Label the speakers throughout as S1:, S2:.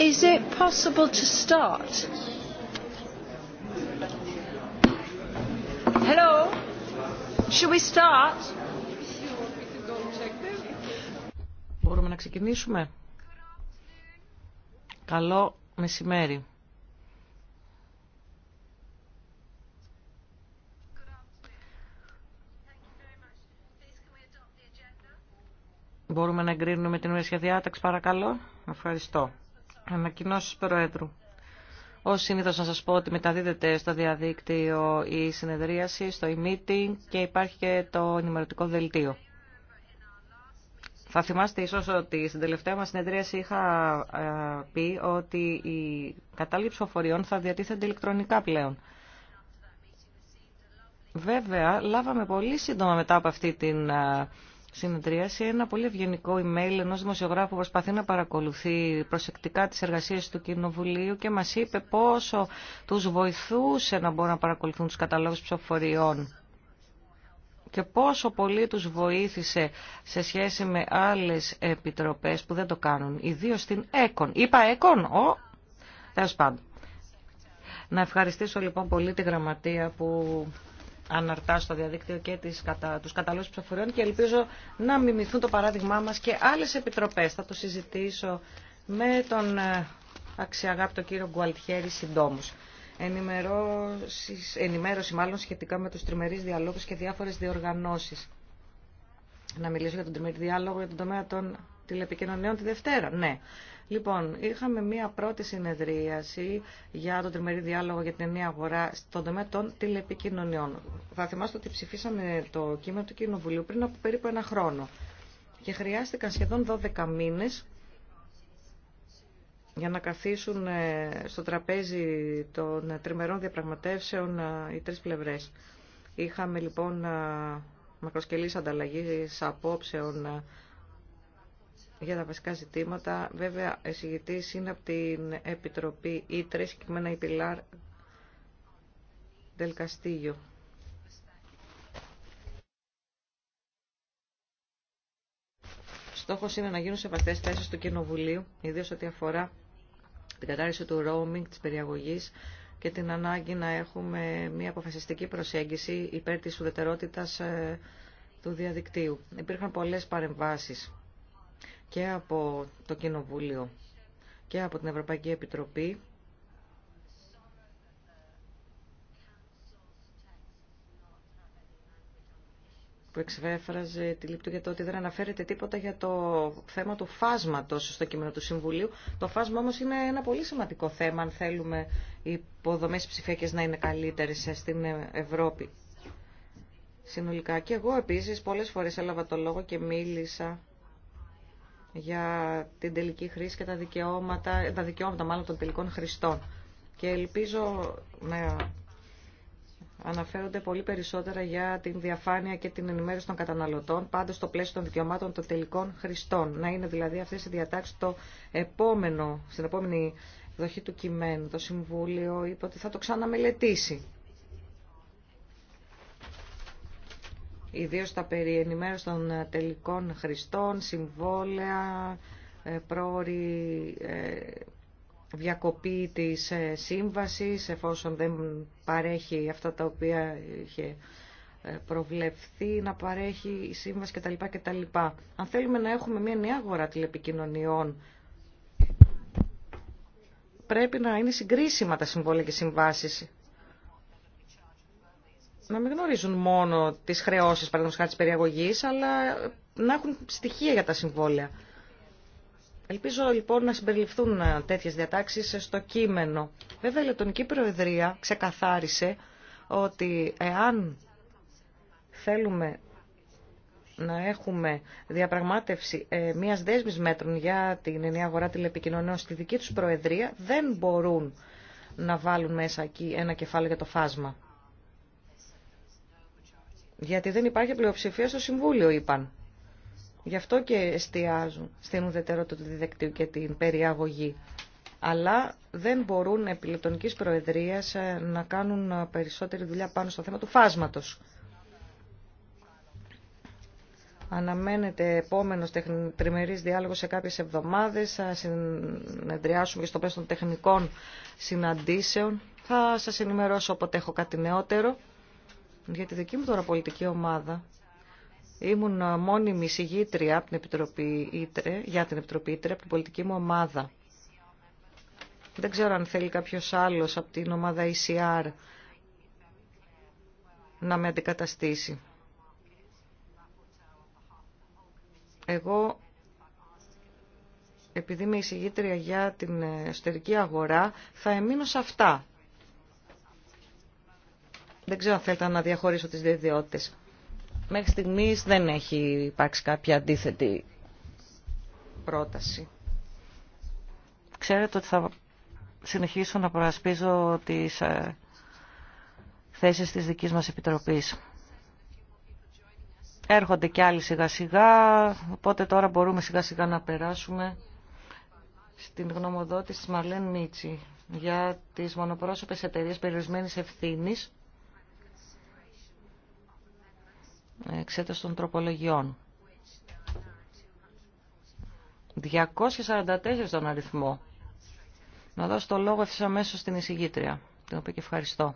S1: Is it possible to start? Hello? Should we start? Μπορούμε να ξεκινήσουμε. Καλό μεσημέρι. Μπορούμε να εγκρίνουμε την ουρασία διάταξη, παρακαλώ. Ευχαριστώ. Ανακοινώσει Προέδρου. Ω συνήθω να σας πω ότι μεταδίδεται στο διαδίκτυο η συνεδρίαση, στο e-meeting και υπάρχει και το ενημερωτικό δελτίο. Θα θυμάστε ίσως ότι στην τελευταία μας συνεδρίαση είχα ε, πει ότι οι κατάληψη ψηφοφοριών θα διατίθενται ηλεκτρονικά πλέον. Βέβαια, λάβαμε πολύ σύντομα μετά από αυτή την ε, συνεδρίαση ένα πολύ ευγενικό email ενό δημοσιογράφου που προσπαθεί να παρακολουθεί προσεκτικά τις εργασίες του Κοινοβουλίου και μα είπε πόσο του βοηθούσε να μπορούν να παρακολουθούν του καταλόγου ψηφοφοριών και πόσο πολύ τους βοήθησε σε σχέση με άλλες επιτροπές που δεν το κάνουν, ιδίως στην ΕΚΟΝ. Είπα ΕΚΟΝ, ο... Τέλος πάντων. Να ευχαριστήσω λοιπόν πολύ τη γραμματεία που αναρτά στο διαδίκτυο και τις, κατα, τους καταλόγους ψηφοφοριών και ελπίζω να μιμηθούν το παράδειγμά μας και άλλες επιτροπές. Θα το συζητήσω με τον ε, αξιαγάπητο κύριο Γκουαλτιέρη συντόμους. ενημέρωση μάλλον σχετικά με τους τριμερείς διαλόγους και διάφορες διοργανώσεις. Να μιλήσω για τον τριμερή διάλογο για τον τομέα των τηλεπικοινωνιών τη Δευτέρα. Ναι. Λοιπόν, είχαμε μία πρώτη συνεδρίαση για τον τριμερή διάλογο για την ενιαία αγορά στον τομέα των τηλεπικοινωνιών. Θα θυμάστε ότι ψηφίσαμε το κείμενο του Κοινοβουλίου πριν από περίπου ένα χρόνο και χρειάστηκαν σχεδόν 12 μήνες για να καθίσουν ε, στο τραπέζι των τριμερών διαπραγματεύσεων ε, οι τρεις πλευρές. Είχαμε λοιπόν ε, μακροσκελής ανταλλαγής απόψεων για τα βασικά ζητήματα. Βέβαια, εισηγητής είναι από την Επιτροπή Ήτρε, συγκεκριμένα η Πιλάρ Δελκαστίγιο. Στόχος είναι να γίνουν σεβαστές θέσεις του Κοινοβουλίου, ιδίως ό,τι αφορά την κατάρρευση του roaming, της περιαγωγής και την ανάγκη να έχουμε μια αποφασιστική προσέγγιση υπέρ της ουδετερότητας ε, του διαδικτύου. Υπήρχαν πολλές παρεμβάσεις και από το Κοινοβούλιο και από την Ευρωπαϊκή Επιτροπή που εξέφραζε τη λύπη για το ότι δεν αναφέρεται τίποτα για το θέμα του φάσματος στο κείμενο του Συμβουλίου. Το φάσμα όμως είναι ένα πολύ σημαντικό θέμα αν θέλουμε οι υποδομές ψηφιακές να είναι καλύτερες στην Ευρώπη. Συνολικά και εγώ επίσης πολλές φορές έλαβα το λόγο και μίλησα για την τελική χρήση και τα δικαιώματα, τα δικαιώματα μάλλον των τελικών χρηστών. Και ελπίζω να αναφέρονται πολύ περισσότερα για την διαφάνεια και την ενημέρωση των καταναλωτών, πάντως στο πλαίσιο των δικαιωμάτων των τελικών χρηστών. Να είναι δηλαδή αυτές οι διατάξεις το επόμενο, στην επόμενη δοχή του κειμένου. Το Συμβούλιο είπε ότι θα το ξαναμελετήσει. ιδίως τα περί ενημέρωση των ε, τελικών χρηστών, συμβόλαια, ε, πρόορη ε, διακοπή της σύμβασης εφόσον δεν παρέχει αυτά τα οποία είχε προβλεφθεί να παρέχει η σύμβαση κτλ. κτλ. Αν θέλουμε να έχουμε μια νέα αγορά τηλεπικοινωνιών πρέπει να είναι συγκρίσιμα τα συμβόλαια και συμβάσεις να μην γνωρίζουν μόνο τις χρεώσεις παραδείγματος τη περιαγωγή, αλλά να έχουν στοιχεία για τα συμβόλαια. Ελπίζω λοιπόν να συμπεριληφθούν ε, τέτοιε διατάξει στο κείμενο. Βέβαια η Λεπτονική Προεδρία ξεκαθάρισε ότι εάν θέλουμε να έχουμε διαπραγμάτευση ε, μιας δέσμης μέτρων για την ενιαία αγορά τηλεπικοινωνιών στη δική του Προεδρία, δεν μπορούν να βάλουν μέσα εκεί ένα κεφάλαιο για το φάσμα. Γιατί δεν υπάρχει πλειοψηφία στο Συμβούλιο, είπαν. Γι' αυτό και εστιάζουν στην ουδετερότητα του διδεκτήου και την περιαγωγή. Αλλά δεν μπορούν επί λεπτονικής προεδρίας ε, να κάνουν ε, περισσότερη δουλειά πάνω στο θέμα του φάσματος. Αναμένεται επόμενο τριμερή διάλογο σε κάποιε εβδομάδε. Θα συνεδριάσουμε και στο πλαίσιο των τεχνικών συναντήσεων. Θα σα ενημερώσω όποτε έχω κάτι νεότερο. Για τη δική μου τώρα πολιτική ομάδα ήμουν μόνιμη συγγήτρια από την Επιτροπή Ήτρε, για την Επιτροπή Ήτρε, από την πολιτική μου ομάδα. Δεν ξέρω αν θέλει κάποιος άλλος από την ομάδα ECR να με αντικαταστήσει. Εγώ, επειδή είμαι εισηγήτρια για την εσωτερική αγορά, θα εμείνω σε αυτά δεν ξέρω αν θέλετε να διαχωρίσω τις δύο ιδιότητες. Μέχρι στιγμής δεν έχει υπάρξει κάποια αντίθετη πρόταση. Ξέρετε ότι θα συνεχίσω να προασπίζω τις ε, θέσεις της δικής μας Επιτροπής. Έρχονται και άλλοι σιγά σιγά, οπότε τώρα μπορούμε σιγά σιγά να περάσουμε στην γνωμοδότηση της Μαρλέν Μίτσι για τις μονοπρόσωπες εταιρείες περιορισμένης ευθύνης εξέταση των τροπολογιών. 244 τον αριθμό. Να δώσω το λόγο ευθύς αμέσω στην εισηγήτρια, την οποία και ευχαριστώ.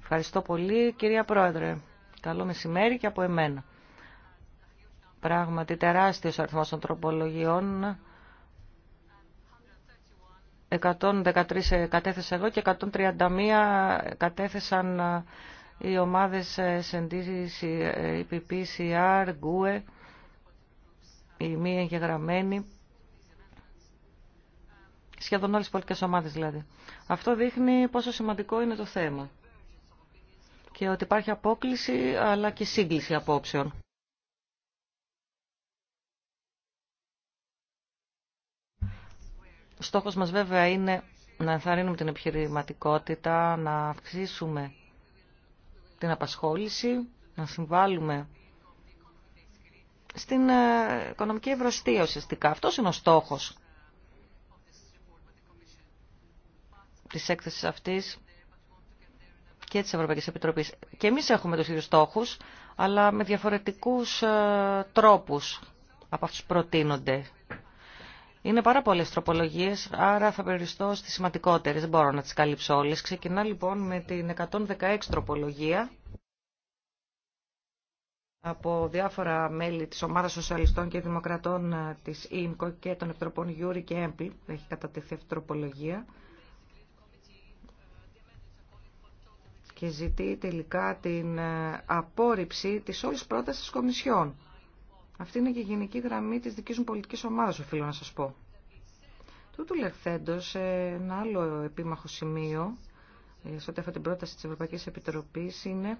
S1: Ευχαριστώ πολύ, κυρία Πρόεδρε. Καλό μεσημέρι και από εμένα. Πράγματι, τεράστιος αριθμός των τροπολογιών. 113 κατέθεσα εγώ και 131 κατέθεσαν οι ομάδες S&D, EPP, CR, GUE, η μη εγγεγραμμένη, σχεδόν όλες τις πολιτικές ομάδες δηλαδή. Αυτό δείχνει πόσο σημαντικό είναι το θέμα και ότι υπάρχει απόκληση αλλά και σύγκληση απόψεων. Στόχος μας βέβαια είναι να ενθαρρύνουμε την επιχειρηματικότητα, να αυξήσουμε την απασχόληση, να συμβάλλουμε στην ε, οικονομική ευρωστία ουσιαστικά. Αυτός είναι ο στόχος της έκθεσης αυτής και της Ευρωπαϊκής Επιτροπής. Και εμείς έχουμε τους ίδιους στόχους, αλλά με διαφορετικούς ε, τρόπους από αυτούς προτείνονται. Είναι πάρα πολλέ τροπολογίε, άρα θα περιστώ στι σημαντικότερε. Δεν μπορώ να τι καλύψω όλε. Ξεκινά λοιπόν με την 116 τροπολογία από διάφορα μέλη της Ομάδας Σοσιαλιστών και Δημοκρατών ε, της ΙΜΚΟ και των Επιτροπών Γιούρι και Έμπλη, έχει κατατεθεί αυτή τροπολογία. Και ζητεί τελικά την ε, απόρριψη της όλης πρότασης της Κομισιόν. Αυτή είναι και η γενική γραμμή της δικής μου πολιτικής ομάδας, οφείλω να σας πω. Τούτου λεχθέντος, ένα άλλο επίμαχο σημείο, ε, σε ό,τι αφορά την πρόταση της Ευρωπαϊκής Επιτροπής, είναι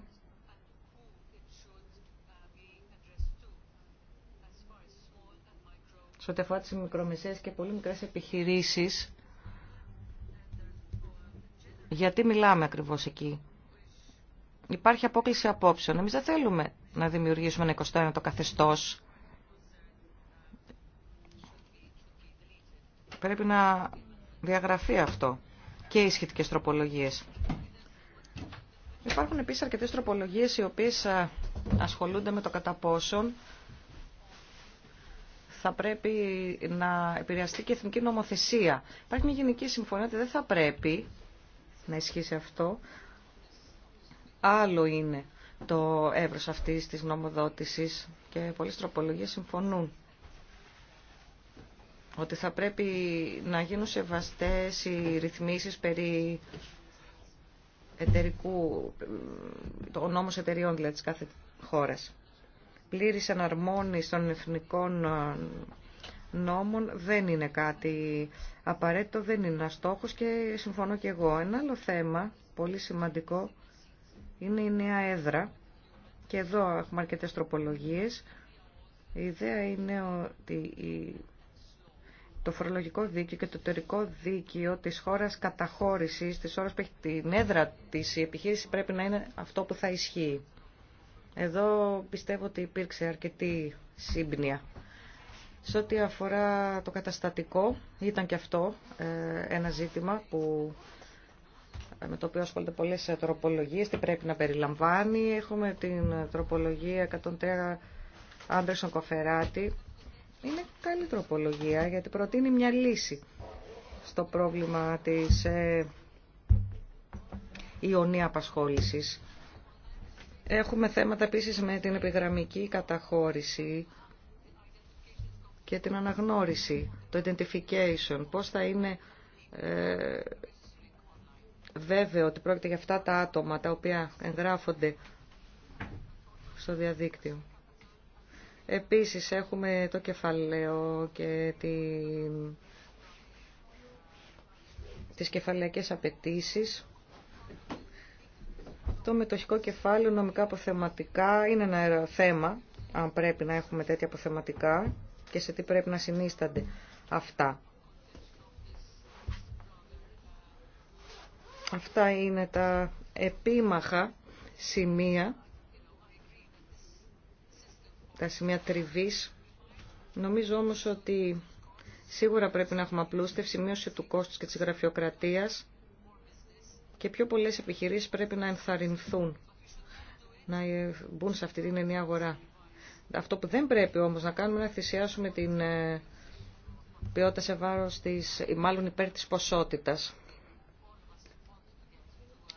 S1: σε ό,τι αφορά τις μικρομεσαίες και πολύ μικρές επιχειρήσεις, γιατί μιλάμε ακριβώς εκεί. Υπάρχει απόκληση απόψεων. Εμείς δεν θέλουμε να δημιουργήσουμε ένα 21 το καθεστώς Πρέπει να διαγραφεί αυτό και οι σχετικές τροπολογίες. Υπάρχουν επίσης αρκετές τροπολογίες οι οποίες ε, ασχολούνται με το κατά πόσον θα πρέπει να επηρεαστεί και η εθνική νομοθεσία. Υπάρχει μια γενική συμφωνία ότι δεν θα πρέπει να ισχύσει αυτό. Άλλο είναι το έβρος αυτής της νομοδότησης και πολλές τροπολογίες συμφωνούν ότι θα πρέπει να γίνουν σεβαστές οι ρυθμίσεις περί εταιρικού, ο νόμος εταιριών δηλαδή της κάθε χώρας. Πλήρης εναρμόνιση των εθνικών ε, νόμων δεν είναι κάτι απαραίτητο, δεν είναι ένα στόχος και συμφωνώ και εγώ. Ένα άλλο θέμα, πολύ σημαντικό, είναι η νέα έδρα και εδώ έχουμε αρκετές τροπολογίες. Η ιδέα είναι ότι το φορολογικό δίκαιο και το εταιρικό δίκαιο της χώρας καταχώρησης, της ώρας που έχει την έδρα της η επιχείρηση πρέπει να είναι αυτό που θα ισχύει. Εδώ πιστεύω ότι υπήρξε αρκετή σύμπνοια. Σε ό,τι αφορά το καταστατικό, ήταν και αυτό ε, ένα ζήτημα που με το οποίο ασχολούνται πολλές ε, τροπολογίες, τι πρέπει να περιλαμβάνει. Έχουμε την τροπολογία 103 Άντερσον Κοφεράτη, είναι καλή τροπολογία γιατί προτείνει μια λύση στο πρόβλημα της ε, ιωνία Έχουμε θέματα επίσης με την επιγραμμική καταχώρηση και την αναγνώριση, το identification, πώς θα είναι ε, βέβαιο ότι πρόκειται για αυτά τα άτομα τα οποία εγγράφονται στο διαδίκτυο. Επίσης έχουμε το κεφαλαίο και τη... τις κεφαλαϊκές απαιτήσει. Το μετοχικό κεφάλαιο νομικά αποθεματικά είναι ένα θέμα, αν πρέπει να έχουμε τέτοια αποθεματικά και σε τι πρέπει να συνίστανται αυτά. Αυτά είναι τα επίμαχα σημεία τα σημεία τριβής. Νομίζω όμως ότι σίγουρα πρέπει να έχουμε απλούστευση, μείωση του κόστους και της γραφειοκρατίας και πιο πολλές επιχειρήσεις πρέπει να ενθαρρυνθούν, να μπουν σε αυτή την ενιαία αγορά. Αυτό που δεν πρέπει όμως να κάνουμε είναι να θυσιάσουμε την ε, ποιότητα σε βάρος της, ή μάλλον υπέρ της ποσότητας.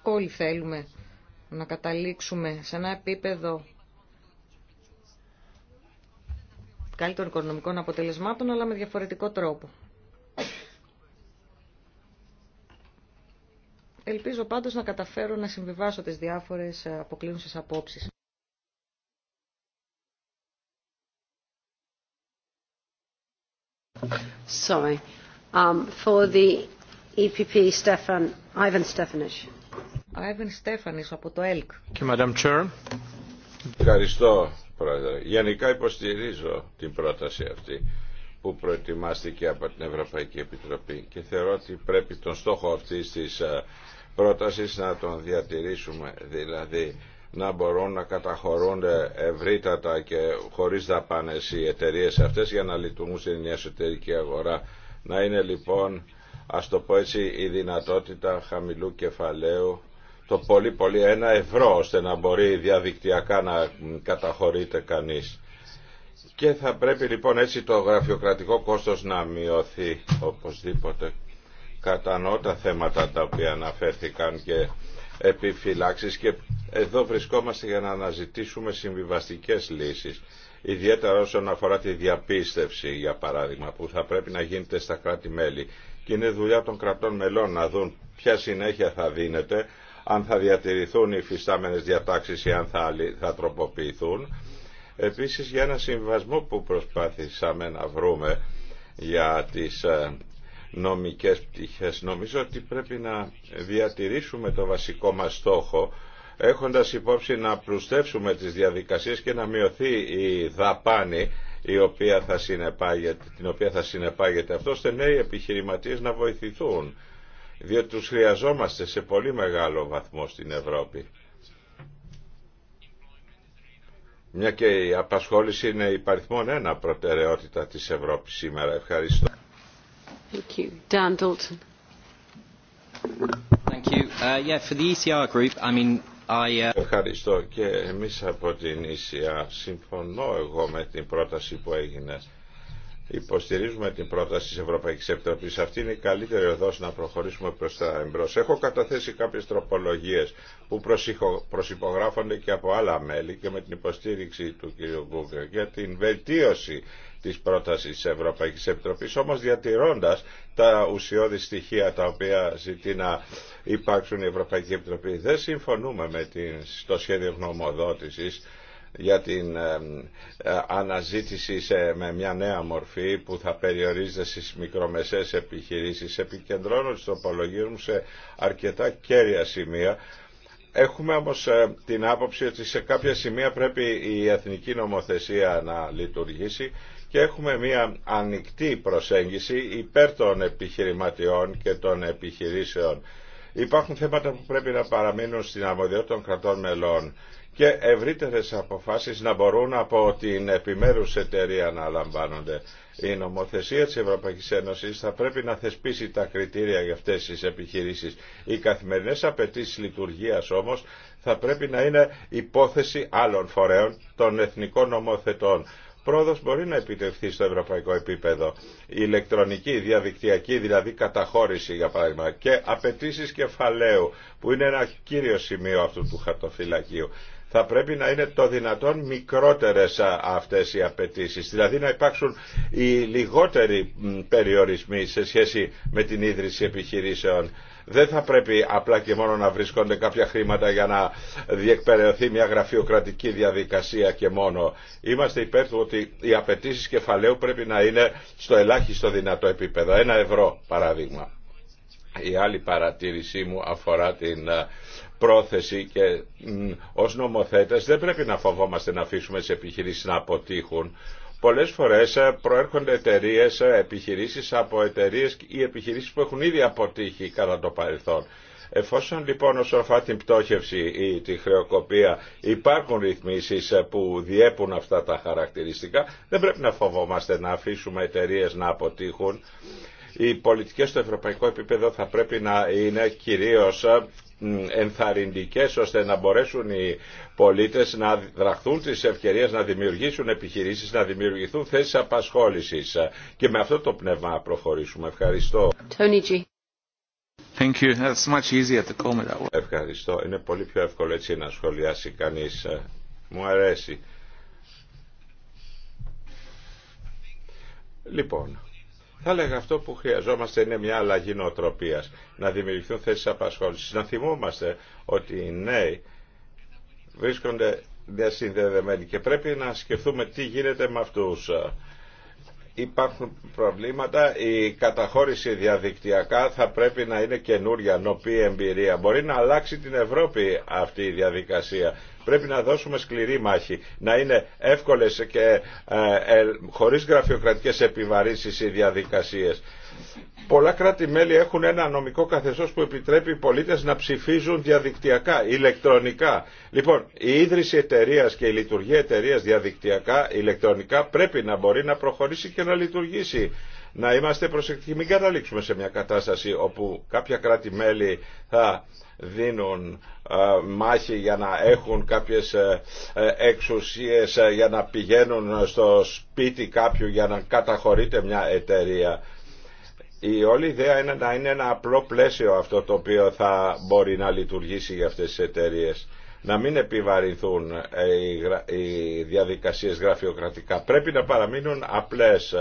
S1: Όλοι θέλουμε να καταλήξουμε σε ένα επίπεδο καλύτερων οικονομικών αποτελεσμάτων, αλλά με διαφορετικό τρόπο. Ελπίζω πάντως να καταφέρω να συμβιβάσω τις διάφορες ε, αποκλίνουσες απόψεις. Sorry. Um, for the EPP, Stefan, Ivan Stefanis. Ivan Stefanis από το ΕΛΚ.
S2: Και Madam Chair. Ευχαριστώ Γενικά υποστηρίζω την πρόταση αυτή που προετοιμάστηκε από την Ευρωπαϊκή Επιτροπή και θεωρώ ότι πρέπει τον στόχο αυτή της ε, πρότασης να τον διατηρήσουμε, δηλαδή να μπορούν να καταχωρούν ευρύτατα και χωρίς δαπάνες οι εταιρείε αυτές για να λειτουργούν στην εσωτερική αγορά. Να είναι λοιπόν, ας το πω έτσι, η δυνατότητα χαμηλού κεφαλαίου το πολύ πολύ ένα ευρώ ώστε να μπορεί διαδικτυακά να καταχωρείται κανείς. Και θα πρέπει λοιπόν έτσι το γραφειοκρατικό κόστος να μειωθεί οπωσδήποτε. Κατανοώ τα θέματα τα οποία αναφέρθηκαν και επιφυλάξεις και εδώ βρισκόμαστε για να αναζητήσουμε συμβιβαστικές λύσεις. Ιδιαίτερα όσον αφορά τη διαπίστευση, για παράδειγμα, που θα πρέπει να γίνεται στα κράτη-μέλη. Και είναι δουλειά των κρατών μελών να δουν ποια συνέχεια θα δίνεται αν θα διατηρηθούν οι φυστάμενες διατάξεις ή αν θα, θα τροποποιηθούν. Επίσης για ένα συμβασμό που προσπάθησαμε να βρούμε για τις ε, νομικές πτυχές. Νομίζω ότι πρέπει να διατηρήσουμε το βασικό μας στόχο έχοντας υπόψη να πλουστεύσουμε τις διαδικασίες και να μειωθεί η δαπάνη η οποία θα συνεπάγεται, την οποία θα συνεπάγεται αυτό ώστε νέοι επιχειρηματίες να βοηθηθούν διότι τους χρειαζόμαστε σε πολύ μεγάλο βαθμό στην Ευρώπη. Μια και η απασχόληση είναι υπαριθμόν ένα προτεραιότητα της Ευρώπης σήμερα. Ευχαριστώ. Thank you. Ευχαριστώ και εμείς από την ECR συμφωνώ εγώ με την πρόταση που έγινε Υποστηρίζουμε την πρόταση της Ευρωπαϊκής Επιτροπής. Αυτή είναι η καλύτερη οδός να προχωρήσουμε προς τα εμπρός. Έχω καταθέσει κάποιες τροπολογίες που προσυπογράφονται και από άλλα μέλη και με την υποστήριξη του κ. Γκούγκερ για την βελτίωση της πρότασης της Ευρωπαϊκής Επιτροπής, όμως διατηρώντας τα ουσιώδη στοιχεία τα οποία ζητεί να υπάρξουν η Ευρωπαϊκή Επιτροπή. Δεν συμφωνούμε με την, στο σχέδιο γνωμοδότησης για την ε, αναζήτηση με μια νέα μορφή που θα περιορίζεται στις μικρομεσαίες επιχειρήσεις. Επικεντρώνω τις τοπολογίες μου σε αρκετά κέρια σημεία. Έχουμε όμως ε, την άποψη ότι σε κάποια σημεία πρέπει η εθνική νομοθεσία να λειτουργήσει και έχουμε μια ανοιχτή προσέγγιση υπέρ των επιχειρηματιών και των επιχειρήσεων. Υπάρχουν θέματα που πρέπει να παραμείνουν στην αμοδιότητα των κρατών μελών και ευρύτερες αποφάσεις να μπορούν από την επιμέρους εταιρεία να λαμβάνονται. Η νομοθεσία της Ευρωπαϊκής Ένωσης θα πρέπει να θεσπίσει τα κριτήρια για αυτές τις επιχειρήσεις. Οι καθημερινές απαιτήσει λειτουργίας όμως θα πρέπει να είναι υπόθεση άλλων φορέων των εθνικών νομοθετών. Πρόοδος μπορεί να επιτευχθεί στο ευρωπαϊκό επίπεδο. Η ηλεκτρονική, διαδικτυακή δηλαδή καταχώρηση για παράδειγμα και απαιτήσει κεφαλαίου που είναι ένα κύριο σημείο αυτού του χαρτοφυλακίου θα πρέπει να είναι το δυνατόν μικρότερες αυτές οι απαιτήσει. Δηλαδή να υπάρξουν οι λιγότεροι περιορισμοί σε σχέση με την ίδρυση επιχειρήσεων. Δεν θα πρέπει απλά και μόνο να βρίσκονται κάποια χρήματα για να διεκπαιρεωθεί μια γραφειοκρατική διαδικασία και μόνο. Είμαστε υπέρ του ότι οι απαιτήσει κεφαλαίου πρέπει να είναι στο ελάχιστο δυνατό επίπεδο. Ένα ευρώ παράδειγμα. Η άλλη παρατήρησή μου αφορά την πρόθεση και ως νομοθέτες δεν πρέπει να φοβόμαστε να αφήσουμε τις επιχειρήσεις να αποτύχουν. Πολλές φορές ε, προέρχονται εταιρείε, ε, επιχειρήσεις από εταιρείε ή επιχειρήσεις που έχουν ήδη αποτύχει κατά το παρελθόν. Εφόσον λοιπόν όσο αφορά την πτώχευση ή τη χρεοκοπία υπάρχουν ρυθμίσεις ε, που διέπουν αυτά τα χαρακτηριστικά, δεν πρέπει να φοβόμαστε να αφήσουμε εταιρείε να αποτύχουν. Οι πολιτικές στο ευρωπαϊκό επίπεδο θα πρέπει να είναι κυρίως ενθαρρυντικές ώστε να μπορέσουν οι πολίτες να δραχθούν τις ευκαιρίες να δημιουργήσουν επιχειρήσεις, να δημιουργηθούν θέσεις απασχόλησης. Και με αυτό το πνεύμα προχωρήσουμε. Ευχαριστώ. Tony G. Thank you. That's much easier to call me that Ευχαριστώ. Είναι πολύ πιο εύκολο έτσι να σχολιάσει κανείς. Μου αρέσει. Λοιπόν, θα έλεγα αυτό που χρειαζόμαστε είναι μια αλλαγή νοοτροπίας, να δημιουργηθούν θέσεις απασχόλησης. Να θυμόμαστε ότι οι νέοι βρίσκονται διασυνδεδεμένοι και πρέπει να σκεφτούμε τι γίνεται με αυτούς. Υπάρχουν προβλήματα, η καταχώρηση διαδικτυακά θα πρέπει να είναι καινούρια, νοπή εμπειρία. Μπορεί να αλλάξει την Ευρώπη αυτή η διαδικασία Πρέπει να δώσουμε σκληρή μάχη, να είναι εύκολες και ε, ε, χωρίς γραφειοκρατικές επιβαρύνσεις οι διαδικασίες. Πολλά κράτη-μέλη έχουν ένα νομικό καθεστώς που επιτρέπει οι πολίτες να ψηφίζουν διαδικτυακά, ηλεκτρονικά. Λοιπόν, η ίδρυση εταιρεία και η λειτουργία εταιρεία διαδικτυακά, ηλεκτρονικά πρέπει να μπορεί να προχωρήσει και να λειτουργήσει να είμαστε προσεκτικοί, μην καταλήξουμε σε μια κατάσταση όπου κάποια κράτη-μέλη θα δίνουν ε, μάχη για να έχουν κάποιες ε, ε, εξουσίες για να πηγαίνουν στο σπίτι κάποιου για να καταχωρείται μια εταιρεία. Η όλη ιδέα είναι να είναι ένα απλό πλαίσιο αυτό το οποίο θα μπορεί να λειτουργήσει για αυτές τις εταιρείες. Να μην επιβαρυνθούν οι διαδικασίες γραφειοκρατικά. Πρέπει να παραμείνουν απλές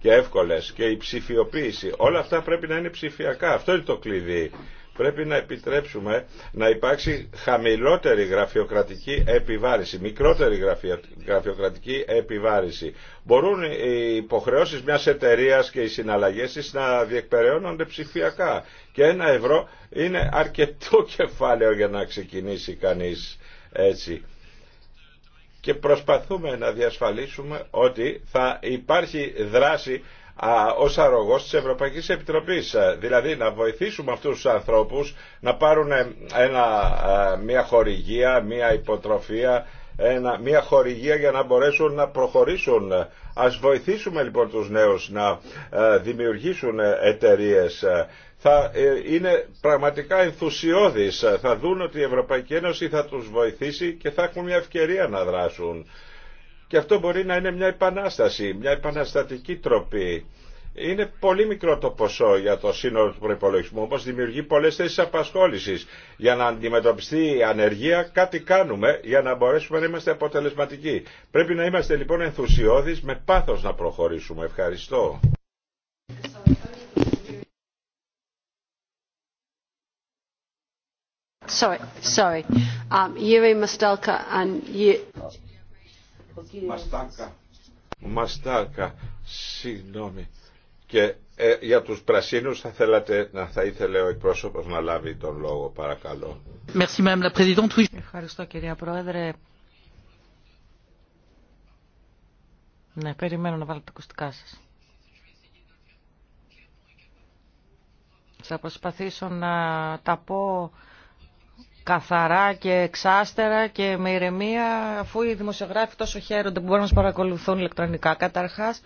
S2: και εύκολες και η ψηφιοποίηση. Όλα αυτά πρέπει να είναι ψηφιακά. Αυτό είναι το κλειδί. Πρέπει να επιτρέψουμε να υπάρξει χαμηλότερη γραφειοκρατική επιβάρηση, μικρότερη γραφειοκρατική επιβάρηση. Μπορούν οι υποχρεώσεις μιας εταιρείας και οι συναλλαγές της να διεκπεραιώνονται ψηφιακά. Και ένα ευρώ είναι αρκετό κεφάλαιο για να ξεκινήσει κανείς έτσι και προσπαθούμε να διασφαλίσουμε ότι θα υπάρχει δράση ως αρρωγός της Ευρωπαϊκή Επιτροπής. Ε, δηλαδή να βοηθήσουμε αυτούς τους ανθρώπους να πάρουν ε, μια χορηγία, μια υποτροφία, μια χορηγία για να μπορέσουν να προχωρήσουν. Ας βοηθήσουμε λοιπόν τους νέους να ε, δημιουργήσουν εταιρείες θα ε, είναι πραγματικά ενθουσιώδης, Θα δουν ότι η Ευρωπαϊκή Ένωση θα τους βοηθήσει και θα έχουν μια ευκαιρία να δράσουν. Και αυτό μπορεί να είναι μια επανάσταση, μια επαναστατική τροπή. Είναι πολύ μικρό το ποσό για το σύνολο του προπολογισμού, όμω δημιουργεί πολλέ θέσει απασχόλησης. Για να αντιμετωπιστεί η ανεργία, κάτι κάνουμε για να μπορέσουμε να είμαστε αποτελεσματικοί. Πρέπει να είμαστε λοιπόν ενθουσιώδει, με πάθος να προχωρήσουμε. Ευχαριστώ. Μαστάκα. Um, συγγνώμη. Και ε, για τους πρασίνους θα, θέλατε, να, θα ήθελε ο εκπρόσωπος να λάβει τον λόγο, παρακαλώ.
S1: Ευχαριστώ κυρία Πρόεδρε. Ναι, περιμένω να βάλω τα ακουστικά σας. Θα προσπαθήσω να τα πω καθαρά και εξάστερα και με ηρεμία αφού οι δημοσιογράφοι τόσο χαίρονται που μπορούν να μας παρακολουθούν ηλεκτρονικά. Καταρχάς,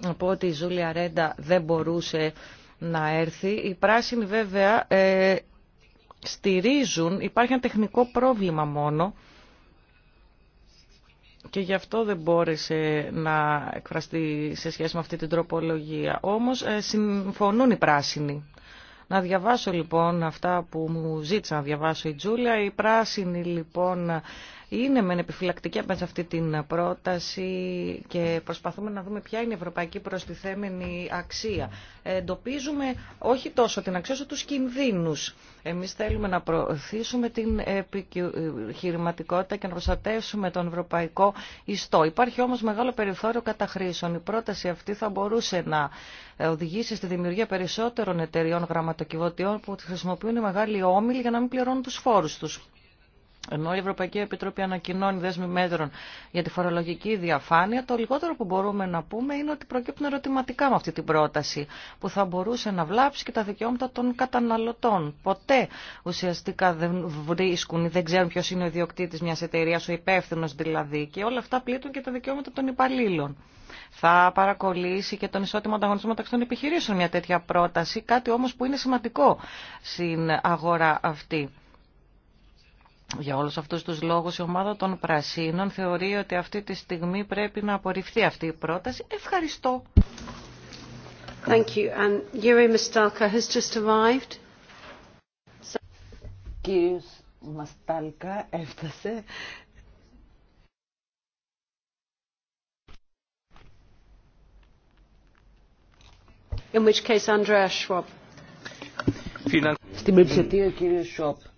S1: να ότι η Ζούλια Ρέντα δεν μπορούσε να έρθει. Οι πράσινοι βέβαια ε, στηρίζουν, υπάρχει ένα τεχνικό πρόβλημα μόνο και γι' αυτό δεν μπόρεσε να εκφραστεί σε σχέση με αυτή την τροπολογία. Όμως ε, συμφωνούν οι πράσινοι να διαβάσω λοιπόν αυτά που μου ζήτησαν να διαβάσω η Τζούλια. Η πράσινη λοιπόν είναι μεν επιφυλακτική απέναντι αυτή την πρόταση και προσπαθούμε να δούμε ποια είναι η ευρωπαϊκή προστιθέμενη αξία. Εντοπίζουμε όχι τόσο την αξία όσο του κινδύνου. Εμεί θέλουμε να προωθήσουμε την επιχειρηματικότητα και να προστατεύσουμε τον ευρωπαϊκό ιστό. Υπάρχει όμω μεγάλο περιθώριο καταχρήσεων. Η πρόταση αυτή θα μπορούσε να οδηγήσει στη δημιουργία περισσότερων εταιριών γραμματοκιβωτιών που χρησιμοποιούν μεγάλη όμιλη για να μην πληρώνουν του φόρου του. Ενώ η Ευρωπαϊκή Επιτροπή ανακοινώνει δέσμη μέτρων για τη φορολογική διαφάνεια, το λιγότερο που μπορούμε να πούμε είναι ότι προκύπτουν ερωτηματικά με αυτή την πρόταση, που θα μπορούσε να βλάψει και τα δικαιώματα των καταναλωτών. Ποτέ ουσιαστικά δεν βρίσκουν ή δεν ξέρουν ποιο είναι ο ιδιοκτήτη μια εταιρεία, ο υπεύθυνο δηλαδή, και όλα αυτά πλήττουν και τα δικαιώματα των υπαλλήλων. Θα παρακολύσει και τον ισότιμο ανταγωνισμό μεταξύ των επιχειρήσεων μια τέτοια πρόταση, κάτι όμω που είναι σημαντικό στην αγορά αυτή. Για όλους αυτούς τους λόγους η ομάδα των Πρασίνων θεωρεί ότι αυτή τη στιγμή πρέπει να απορριφθεί αυτή η πρόταση. Ευχαριστώ.
S3: Thank you. And Yuri has just arrived. Κύριος Μαστάλκα έφτασε. In which case, Andreas Schwab. Στην περιπτωσία ο κύριος Schwab.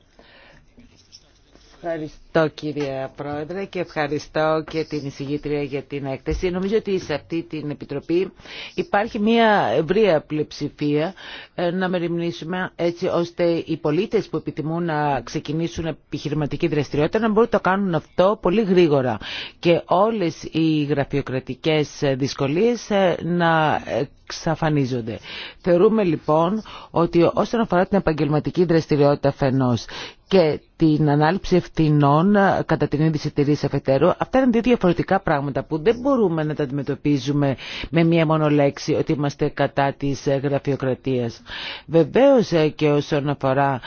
S3: Ευχαριστώ. Ευχαριστώ κύριε Πρόεδρε και ευχαριστώ και την εισηγήτρια για την έκθεση. Νομίζω ότι σε αυτή την Επιτροπή υπάρχει μια ευρεία πλειοψηφία ε, να μεριμνήσουμε έτσι ώστε οι πολίτες που επιθυμούν να ξεκινήσουν επιχειρηματική δραστηριότητα να μπορούν να το κάνουν αυτό πολύ γρήγορα και όλες οι γραφειοκρατικές δυσκολίες ε, να ξαφανίζονται. Θεωρούμε λοιπόν ότι όσον αφορά την επαγγελματική δραστηριότητα φαινός και την ανάληψη ευθυνών Λοιπόν, ε, κατά την είδηση τη αφετέρου. Αυτά είναι δύο διαφορετικά πράγματα που δεν μπορούμε να τα αντιμετωπίζουμε με μία μόνο λέξη ότι είμαστε κατά της ε, γραφειοκρατίας. Βεβαίως ε, και όσον αφορά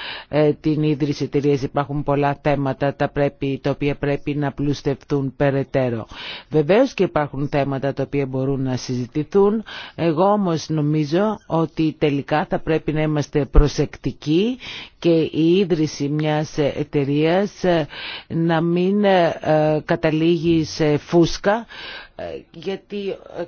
S3: την ίδρυση εταιρεία υπάρχουν πολλά θέματα τα, πρέπει, τα οποία πρέπει να πλουστευτούν περαιτέρω. Βεβαίως και υπάρχουν θέματα τα οποία μπορούν να συζητηθούν. Εγώ όμως νομίζω ότι τελικά θα πρέπει να είμαστε προσεκτικοί και η ίδρυση μιας εταιρείας να μην ε, ε, καταλήγει σε φούσκα ε, γιατί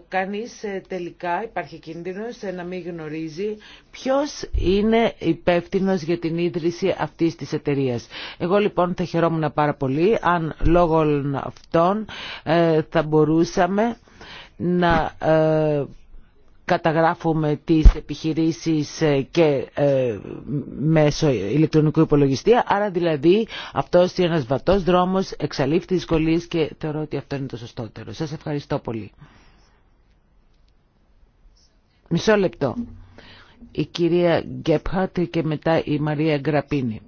S3: κανείς τελικά υπάρχει κίνδυνος να μην γνωρίζει ποιος είναι υπεύθυνο για την ίδρυση αυτής της εταιρείας. Εγώ λοιπόν θα χαιρόμουν πάρα πολύ αν λόγω αυτών θα μπορούσαμε να καταγράφουμε τις επιχειρήσεις ε, και ε, μέσω ηλεκτρονικού υπολογιστή. Άρα δηλαδή αυτός είναι ένας βατός δρόμος, εξαλείφθη τις δυσκολίες και θεωρώ ότι αυτό είναι το σωστότερο. Σας ευχαριστώ πολύ. Μισό λεπτό. Η κυρία Γκέπχατ και μετά η Μαρία Γκραπίνη.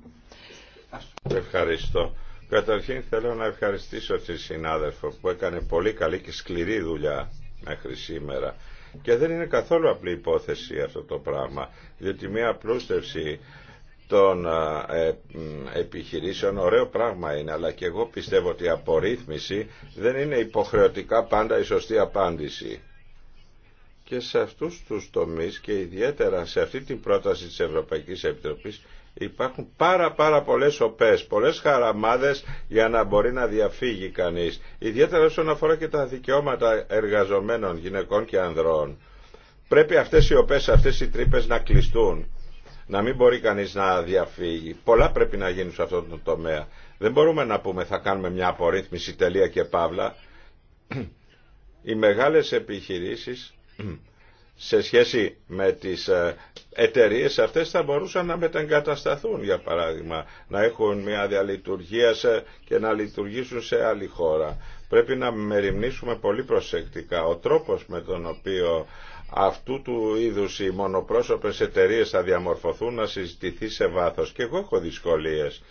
S2: Ευχαριστώ. Καταρχήν θέλω να ευχαριστήσω τη συνάδελφο που έκανε πολύ καλή και σκληρή δουλειά μέχρι σήμερα και δεν είναι καθόλου απλή υπόθεση αυτό το πράγμα, διότι μια απλούστευση των ε, επιχειρήσεων ωραίο πράγμα είναι αλλά και εγώ πιστεύω ότι η απορρίθμιση δεν είναι υποχρεωτικά πάντα η σωστή απάντηση και σε αυτούς τους τομείς και ιδιαίτερα σε αυτή την πρόταση της Ευρωπαϊκής Επιτροπής Υπάρχουν πάρα πάρα πολλές οπές, πολλές χαραμάδες για να μπορεί να διαφύγει κανείς. Ιδιαίτερα όσον αφορά και τα δικαιώματα εργαζομένων γυναικών και ανδρών. Πρέπει αυτές οι οπές, αυτές οι τρύπες να κλειστούν. Να μην μπορεί κανείς να διαφύγει. Πολλά πρέπει να γίνουν σε αυτό το τομέα. Δεν μπορούμε να πούμε θα κάνουμε μια απορρίθμιση τελεία και παύλα. Οι μεγάλες επιχειρήσεις σε σχέση με τις ε, εταιρείε αυτές θα μπορούσαν να μετεγκατασταθούν για παράδειγμα να έχουν μια διαλειτουργία και να λειτουργήσουν σε άλλη χώρα πρέπει να μεριμνήσουμε πολύ προσεκτικά ο τρόπος με τον οποίο αυτού του είδους οι μονοπρόσωπες εταιρείε θα διαμορφωθούν να συζητηθεί σε βάθος και εγώ έχω δυσκολίες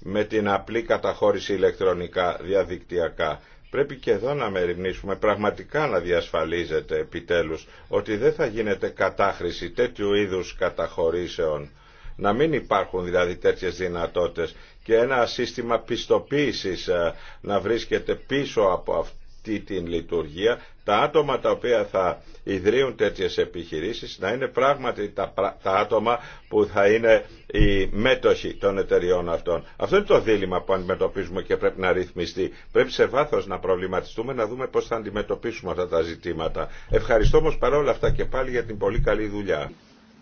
S2: με την απλή καταχώρηση ηλεκτρονικά διαδικτυακά Πρέπει και εδώ να μεριμνήσουμε πραγματικά να διασφαλίζεται επιτέλους ότι δεν θα γίνεται κατάχρηση τέτοιου είδους καταχωρήσεων. Να μην υπάρχουν δηλαδή τέτοιες δυνατότητες και ένα σύστημα πιστοποίησης ε, να βρίσκεται πίσω από αυτό την λειτουργία τα άτομα τα οποία θα ιδρύουν τέτοιες επιχειρήσεις να είναι πράγματι τα, τα άτομα που θα είναι οι μέτοχοι των εταιριών αυτών. Αυτό είναι το δίλημα που αντιμετωπίζουμε και πρέπει να ρυθμιστεί. Πρέπει σε βάθος να προβληματιστούμε, να δούμε πώς θα αντιμετωπίσουμε αυτά τα ζητήματα. Ευχαριστώ όμως παρόλα αυτά και πάλι για την πολύ καλή δουλειά.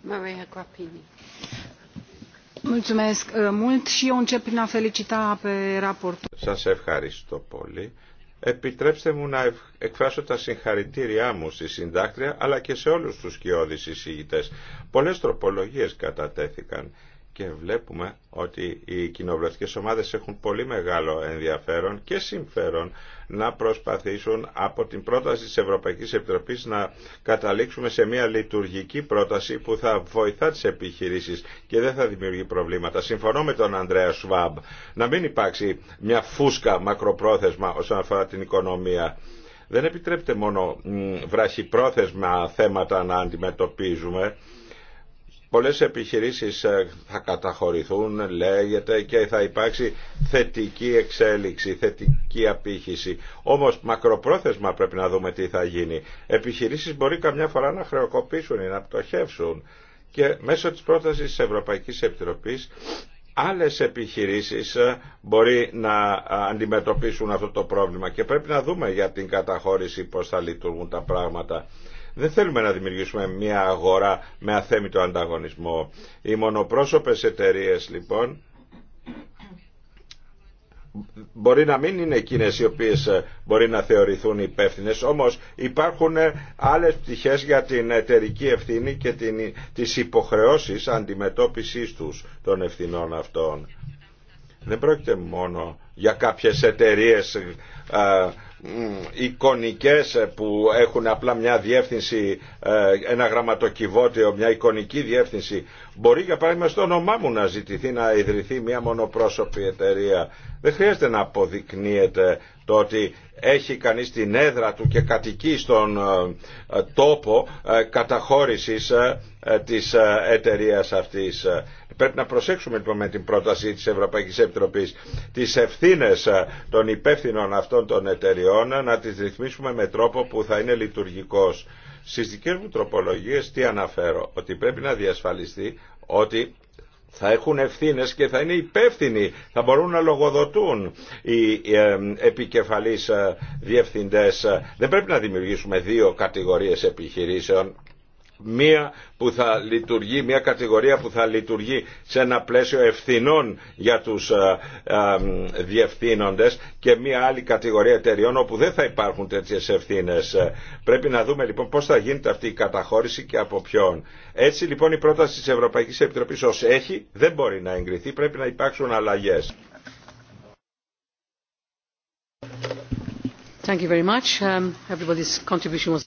S2: Uh, Σας ευχαριστώ πολύ. Επιτρέψτε μου να εκφράσω τα συγχαρητήριά μου στη συντάκτρια αλλά και σε όλους τους κοιόδης εισηγητές. Πολλές τροπολογίες κατατέθηκαν και βλέπουμε ότι οι κοινοβουλευτικές ομάδες έχουν πολύ μεγάλο ενδιαφέρον και συμφέρον να προσπαθήσουν από την πρόταση της Ευρωπαϊκής Επιτροπής να καταλήξουμε σε μια λειτουργική πρόταση που θα βοηθά τις επιχειρήσεις και δεν θα δημιουργεί προβλήματα. Συμφωνώ με τον Ανδρέα Σβάμπ να μην υπάρξει μια φούσκα μακροπρόθεσμα όσον αφορά την οικονομία. Δεν επιτρέπεται μόνο βραχυπρόθεσμα θέματα να αντιμετωπίζουμε πολλές επιχειρήσεις ε, θα καταχωρηθούν λέγεται και θα υπάρξει θετική εξέλιξη, θετική απήχηση. Όμως μακροπρόθεσμα πρέπει να δούμε τι θα γίνει. Επιχειρήσεις μπορεί καμιά φορά να χρεοκοπήσουν ή να πτωχεύσουν και μέσω της πρότασης της Ευρωπαϊκής Επιτροπής άλλες επιχειρήσεις ε, μπορεί να ε, αντιμετωπίσουν αυτό το πρόβλημα και πρέπει να δούμε για την καταχώρηση πώς θα λειτουργούν τα πράγματα. Δεν θέλουμε να δημιουργήσουμε μια αγορά με αθέμητο ανταγωνισμό. Οι μονοπρόσωπες εταιρείε λοιπόν μπορεί να μην είναι εκείνες οι οποίε ε, μπορεί να θεωρηθούν υπεύθυνε. όμως υπάρχουν ε, άλλες πτυχές για την εταιρική ευθύνη και τι υποχρεώσει υποχρεώσεις αντιμετώπισης τους των ευθυνών αυτών. Δεν πρόκειται μόνο για κάποιες εταιρείες ε, εικονικές ε, που έχουν απλά μια διεύθυνση, ε, ένα γραμματοκιβώτιο, μια εικονική διεύθυνση. Μπορεί για παράδειγμα στο όνομά μου να ζητηθεί να ιδρυθεί μια μονοπρόσωπη εταιρεία. Δεν χρειάζεται να αποδεικνύεται το ότι έχει κανείς την έδρα του και κατοικεί στον ε, ε, τόπο ε, καταχώρησης της εταιρείας αυτής. Πρέπει να προσέξουμε λοιπόν με την πρόταση της Ευρωπαϊκής Επιτροπής τις ευθύνες των υπεύθυνων αυτών των εταιριών να τις ρυθμίσουμε με τρόπο που θα είναι λειτουργικός. Στις δικές μου τροπολογίες τι αναφέρω, ότι πρέπει να διασφαλιστεί ότι θα έχουν ευθύνες και θα είναι υπεύθυνοι, θα μπορούν να λογοδοτούν οι ε, επικεφαλείς ε, διευθυντές. Δεν πρέπει να δημιουργήσουμε δύο κατηγορίες επιχειρήσεων μία που θα λειτουργεί, μια κατηγορία που θα λειτουργεί σε ένα πλαίσιο ευθυνών για τους α, ε, ε, διευθύνοντες και μια άλλη κατηγορία εταιριών όπου δεν θα υπάρχουν τέτοιες ευθύνες. Ε, πρέπει να δούμε λοιπόν πώς θα γίνεται αυτή η καταχώρηση και από ποιον. Έτσι λοιπόν η πρόταση της Ευρωπαϊκής Επιτροπής ως έχει δεν μπορεί να εγκριθεί, πρέπει να υπάρξουν αλλαγές.
S1: Thank you very much. Um, everybody's contribution was...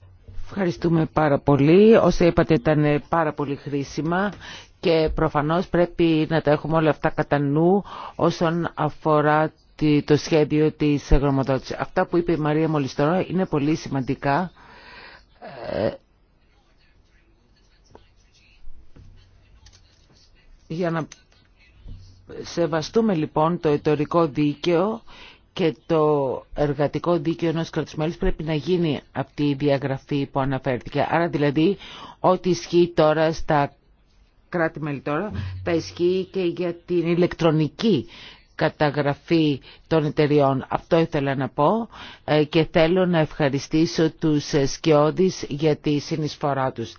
S3: Ευχαριστούμε πάρα πολύ. Όσα είπατε ήταν πάρα πολύ χρήσιμα και προφανώς πρέπει να τα έχουμε όλα αυτά κατά νου όσον αφορά το σχέδιο της εγγραμματοδότησης. Αυτά που είπε η Μαρία μόλις είναι πολύ σημαντικά. Ε, για να σεβαστούμε λοιπόν το εταιρικό δίκαιο και το εργατικό δίκαιο ενός μέλους πρέπει να γίνει αυτή η διαγραφή που αναφέρθηκε. Άρα δηλαδή ό,τι ισχύει τώρα στα κράτη-μέλη τώρα, θα ισχύει και για την ηλεκτρονική καταγραφή των εταιριών. Αυτό ήθελα να πω ε, και θέλω να ευχαριστήσω τους σκιώδεις για τη συνεισφορά τους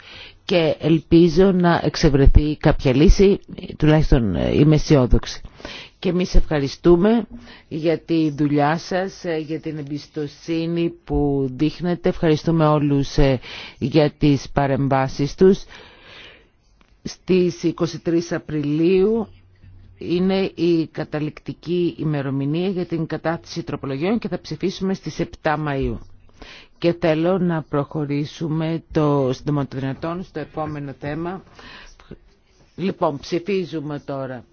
S3: και ελπίζω να εξευρεθεί κάποια λύση, τουλάχιστον ε, είμαι αισιόδοξη και εμείς ευχαριστούμε για τη δουλειά σας, για την εμπιστοσύνη που δείχνετε. Ευχαριστούμε όλους ε, για τις παρεμβάσεις τους. Στις 23 Απριλίου είναι η καταληκτική ημερομηνία για την κατάθεση τροπολογιών και θα ψηφίσουμε στις 7 Μαΐου. Και θέλω να προχωρήσουμε το δυνατών στο επόμενο θέμα. Λοιπόν, ψηφίζουμε τώρα.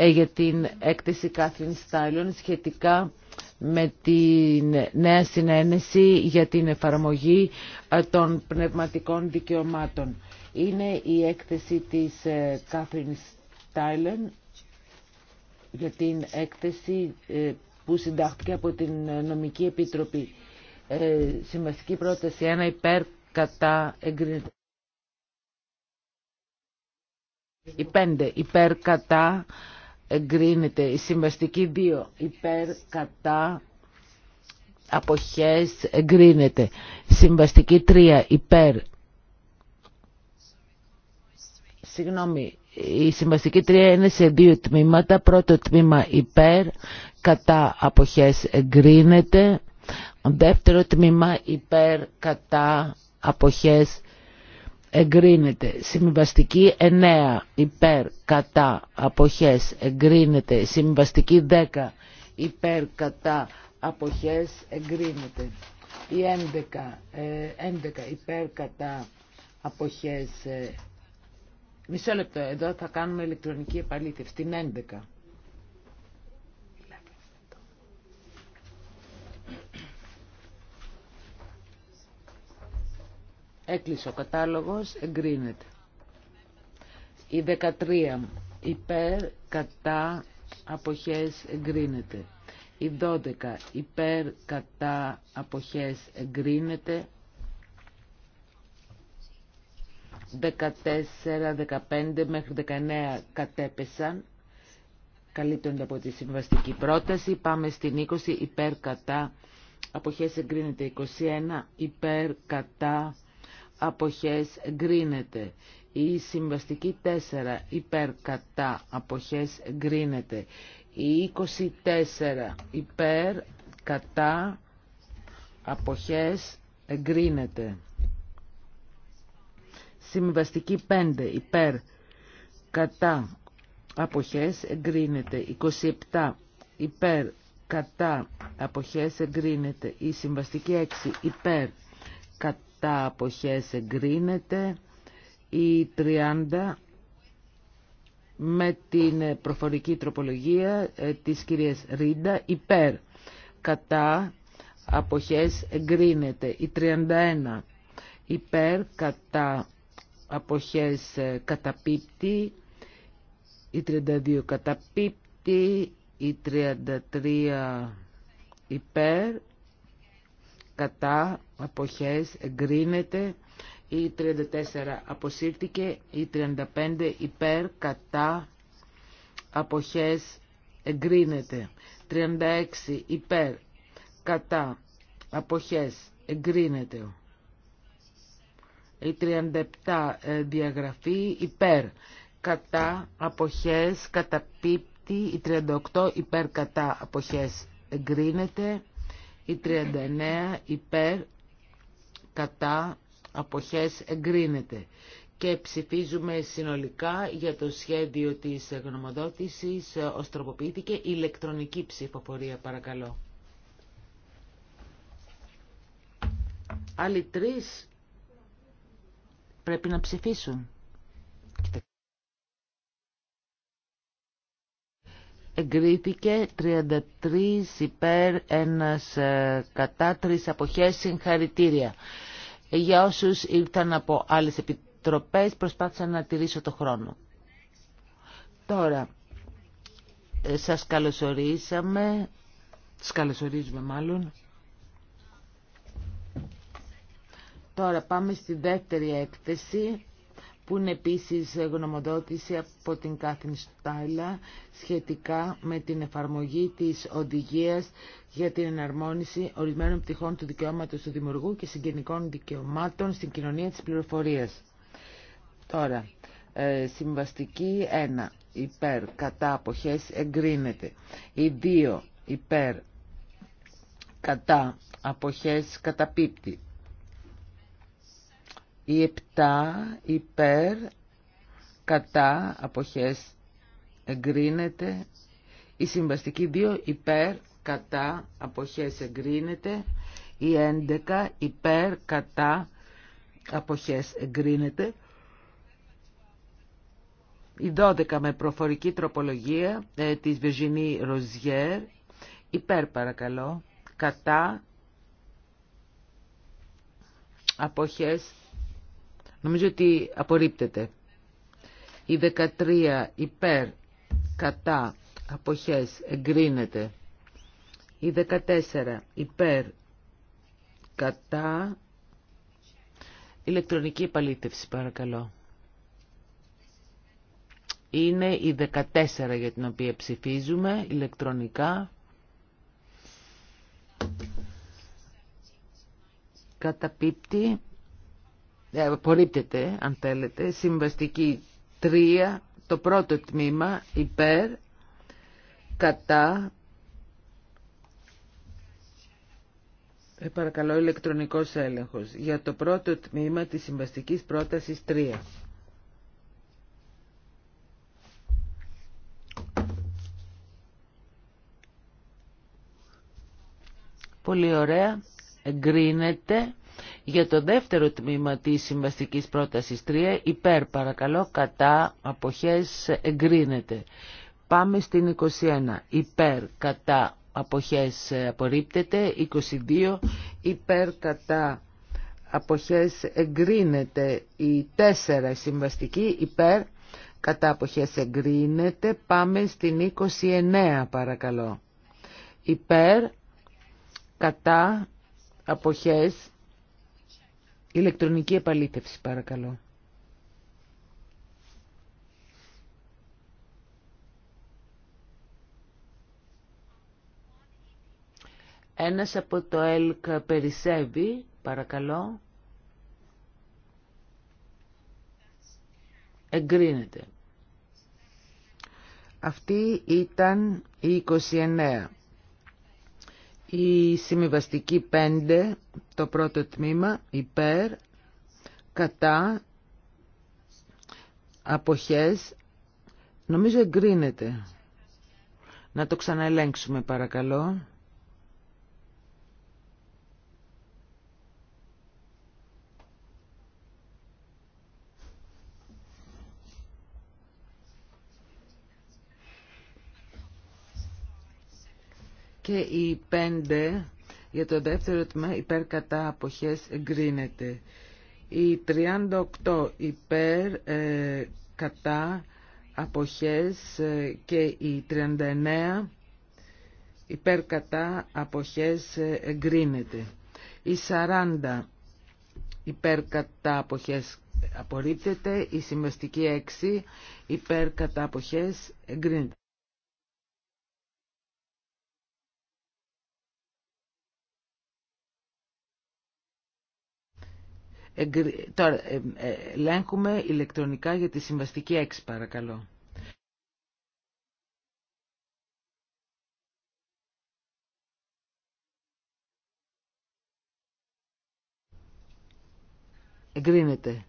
S3: Ε, για την έκθεση Κάθριν Στάιλον σχετικά με την νέα συνένεση για την εφαρμογή ε, των πνευματικών δικαιωμάτων. Είναι η έκθεση της Κάθριν ε, Στάιλον για την έκθεση που συντάχθηκε από την Νομική Επιτροπή. Συμβαστική πρόταση Ένα υπέρ κατά εγκρίνεται. Η υπέρ κατά εγκρίνεται η συμβαστική 2 υπέρ κατά αποχές εγκρίνεται συμβαστική 3 υπέρ συγγνώμη η συμβαστική 3 είναι σε δύο τμήματα πρώτο τμήμα υπέρ κατά αποχές εγκρίνεται δεύτερο τμήμα υπέρ κατά αποχές εγκρίνεται. Συμβαστική 9 υπέρ κατά αποχές εγκρίνεται. Συμβαστική 10 υπέρ κατά αποχές εγκρίνεται. Η 11, ε, 11 υπέρ κατά αποχές. Ε, μισό λεπτό, εδώ θα κάνουμε ηλεκτρονική επαλήθευση. Την 11. Έκλεισε ο κατάλογος, εγκρίνεται. Η 13 υπέρ, κατά, αποχές, εγκρίνεται. Η 12 υπέρ, κατά, αποχές, εγκρίνεται. 14, 15 μέχρι 19 κατέπεσαν. Καλύπτονται από τη συμβαστική πρόταση. Πάμε στην 20 υπέρ, κατά, αποχές, εγκρίνεται. 21 υπέρ, κατά, αποχές εγκρίνεται. Η συμβαστική 4 υπέρ κατά αποχές εγκρίνεται. Η 24 υπέρ κατά αποχές εγκρίνεται. Συμβαστική 5 υπέρ κατά αποχές εγκρίνεται. 27 υπέρ κατά αποχές εγκρίνεται. Η συμβαστική 6 υπέρ κατά τα αποχές εγκρίνεται η 30 με την προφορική τροπολογία ε, της κυρίας Ρίντα υπέρ κατά αποχές εγκρίνεται η 31 υπέρ κατά αποχές ε, καταπίπτει η 32 καταπίπτει η 33 υπέρ κατά αποχές εγκρίνεται η 34 αποσύρθηκε η 35 υπέρ κατά αποχές εγκρίνεται 36 υπέρ κατά αποχές εγκρίνεται η 37 ε, διαγραφή υπέρ κατά αποχές καταπίπτει η 38 υπέρ κατά αποχές εγκρίνεται η 39 υπέρ κατά αποχές εγκρίνεται. Και ψηφίζουμε συνολικά για το σχέδιο της γνωμοδότησης ως τροποποιήθηκε ηλεκτρονική ψηφοφορία παρακαλώ. Άλλοι τρεις πρέπει να ψηφίσουν. εγκρίθηκε 33 υπέρ ένας ε, κατά τρεις αποχές συγχαρητήρια. Για όσους ήρθαν από άλλες επιτροπές προσπάθησα να τηρήσω το χρόνο. Τώρα, ε, σας καλωσορίσαμε, σας καλωσορίζουμε μάλλον. Τώρα πάμε στη δεύτερη έκθεση που είναι επίσης γνωμοδότηση από την Κάθιν Στάιλα σχετικά με την εφαρμογή της οδηγίας για την εναρμόνιση ορισμένων πτυχών του δικαιώματος του δημιουργού και συγγενικών δικαιωμάτων στην κοινωνία της πληροφορίας. Τώρα, ε, συμβαστική 1 υπέρ κατά αποχές εγκρίνεται. Η 2 υπέρ κατά αποχές καταπίπτει. Η 7 υπέρ κατά αποχές εγκρίνεται. Η συμβαστική 2 υπέρ κατά αποχές εγκρίνεται. Η 11 υπέρ κατά αποχές εγκρίνεται. Η 12 με προφορική τροπολογία τη ε, της Βεζινή Ροζιέρ υπέρ παρακαλώ κατά αποχές Νομίζω ότι απορρίπτεται. Η 13 υπέρ κατά αποχές εγκρίνεται. Η 14 υπέρ κατά ηλεκτρονική επαλήθευση παρακαλώ. Είναι η 14 για την οποία ψηφίζουμε ηλεκτρονικά. Καταπίπτει ε, απορρίπτεται αν θέλετε, συμβαστική 3, το πρώτο τμήμα υπέρ, κατά, ε, παρακαλώ ηλεκτρονικός έλεγχος, για το πρώτο τμήμα της συμβαστικής πρότασης 3. Πολύ ωραία. Εγκρίνεται. Για το δεύτερο τμήμα της συμβαστικής πρότασης 3, υπέρ παρακαλώ, κατά, αποχές, εγκρίνεται. Πάμε στην 21, υπέρ, κατά, αποχές, απορρίπτεται. 22, υπέρ, κατά, αποχές, εγκρίνεται. Η 4 συμβαστική, υπέρ, κατά, αποχές, εγκρίνεται. Πάμε στην 29, παρακαλώ. Υπέρ, κατά, αποχές, Ηλεκτρονική επαλήθευση παρακαλώ. Ένας από το ΕΛΚ περισσεύει, παρακαλώ. Εγκρίνεται. Αυτή ήταν η 29. Η συμβιβαστική 5, το πρώτο τμήμα, υπέρ, κατά, αποχές, νομίζω εγκρίνεται. Να το ξαναελέγξουμε παρακαλώ. και η 5 για το δεύτερο τμήμα υπέρ κατά αποχές εγκρίνεται. Η 38 υπέρ ε, κατά αποχές ε, και η 39 υπέρ κατά αποχές ε, εγκρίνεται. Η 40 υπέρ κατά αποχές απορρίπτεται. Η συμβαστική 6 υπέρ κατά αποχές εγκρίνεται. Τώρα, ε, ε, ελέγχουμε ηλεκτρονικά για τη συμβαστική έξι παρακαλώ. Εγκρίνεται.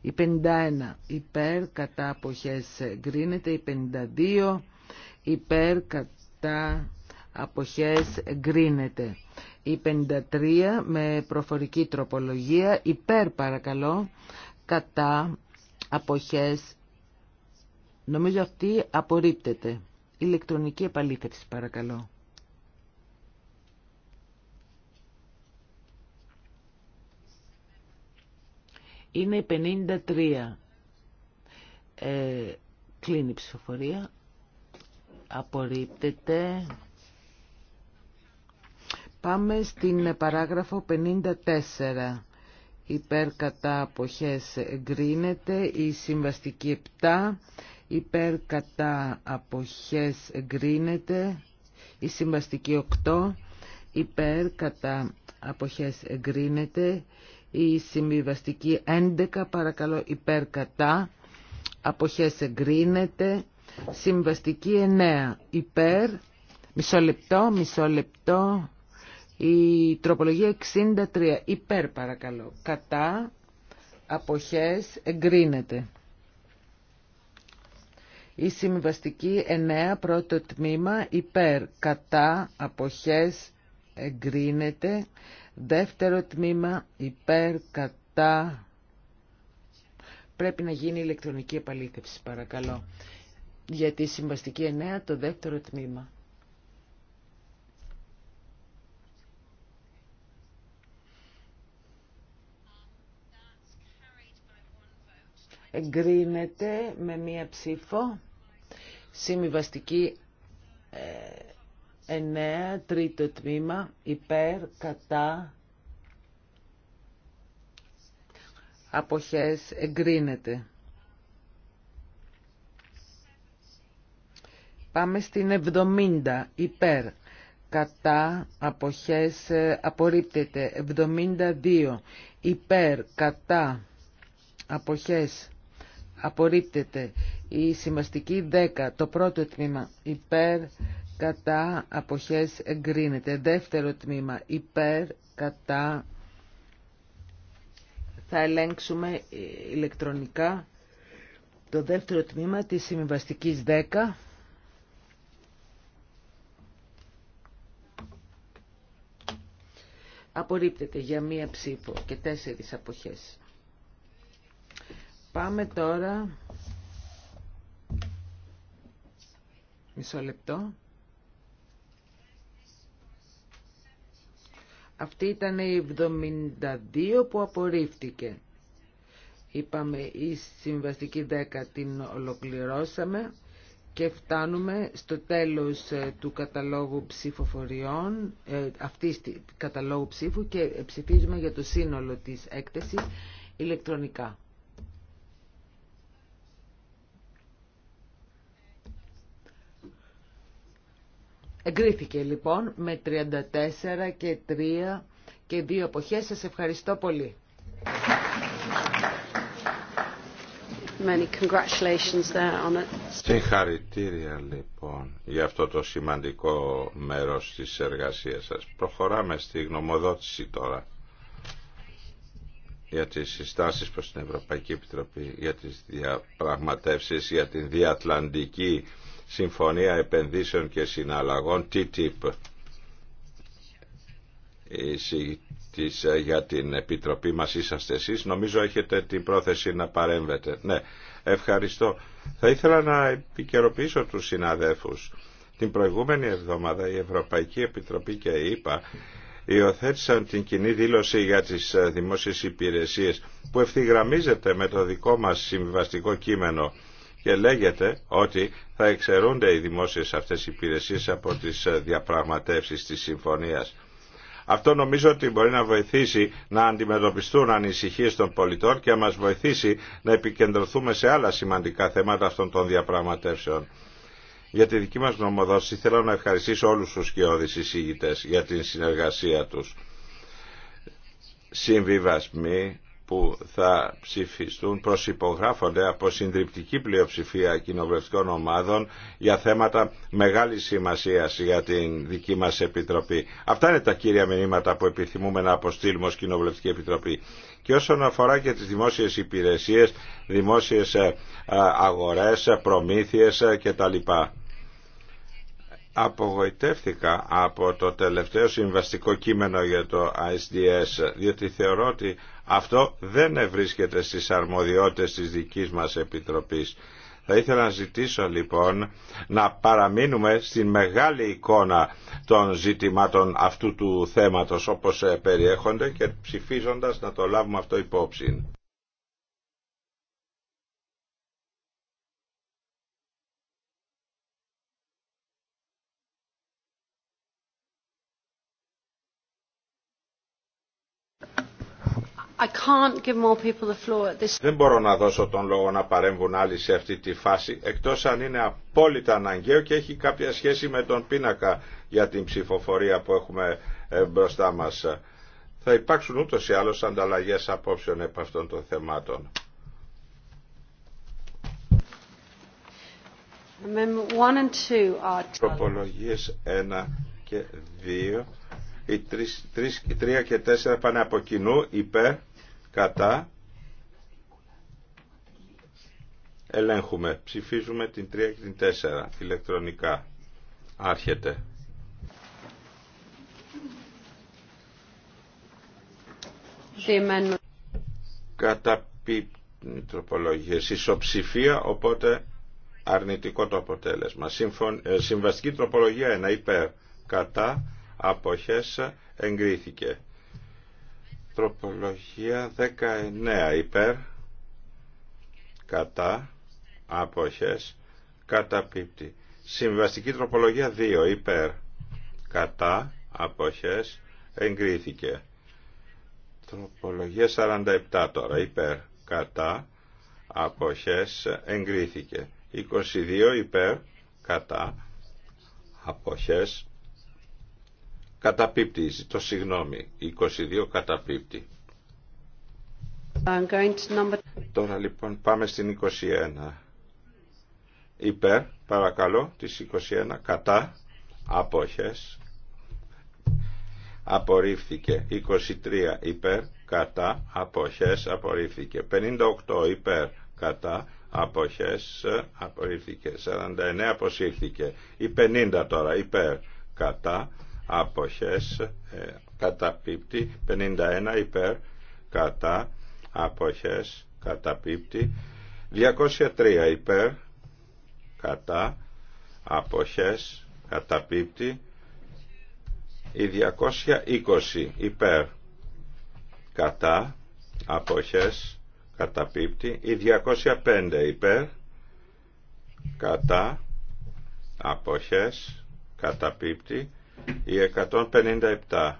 S3: Η 51 υπέρ κατά αποχές εγκρίνεται. Η 52 υπέρ κατά αποχές εγκρίνεται. Η 53 με προφορική τροπολογία υπέρ παρακαλώ κατά αποχές. Νομίζω αυτή απορρίπτεται. Ηλεκτρονική επαλήθευση παρακαλώ. Είναι η 53. Ε, κλείνει η ψηφοφορία. Απορρίπτεται. Πάμε στην παράγραφο 54. Υπέρ κατά αποχές εγκρίνεται η συμβαστική 7. Υπέρ κατά αποχές εγκρίνεται η συμβαστική 8. Υπέρ κατά αποχές εγκρίνεται η συμβιβαστική 11. Παρακαλώ υπέρ κατά αποχές εγκρίνεται. Συμβαστική 9. Υπέρ. Μισό λεπτό, μισό λεπτό. Η τροπολογία 63 υπέρ παρακαλώ. Κατά αποχές εγκρίνεται. Η συμβαστική 9 πρώτο τμήμα υπέρ κατά αποχές εγκρίνεται. Δεύτερο τμήμα υπέρ κατά πρέπει να γίνει ηλεκτρονική επαλήθευση παρακαλώ. Γιατί η συμβαστική 9 το δεύτερο τμήμα. εγκρίνεται με μία ψήφο συμβιβαστική ε, 9 τρίτο τμήμα υπέρ κατά αποχές εγκρίνεται. Πάμε στην 70 υπέρ κατά αποχές ε, απορρίπτεται 72 υπέρ κατά αποχές απορρίπτεται. Η σημαστική 10, το πρώτο τμήμα, υπέρ, κατά, αποχές, εγκρίνεται. Δεύτερο τμήμα, υπέρ, κατά, θα ελέγξουμε ε, ηλεκτρονικά το δεύτερο τμήμα της συμβαστική 10. Απορρίπτεται για μία ψήφο και τέσσερις αποχές. Πάμε τώρα... Μισό λεπτό. Αυτή ήταν η 72 που απορρίφθηκε. Είπαμε η συμβαστική 10 την ολοκληρώσαμε και φτάνουμε στο τέλος ε, του καταλόγου ψηφοφοριών, ε, αυτής του καταλόγου ψήφου και ε, ψηφίζουμε για το σύνολο της έκθεσης ηλεκτρονικά. Εγκρίθηκε λοιπόν με 34 και 3 και 2 εποχές. Σας ευχαριστώ πολύ.
S2: Συγχαρητήρια λοιπόν για αυτό το σημαντικό μέρος της εργασίας σας. Προχωράμε στη γνωμοδότηση τώρα για τις συστάσεις προς την Ευρωπαϊκή Επιτροπή για τις διαπραγματεύσεις για την διατλαντική Συμφωνία Επενδύσεων και Συναλλαγών TTIP ε, για την Επιτροπή μας είσαστε εσείς. Νομίζω έχετε την πρόθεση να παρέμβετε. Ναι, ευχαριστώ. Θα ήθελα να επικαιροποιήσω τους συναδέφους. Την προηγούμενη εβδομάδα η Ευρωπαϊκή Επιτροπή και η ΕΠΑ υιοθέτησαν την κοινή δήλωση για τις ε, δημόσιες υπηρεσίες που ευθυγραμμίζεται με το δικό μας συμβιβαστικό κείμενο και λέγεται ότι θα εξαιρούνται οι δημόσιες αυτές οι υπηρεσίες από τις ε, διαπραγματεύσεις της συμφωνίας. Αυτό νομίζω ότι μπορεί να βοηθήσει να αντιμετωπιστούν ανησυχίες των πολιτών και να μας βοηθήσει να επικεντρωθούμε σε άλλα σημαντικά θέματα αυτών των διαπραγματεύσεων. Για τη δική μας γνωμοδότηση θέλω να ευχαριστήσω όλους τους σκιώδεις εισηγητές για την συνεργασία τους. Συμβιβασμοί που θα ψηφιστούν προσυπογράφονται από συντριπτική πλειοψηφία κοινοβουλευτικών ομάδων για θέματα μεγάλης σημασίας για την δική μας Επιτροπή. Αυτά είναι τα κύρια μηνύματα που επιθυμούμε να αποστείλουμε ως Κοινοβουλευτική Επιτροπή. Και όσον αφορά και τις δημόσιες υπηρεσίες, δημόσιες ε, ε, αγορές, προμήθειες ε, κτλ απογοητεύτηκα από το τελευταίο συμβαστικό κείμενο για το ISDS, διότι θεωρώ ότι αυτό δεν βρίσκεται στις αρμοδιότητες της δικής μας Επιτροπής. Θα ήθελα να ζητήσω λοιπόν να παραμείνουμε στην μεγάλη εικόνα των ζητημάτων αυτού του θέματος όπως ε, περιέχονται και ψηφίζοντας να το λάβουμε αυτό υπόψη. Δεν μπορώ να δώσω τον λόγο να παρέμβουν άλλοι σε αυτή τη φάση, εκτός αν είναι απόλυτα αναγκαίο και έχει κάποια σχέση με τον πίνακα για την ψηφοφορία που έχουμε ε, μπροστά μας. Θα υπάρξουν ούτως ή άλλως ανταλλαγές απόψεων επ' αυτών των θεμάτων. Προπολογίες 1 και 2 οι 3 και 4 πάνε από κοινού υπέρ, κατά. Ελέγχουμε. Ψηφίζουμε την 3 και την 4 ηλεκτρονικά. Άρχεται. Κατά τροπολογίες ισοψηφία, οπότε αρνητικό το αποτέλεσμα. Ε, συμβαστική τροπολογία 1 υπέρ, κατά αποχές εγκρίθηκε. Τροπολογία 19 υπέρ κατά αποχές καταπίπτει. Συμβαστική τροπολογία 2 υπέρ κατά αποχές εγκρίθηκε. Τροπολογία 47 τώρα υπέρ κατά αποχές εγκρίθηκε. 22 υπέρ κατά αποχές Καταπίπτει, το συγγνώμη, 22 καταπίπτει. Τώρα λοιπόν πάμε στην 21. Υπέρ, παρακαλώ, της 21, κατά, απόχες, απορρίφθηκε. 23 υπέρ, κατά, αποχές, απορρίφθηκε. 58 υπέρ, κατά, αποχές, απορρίφθηκε. 49 αποσύρθηκε. Η 50 τώρα υπέρ, κατά, αποχές ε, καταπίπτει 51 υπέρ κατά αποχές καταπίπτει 203 υπέρ κατά αποχές καταπίπτει η 220 υπέρ κατά αποχές καταπίπτει η 205 υπέρ κατά αποχές καταπίπτει η 157.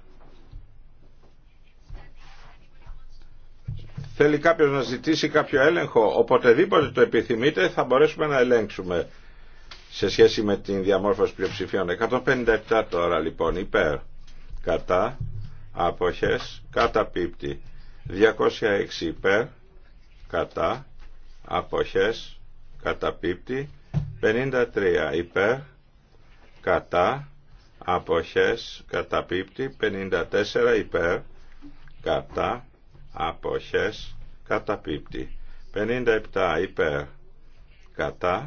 S2: Θέλει κάποιος να ζητήσει κάποιο έλεγχο. Οποτεδήποτε το επιθυμείτε θα μπορέσουμε να ελέγξουμε σε σχέση με την διαμόρφωση πλειοψηφίων. 157 τώρα λοιπόν υπέρ. Κατά. Αποχές. πίπτη. 206 υπέρ. Κατά. Αποχές. πίπτη. 53 υπέρ. Κατά αποχές καταπίπτει 54 υπέρ κατά αποχές καταπίπτει 57 υπέρ κατά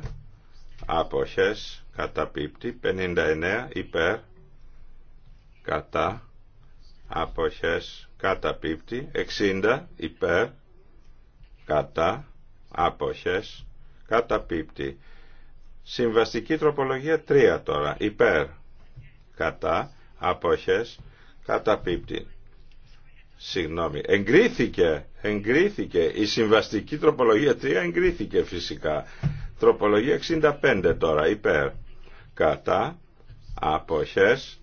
S2: αποχές καταπίπτει 59 υπέρ κατά αποχές καταπίπτει 60 υπέρ κατά αποχές καταπίπτει συμβαστική τροπολογία 3 τώρα υπέρ κατά αποχές καταπίπτει συγγνώμη εγκρίθηκε εγκρίθηκε η συμβαστική τροπολογία 3 εγκρίθηκε φυσικά τροπολογία 65 τώρα υπέρ κατά αποχές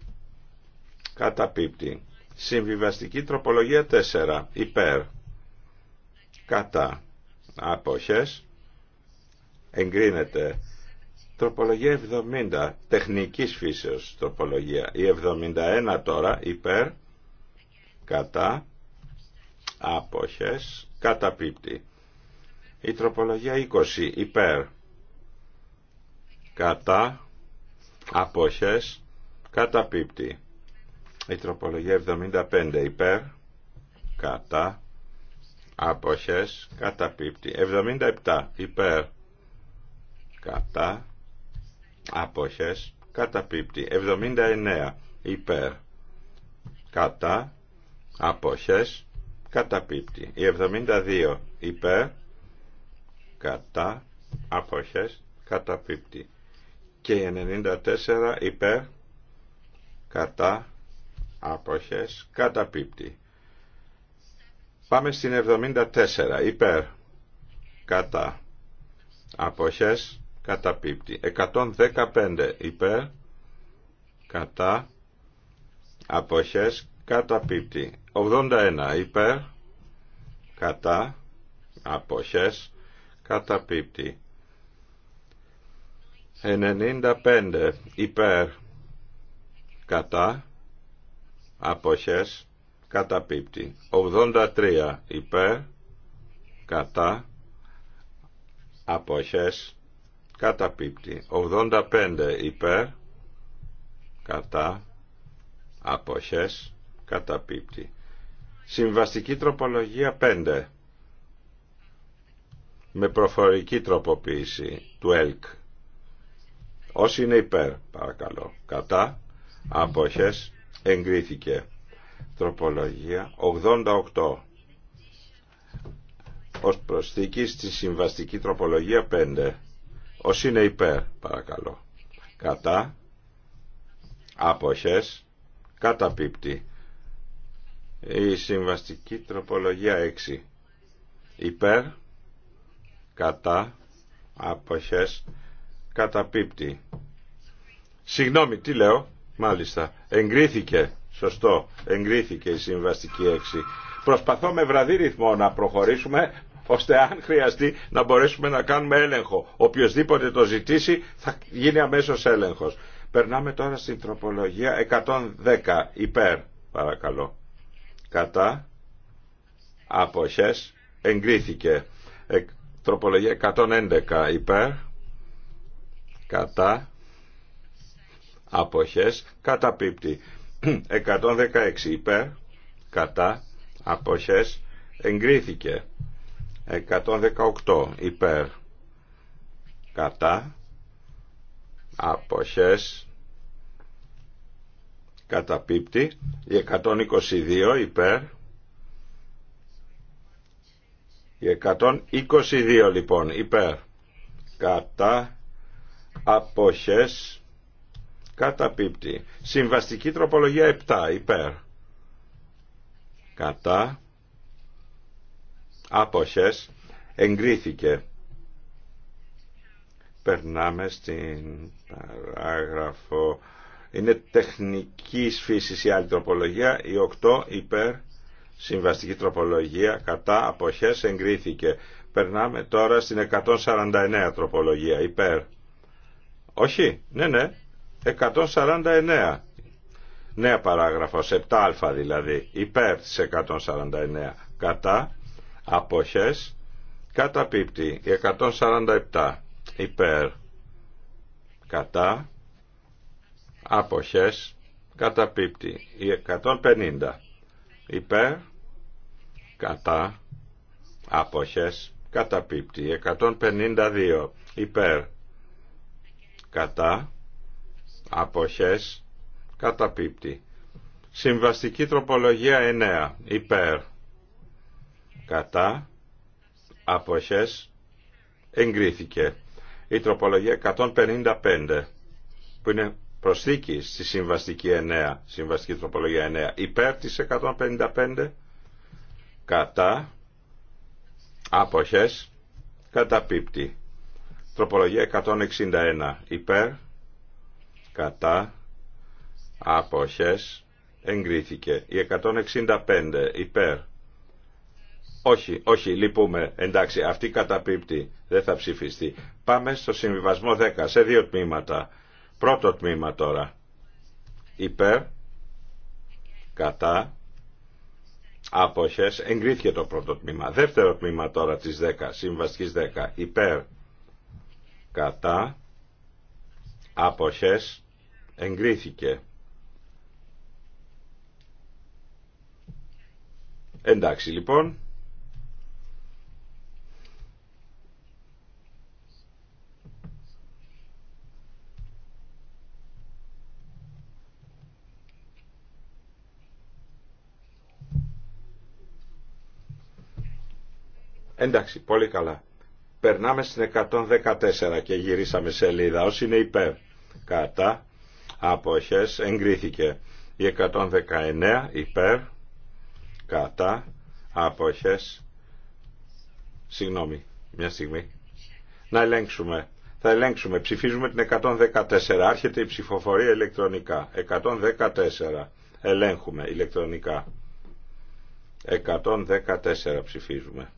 S2: καταπίπτει συμβιβαστική τροπολογία 4 υπέρ κατά αποχές εγκρίνεται Τροπολογία 70, τεχνικής φύσεως τροπολογία. Η 71 τώρα, υπέρ, κατά, άποχες, καταπίπτει. Η τροπολογία 20, υπέρ, κατά, άποχες, καταπίπτει. Η τροπολογία 75, υπέρ, κατά, άποχες, καταπίπτει. 77, υπέρ, κατά, αποχές καταπίπτει 79 υπέρ κατά αποχές καταπίπτει 72 υπέρ κατά αποχές καταπίπτει και 94 υπέρ κατά αποχές καταπίπτει πάμε στην 74 υπέρ κατά αποχές καταπίπτει. 115 υπέρ κατά αποχές καταπίπτει. 81 υπέρ κατά αποχές καταπίπτει. 95 υπέρ κατά αποχές καταπίπτει. 83 υπέρ κατά αποχές καταπίπτει 85 υπέρ κατά αποχές καταπίπτει συμβαστική τροπολογία 5 με προφορική τροποποίηση του ΕΛΚ όσοι είναι υπέρ παρακαλώ κατά αποχές εγκρίθηκε τροπολογία 88 ως προσθήκη στη συμβαστική τροπολογία 5 Όσοι είναι υπέρ, παρακαλώ. Κατά. Άποχες. Καταπίπτει. Η συμβαστική τροπολογία 6. Υπέρ. Κατά. Άποχες. Καταπίπτει. Συγγνώμη, τι λέω. Μάλιστα. Εγκρίθηκε. Σωστό. Εγκρίθηκε η συμβαστική 6. Προσπαθώ με βραδύ ρυθμό να προχωρήσουμε ώστε αν χρειαστεί να μπορέσουμε να κάνουμε έλεγχο. Οποιοςδήποτε το ζητήσει θα γίνει αμέσως έλεγχος. Περνάμε τώρα στην τροπολογία 110 υπέρ παρακαλώ. Κατά αποχές εγκρίθηκε. Ε, τροπολογία 111 υπέρ κατά αποχές καταπίπτει. 116 υπέρ κατά αποχές εγκρίθηκε. 118 υπέρ κατά αποχές καταπίπτει η 122 υπέρ η 122 λοιπόν υπέρ κατά αποχές καταπίπτει συμβαστική τροπολογία 7 υπέρ κατά άποχες εγκρίθηκε. Περνάμε στην παράγραφο. Είναι τεχνική φύση η άλλη τροπολογία. Η 8 υπέρ συμβαστική τροπολογία κατά αποχές εγκρίθηκε. Περνάμε τώρα στην 149 τροπολογία υπέρ. Όχι, ναι, ναι, 149. Νέα παράγραφος, 7α δηλαδή, υπέρ της 149, κατά αποχές καταπίπτει 147 υπέρ κατά αποχές καταπίπτει 150 υπέρ κατά αποχές καταπίπτει 152 υπέρ κατά αποχές καταπίπτει συμβαστική τροπολογία 9 υπέρ κατά, αποχές, εγκρίθηκε. Η τροπολογία 155, που είναι προσθήκη στη συμβαστική 9, συμβαστική τροπολογία 9, υπέρ της 155, κατά, αποχές, καταπίπτει. Τροπολογία 161, υπέρ, κατά, αποχές, εγκρίθηκε. Η 165, υπέρ, όχι, όχι, λυπούμε. Εντάξει, αυτή καταπίπτει. Δεν θα ψηφιστεί. Πάμε στο συμβιβασμό 10, σε δύο τμήματα. Πρώτο τμήμα τώρα. Υπέρ, κατά, άποχες. Εγκρίθηκε το πρώτο τμήμα. Δεύτερο τμήμα τώρα της 10, συμβαστικής 10. Υπέρ, κατά, άποχες. Εγκρίθηκε. Εντάξει λοιπόν. Εντάξει, πολύ καλά. Περνάμε στην 114 και γυρίσαμε σελίδα. Όσοι είναι υπέρ, κατά, αποχές, εγκρίθηκε. Η 119 υπέρ, κατά, αποχές, συγγνώμη, μια στιγμή. Να ελέγξουμε. Θα ελέγξουμε. Ψηφίζουμε την 114. Άρχεται η ψηφοφορία ηλεκτρονικά. 114. Ελέγχουμε ηλεκτρονικά. 114 ψηφίζουμε.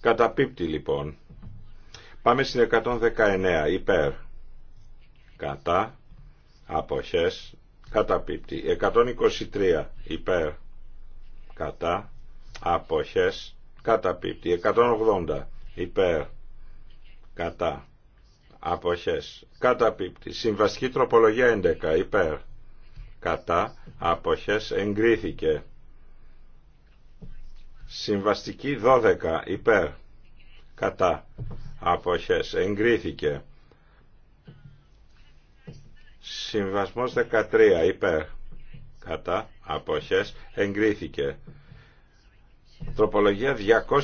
S2: Καταπίπτει λοιπόν. Πάμε στην 119 υπέρ. Κατά. Αποχές. Καταπίπτει. 123 υπέρ. Κατά. Αποχές. Καταπίπτει. 180 υπέρ. Κατά. Αποχές. Καταπίπτει. Συμβαστική τροπολογία 11 υπέρ. Κατά. Αποχές. Εγκρίθηκε. Συμβαστική 12 υπέρ κατά αποχές εγκρίθηκε. Συμβασμός 13 υπέρ κατά αποχές εγκρίθηκε. Τροπολογία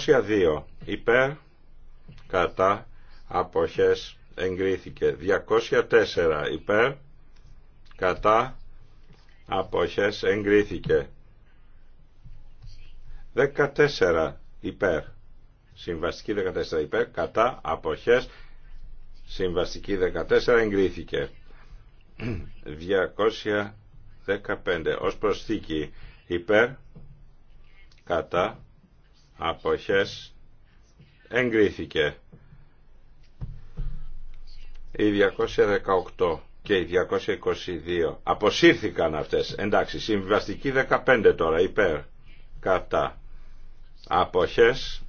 S2: 202 υπέρ κατά αποχές εγκρίθηκε. 204 υπέρ κατά αποχές εγκρίθηκε. 14 υπέρ. Συμβαστική 14 υπέρ. Κατά αποχές. Συμβαστική 14 εγκρίθηκε. 215 ως προσθήκη υπέρ. Κατά αποχές εγκρίθηκε. Η 218 και οι 222. Αποσύρθηκαν αυτές. Εντάξει, Συμβαστική 15 τώρα, υπέρ, κατά, αποχές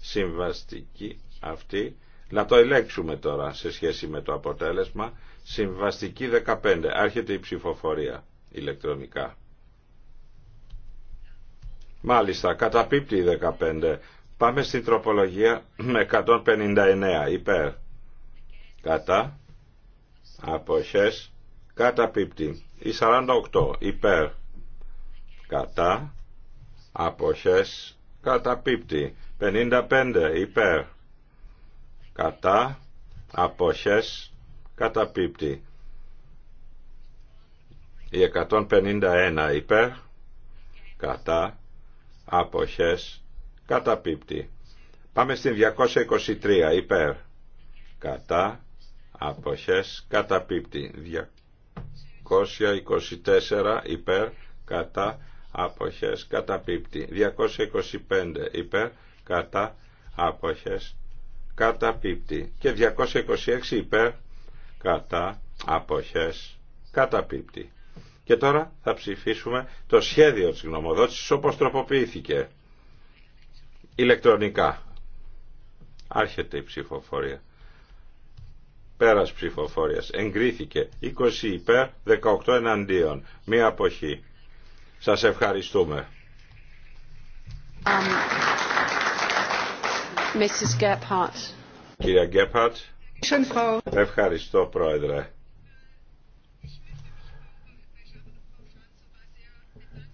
S2: συμβαστική αυτή να το ελέγξουμε τώρα σε σχέση με το αποτέλεσμα συμβαστική 15 άρχεται η ψηφοφορία ηλεκτρονικά μάλιστα καταπίπτει η 15 πάμε στην τροπολογία 159 υπέρ κατά αποχές καταπίπτει η 48 υπέρ κατά αποχές καταπίπτει. 55 υπέρ κατά αποχές καταπίπτει. Η 151 υπέρ κατά αποχές καταπίπτει. Πάμε στην 223 υπέρ κατά αποχές καταπίπτει. 224 υπέρ κατά αποχές καταπίπτει 225 υπέρ κατά αποχές καταπίπτει και 226 υπέρ κατά αποχές καταπίπτει και τώρα θα ψηφίσουμε το σχέδιο της γνωμοδότησης όπως τροποποιήθηκε ηλεκτρονικά άρχεται η ψηφοφορία πέρας ψηφοφορίας εγκρίθηκε 20 υπέρ 18 εναντίον μία αποχή σας ευχαριστούμε. Um, Mrs. Κυρία Γκέπαρτ, ευχαριστώ πρόεδρε.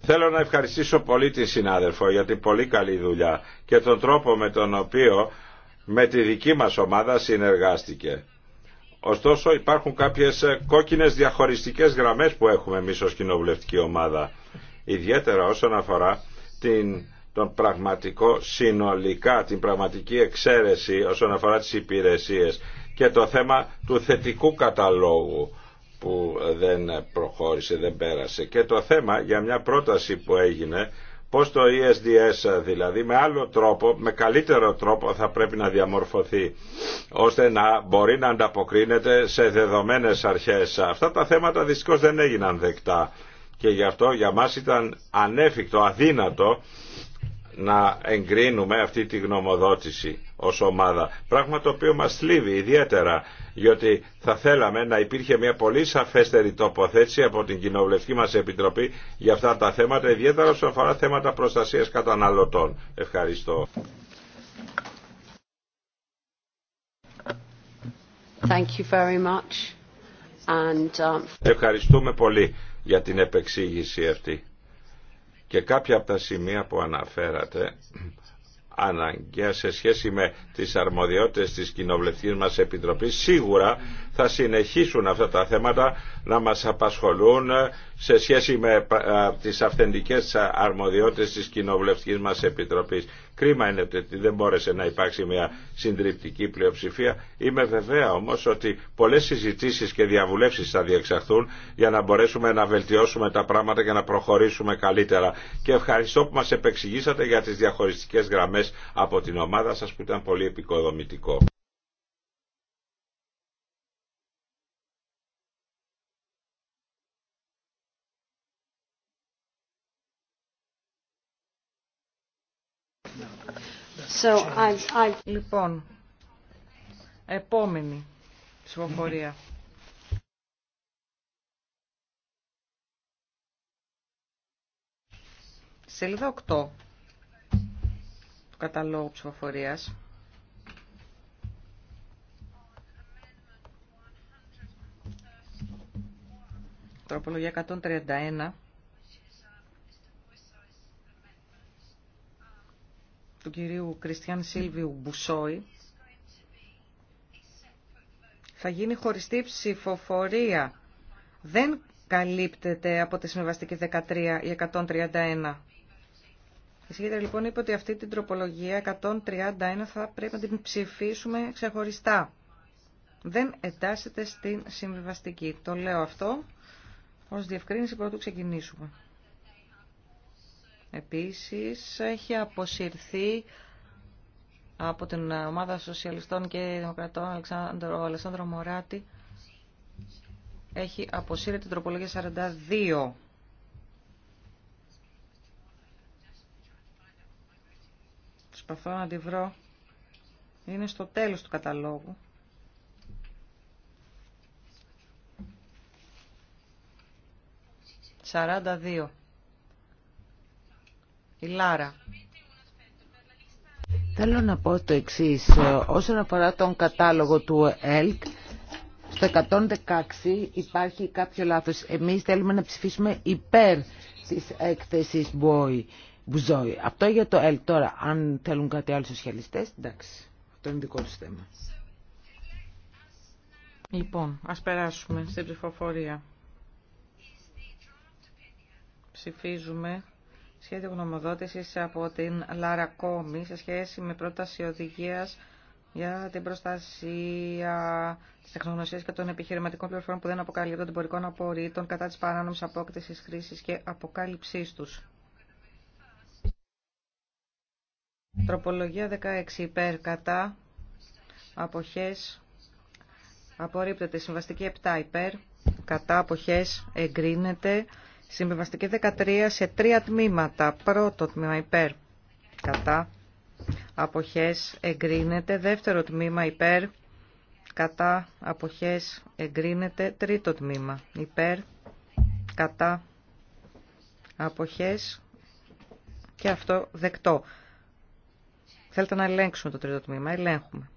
S2: Θέλω να ευχαριστήσω πολύ την συνάδελφο για την πολύ καλή δουλειά και τον τρόπο με τον οποίο με τη δική μας ομάδα συνεργάστηκε. Ωστόσο υπάρχουν κάποιες κόκκινες διαχωριστικές γραμμές που έχουμε εμείς ως κοινοβουλευτική ομάδα ιδιαίτερα όσον αφορά την τον πραγματικό συνολικά, την πραγματική εξαίρεση όσον αφορά τις υπηρεσίες και το θέμα του θετικού καταλόγου που δεν προχώρησε, δεν πέρασε και το θέμα για μια πρόταση που έγινε πώς το ESDS δηλαδή με άλλο τρόπο, με καλύτερο τρόπο θα πρέπει να διαμορφωθεί ώστε να μπορεί να ανταποκρίνεται σε δεδομένες αρχές. Αυτά τα θέματα δυστυχώς δεν έγιναν δεκτά και γι' αυτό για μας ήταν ανέφικτο, αδύνατο να εγκρίνουμε αυτή τη γνωμοδότηση ως ομάδα. Πράγμα το οποίο μας θλίβει ιδιαίτερα, γιατί θα θέλαμε να υπήρχε μια πολύ σαφέστερη τοποθέτηση από την Κοινοβουλευτική μας Επιτροπή για αυτά τα θέματα, ιδιαίτερα όσον αφορά θέματα προστασίας καταναλωτών. Ευχαριστώ. Thank you very much. And, um, Ευχαριστούμε πολύ για την επεξήγηση αυτή. Και κάποια από τα σημεία που αναφέρατε αναγκαία σε σχέση με τις αρμοδιότητες της κοινοβουλευτικής μας επιτροπής σίγουρα θα συνεχίσουν αυτά τα θέματα να μας απασχολούν σε σχέση με ε, τις αυθεντικές ε, αρμοδιότητες της κοινοβουλευτικής μας επιτροπής. Κρίμα είναι ότι δεν μπόρεσε να υπάρξει μια συντριπτική πλειοψηφία. Είμαι βεβαία όμως ότι πολλές συζητήσεις και διαβουλεύσεις θα διεξαχθούν για να μπορέσουμε να βελτιώσουμε τα πράγματα και να προχωρήσουμε καλύτερα. Και ευχαριστώ που μας επεξηγήσατε για τις διαχωριστικές γραμμές από την ομάδα σας που ήταν πολύ επικοδομητικό.
S1: So, Λοιπόν, επόμενη ψηφοφορία. Σελίδα 8 του καταλόγου ψηφοφορίας. Τροπολογία 131. του κυρίου Κριστιαν Σίλβιου Μπουσόη θα γίνει χωριστή ψηφοφορία. Δεν καλύπτεται από τη συμβαστική 13 η 131. Η Σίγητρα λοιπόν είπε ότι αυτή την τροπολογία 131 θα πρέπει να την ψηφίσουμε ξεχωριστά. Δεν εντάσσεται στην συμβιβαστική. Το λέω αυτό ως διευκρίνηση πρωτού ξεκινήσουμε. Επίσης έχει αποσυρθεί από την ομάδα Σοσιαλιστών και Δημοκρατών Αλεξάνδρο, Αλεξάνδρο Μωράτη έχει αποσύρει την τροπολογία 42. Προσπαθώ να τη βρω. Είναι στο τέλος του καταλόγου. 42. Η Λάρα.
S3: Θέλω να πω το εξής. Όσον αφορά τον κατάλογο του ΕΛΚ, στο 116 υπάρχει κάποιο λάθος. Εμείς θέλουμε να ψηφίσουμε υπέρ της έκθεσης Μπουζόη. Αυτό για το ΕΛΚ. Τώρα, αν θέλουν κάτι άλλο σοσιαλιστές, εντάξει, αυτό είναι δικό του θέμα.
S1: Λοιπόν, ας περάσουμε στην ψηφοφορία. Ψηφίζουμε σχέδιο γνωμοδότησης από την Λάρα σε σχέση με πρόταση οδηγίας για την προστασία της τεχνογνωσίας και των επιχειρηματικών πληροφοριών που δεν αποκαλύπτουν των εμπορικών απορρίτων κατά της παράνομης απόκτησης χρήσης και αποκάλυψής τους. Τροπολογία 16 υπέρ κατά αποχές απορρίπτεται. Συμβαστική 7 υπέρ κατά αποχές εγκρίνεται. Συμβιβαστική 13 σε τρία τμήματα. Πρώτο τμήμα υπέρ κατά αποχές εγκρίνεται. Δεύτερο τμήμα υπέρ κατά αποχές εγκρίνεται. Τρίτο τμήμα υπέρ κατά αποχές και αυτό δεκτό. Θέλετε να ελέγξουμε το τρίτο τμήμα. Ελέγχουμε.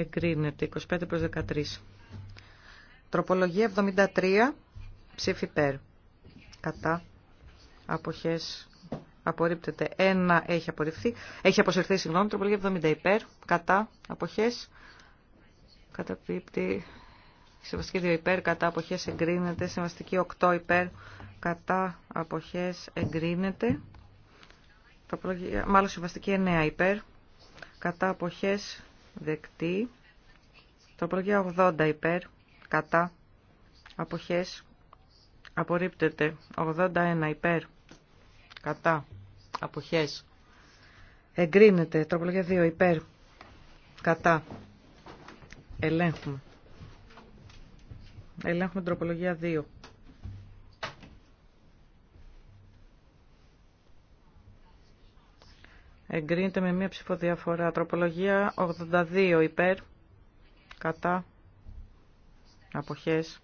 S1: Εγκρίνεται. 25 προς 13. Τροπολογία 73. Ψήφι περ. Κατά. Αποχές. Απορρίπτεται. Ένα έχει απορριφθεί. Έχει αποσυρθεί, συγγνώμη. Τροπολογία 70 υπέρ. Κατά. Αποχές. Καταπίπτει. Σεβαστική 2 υπέρ. Κατά. Αποχές. Εγκρίνεται. Συμβαστική 8 υπέρ. Κατά. Αποχές. Εγκρίνεται. Μάλλον συμβαστική 9 υπέρ. Κατά αποχές Δεκτή. Τροπολογία 80 υπέρ. Κατά. Αποχές. Απορρίπτεται. 81 υπέρ. Κατά. Αποχές. Εγκρίνεται. Τροπολογία 2 υπέρ. Κατά. Ελέγχουμε. Ελέγχουμε τροπολογία 2. Εγκρίνεται με μία ψηφοδιαφορά. Τροπολογία 82 υπέρ. Κατά. Αποχές.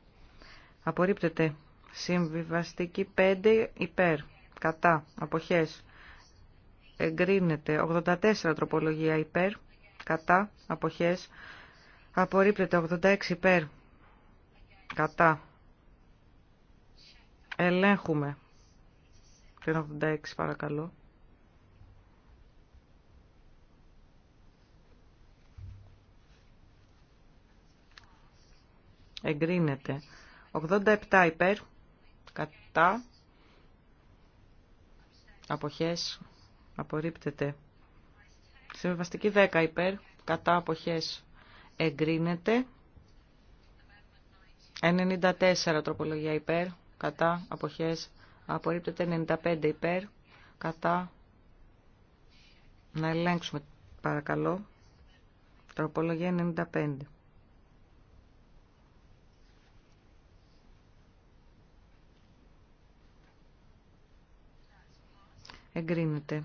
S1: Απορρίπτεται. Συμβιβαστική 5 υπέρ. Κατά. Αποχές. Εγκρίνεται. 84 τροπολογία υπέρ. Κατά. Αποχές. Απορρίπτεται. 86 υπέρ. Κατά. Ελέγχουμε. Την 86 παρακαλώ. εγκρίνεται. 87 υπέρ, κατά, αποχές, απορρίπτεται. Συμβαστική 10 υπέρ, κατά, αποχές, εγκρίνεται. 94 τροπολογία υπέρ, κατά, αποχές, απορρίπτεται. 95 υπέρ, κατά, να ελέγξουμε παρακαλώ. Τροπολογία 95. εγκρίνεται.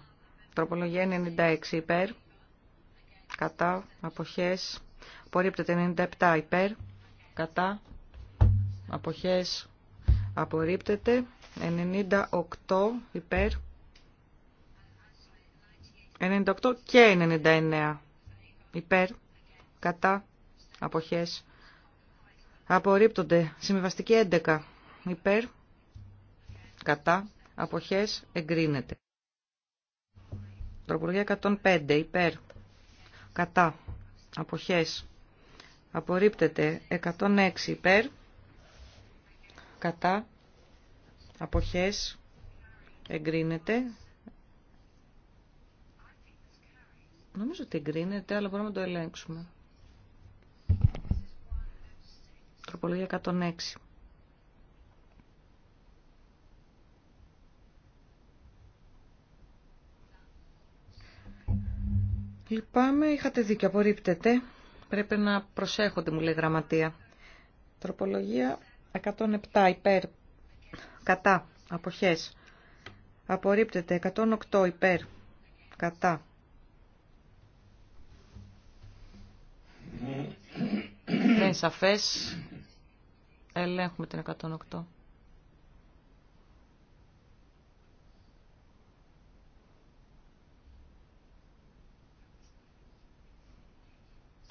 S1: Τροπολογία 96 υπέρ, κατά, αποχές, απορρίπτεται 97 υπέρ, κατά, αποχές, απορρίπτεται 98 υπέρ, 98 και 99 υπέρ, κατά, αποχές, απορρίπτονται συμβιβαστική 11 υπέρ, κατά, αποχές, εγκρίνεται. Τροπολογία 105 υπέρ. Κατά. Αποχές. Απορρίπτεται 106 υπέρ. Κατά. Αποχές. Εγκρίνεται. Νομίζω ότι εγκρίνεται, αλλά μπορούμε να το ελέγξουμε. Τροπολογία 106. Λυπάμαι, είχατε δίκιο, απορρίπτεται. Πρέπει να προσέχονται, μου λέει γραμματεία. Τροπολογία 107 υπέρ, κατά, αποχές. Απορρίπτεται 108 υπέρ, κατά. Δεν είναι σαφές. Ελέγχουμε την 108.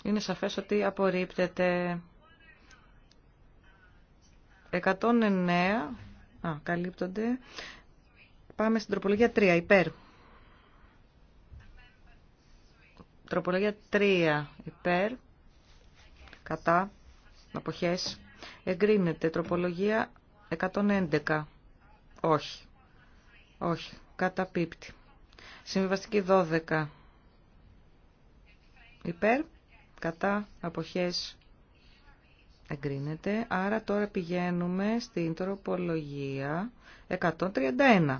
S1: είναι σαφές ότι απορρίπτεται 109 α, καλύπτονται πάμε στην τροπολογία 3 υπέρ τροπολογία 3 υπέρ κατά αποχές εγκρίνεται τροπολογία 111 όχι όχι καταπίπτει συμβιβαστική 12 υπέρ κατά αποχές εγκρίνεται. Άρα τώρα πηγαίνουμε στην τροπολογία 131.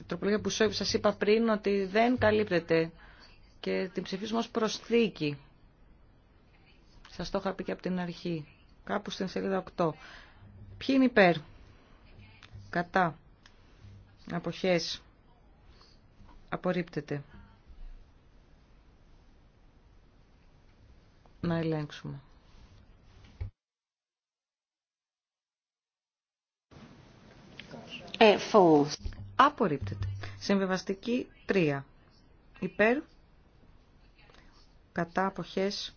S1: Η τροπολογία που σας είπα πριν ότι δεν καλύπτεται και την ψηφίσουμε ως προσθήκη. Σας το είχα πει και από την αρχή, κάπου στην σελίδα 8. Ποιοι είναι υπέρ, κατά, αποχές, Απορρίπτεται. Να ελέγξουμε. Ε, Απορρίπτεται. Συμβεβαστική 3. Υπέρ. Κατά αποχές.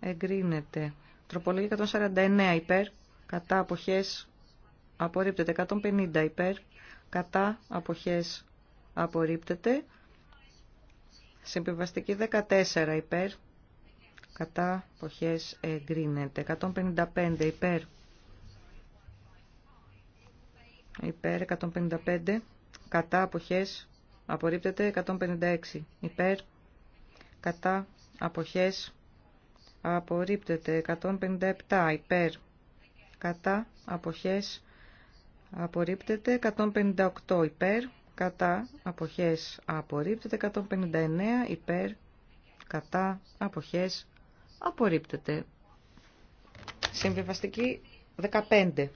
S1: Εγκρίνεται. Τροπολογία 149 υπέρ. Κατά αποχές. Απορρίπτεται. 150 υπέρ. Κατά αποχές απορρίπτεται. Συμπιβαστική 14 υπέρ, κατά αποχές εγκρίνεται. 155 υπέρ, υπέρ 155, κατά αποχές απορρίπτεται. 156 υπέρ, κατά αποχές απορρίπτεται. 157 υπέρ, κατά αποχές απορρίπτεται. 158 υπέρ, κατά αποχές απορρίπτεται 159 υπέρ κατά αποχές απορρίπτεται συμβιβαστική 15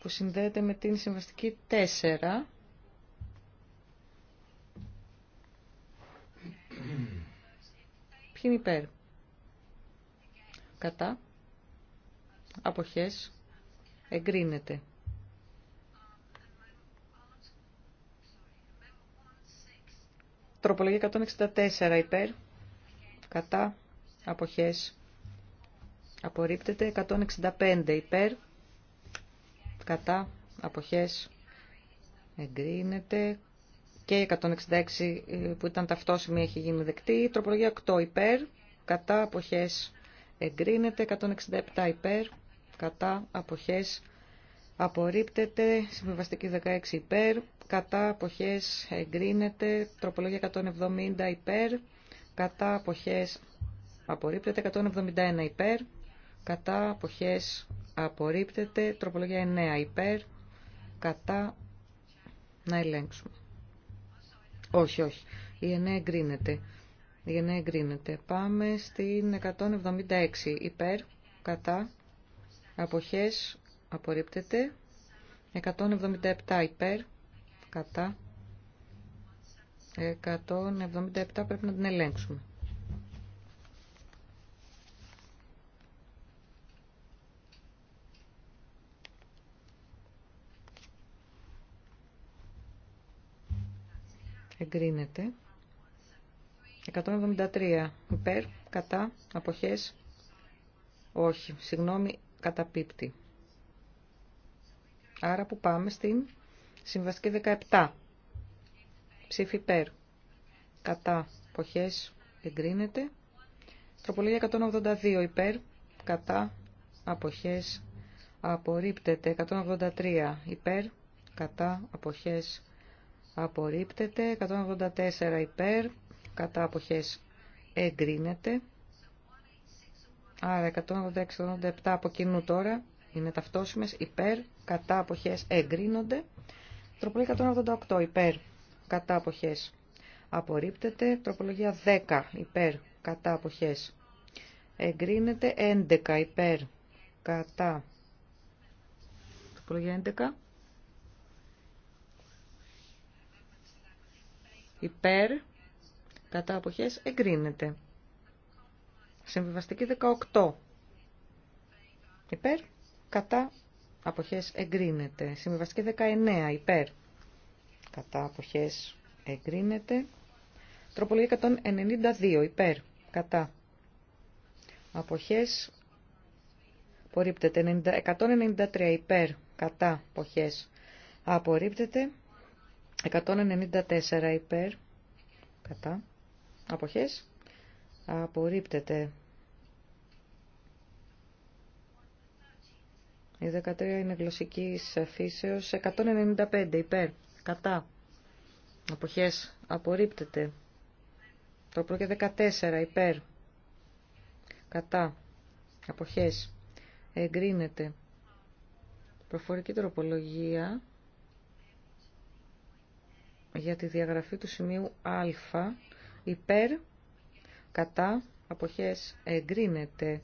S1: που συνδέεται με την συμβαστική 4 Ποιοι είναι υπέρ. Κατά. Αποχές. Εγκρίνεται. Τροπολογία 164 υπέρ, κατά, αποχές, απορρίπτεται. 165 υπέρ, κατά, αποχές, εγκρίνεται. Και 166 ε, που ήταν ταυτόσημη έχει γίνει δεκτή. Τροπολογία 8 υπέρ, κατά, αποχές, εγκρίνεται. 167 υπέρ, κατά αποχές απορρίπτεται, συμβιβαστική 16 υπέρ, κατά αποχές εγκρίνεται, τροπολογία 170 υπέρ, κατά αποχές απορρίπτεται, 171 υπέρ, κατά αποχές απορρίπτεται, τροπολογία 9 υπέρ, κατά να ελέγξουμε. Όχι, όχι. Η 9 εγκρίνεται. Η 9 εγκρίνεται. Πάμε στην 176 υπέρ, κατά, αποχές απορρίπτεται 177 υπέρ κατά 177 πρέπει να την ελέγξουμε εγκρίνεται 173 υπέρ κατά αποχές όχι συγγνώμη καταπίπτει. Άρα που πάμε στην συμβαστική 17. Ψήφι υπέρ. Κατά. Αποχές εγκρίνεται. Τροπολογία 182 υπέρ. Κατά. Αποχές απορρίπτεται. 183 υπέρ. Κατά. Αποχές απορρίπτεται. 184 υπέρ. Κατά. Αποχές εγκρίνεται. Άρα 186-187 από κοινού τώρα είναι ταυτόσιμες υπέρ, κατά αποχές εγκρίνονται. Τροπολογία 188 υπέρ, κατά αποχές απορρίπτεται. Τροπολογία 10 υπέρ, κατά αποχές εγκρίνεται. 11 υπέρ, κατά. Τροπολογία 11. Υπέρ, κατά αποχές εγκρίνεται. Συμβιβαστική 18. Υπέρ. Κατά. Αποχές εγκρίνεται. Συμβιβαστική 19. Υπέρ. Κατά. Αποχές εγκρίνεται. Τροπολογία 192. Υπέρ. Κατά. Αποχές. Απορρίπτεται. 193. Υπέρ. Κατά. Αποχές. Απορρίπτεται. 194. Υπέρ. Κατά. Αποχές απορρίπτεται. Η 13 είναι γλωσσική φύσεω. 195 υπέρ. Κατά. Αποχές. Απορρίπτεται. Το πρώτο 14 υπέρ. Κατά. Αποχές. Εγκρίνεται. Προφορική τροπολογία για τη διαγραφή του σημείου α υπέρ κατά, αποχές εγκρίνεται.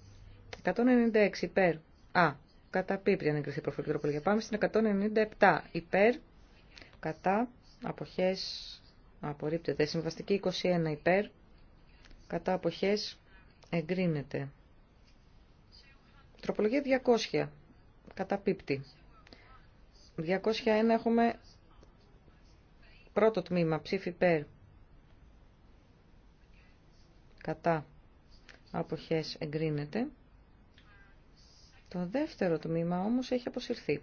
S1: 196 υπέρ, α, κατά πίπρι αν εγκριθεί προφορική τροπολογία. Πάμε στην 197 υπέρ, κατά, αποχές απορρίπτεται. Συμβαστική 21 υπέρ, κατά αποχές εγκρίνεται. Τροπολογία 200, πίπτη. 201 έχουμε πρώτο τμήμα, ψήφι υπέρ, κατά αποχές εγκρίνεται. Το δεύτερο τμήμα όμως έχει αποσυρθεί.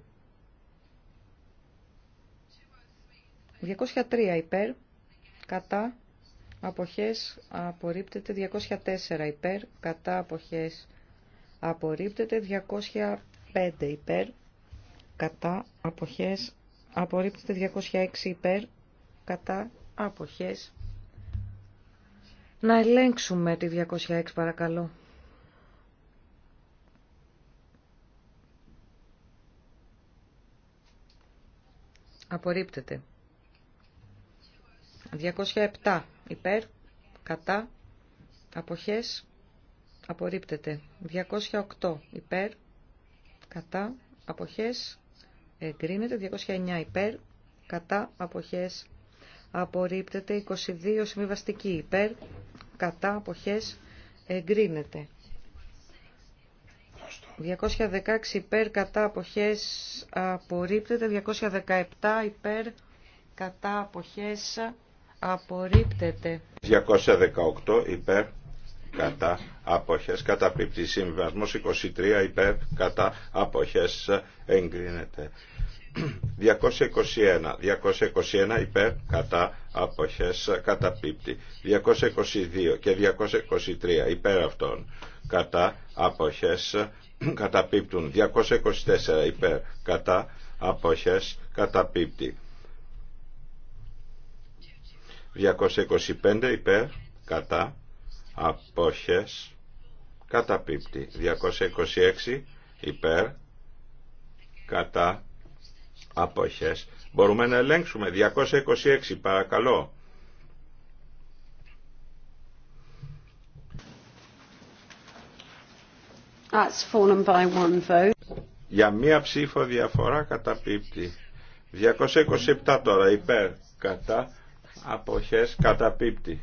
S1: 203 υπέρ, κατά αποχές απορρίπτεται 204 υπέρ, κατά αποχές απορρίπτεται 205 υπέρ, κατά αποχές απορρίπτεται 206 υπέρ, κατά αποχές να ελέγξουμε τη 206 παρακαλώ. Απορρίπτεται. 207 υπέρ, κατά, αποχές, απορρίπτεται. 208 υπέρ, κατά, αποχές, εγκρίνεται. 209 υπέρ, κατά, αποχές, απορρίπτεται 22 συμβιβαστική υπέρ, κατά αποχές εγκρίνεται. 216 υπέρ κατά αποχές απορρίπτεται, 217 υπέρ κατά αποχές απορρίπτεται.
S2: 218 υπέρ κατά αποχές καταπίπτει συμβασμός 23 υπέρ κατά αποχές εγκρίνεται. 221. 221 υπέρ κατά αποχές καταπίπτει. 222 και 223 υπέρ αυτών κατά αποχές καταπίπτουν. 224 υπέρ κατά αποχές καταπίπτει. 225 υπέρ κατά αποχές καταπίπτει. 226 υπέρ κατά αποχές. Μπορούμε να ελέγξουμε. 226 παρακαλώ.
S1: That's fallen by one vote.
S2: Για μία ψήφο διαφορά πίπτη. 227 τώρα υπέρ κατά αποχές πίπτη.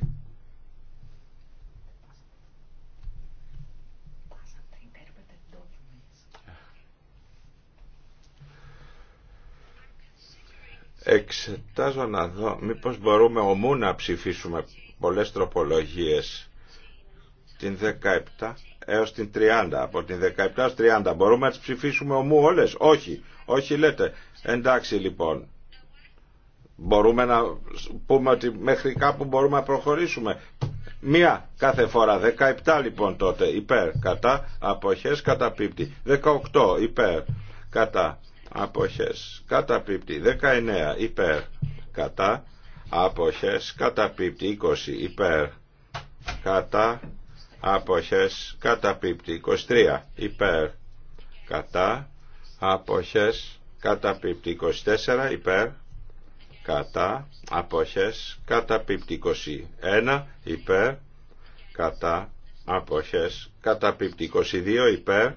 S2: Εξετάζω να δω μήπως μπορούμε ομού να ψηφίσουμε πολλές τροπολογίες την 17 έως την 30. Από την 17 έως 30 μπορούμε να τις ψηφίσουμε ομού όλες. Όχι, όχι λέτε. Εντάξει λοιπόν. Μπορούμε να πούμε ότι μέχρι κάπου μπορούμε να προχωρήσουμε. Μία κάθε φορά. 17 λοιπόν τότε υπέρ κατά αποχές πίπτη. 18 υπέρ κατά αποχές καταπίπτει 19 υπέρ κατά αποχές καταπίπτει 20 υπέρ κατά αποχές καταπίπτει 23 υπέρ κατά αποχές καταπίπτει 24 υπέρ κατά αποχές καταπίπτει 21 υπέρ κατά αποχές καταπίπτει 22 υπέρ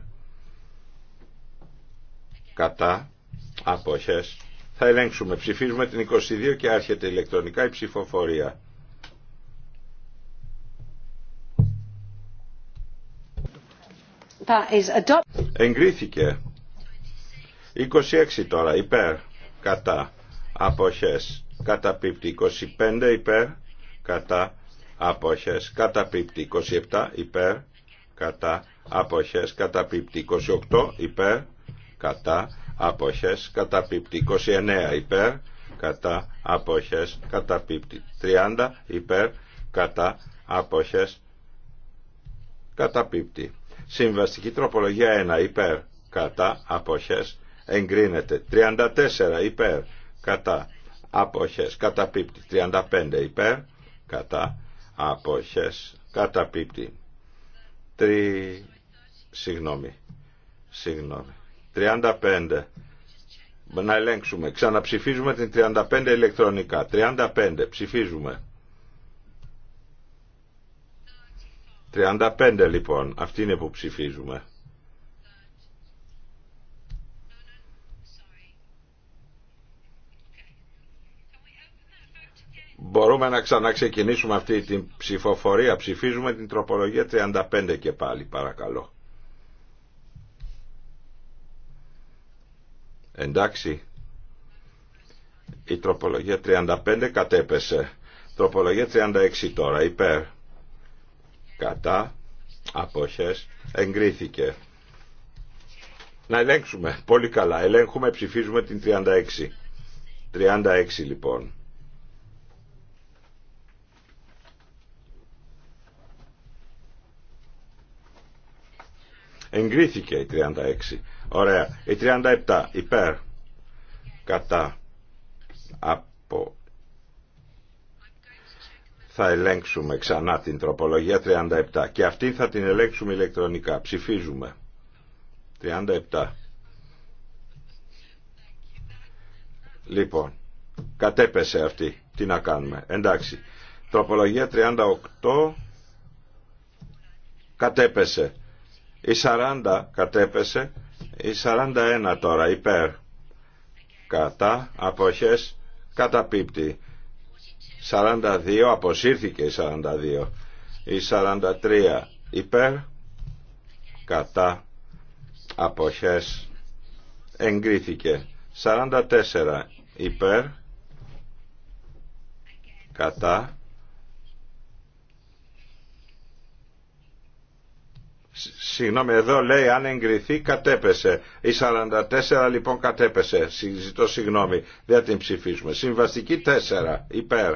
S2: κατά, αποχές. Θα ελέγξουμε. Ψηφίζουμε την 22 και άρχεται ηλεκτρονικά η ψηφοφορία. Εγκρίθηκε. 26 τώρα υπέρ, κατά, αποχές. Καταπίπτει 25 υπέρ, κατά, αποχές. Καταπίπτει 27 υπέρ, κατά, αποχές. Καταπίπτει 28 υπέρ, κατά αποχές καταπίπτει 29 υπέρ κατά αποχές καταπίπτει 30 υπέρ κατά αποχές καταπίπτει συμβαστική τροπολογία 1 υπέρ κατά αποχές εγκρίνεται 34 υπέρ κατά αποχές καταπίπτει 35 υπέρ κατά αποχές καταπίπτει 3 συγγνώμη συγγνώμη 35. Να ελέγξουμε. Ξαναψηφίζουμε την 35 ηλεκτρονικά. 35. Ψηφίζουμε. 35 λοιπόν. Αυτή είναι που ψηφίζουμε. Μπορούμε να ξαναξεκινήσουμε αυτή την ψηφοφορία. Ψηφίζουμε την τροπολογία 35 και πάλι παρακαλώ. Εντάξει. Η τροπολογία 35 κατέπεσε. Τροπολογία 36 τώρα. Υπέρ. Κατά. Αποχές. Εγκρίθηκε. Να ελέγξουμε. Πολύ καλά. Ελέγχουμε, ψηφίζουμε την 36. 36 λοιπόν. Εγκρίθηκε η 36. Ωραία. Η 37 υπέρ. Κατά. Από. Θα ελέγξουμε ξανά την τροπολογία 37 και αυτή θα την ελέγξουμε ηλεκτρονικά. Ψηφίζουμε. 37. Λοιπόν, κατέπεσε αυτή. Τι να κάνουμε. Εντάξει. Τροπολογία 38 κατέπεσε. Η 40 κατέπεσε. Η 41 τώρα υπέρ κατά αποχές καταπίπτει. 42 αποσύρθηκε η 42. Η 43 υπέρ κατά αποχές εγκρίθηκε. 44 υπέρ κατά Συγγνώμη, εδώ λέει αν εγκριθεί κατέπεσε. Η 44 λοιπόν κατέπεσε. Συζητώ συγγνώμη. Δεν την ψηφίσουμε. Συμβαστική 4. Υπέρ.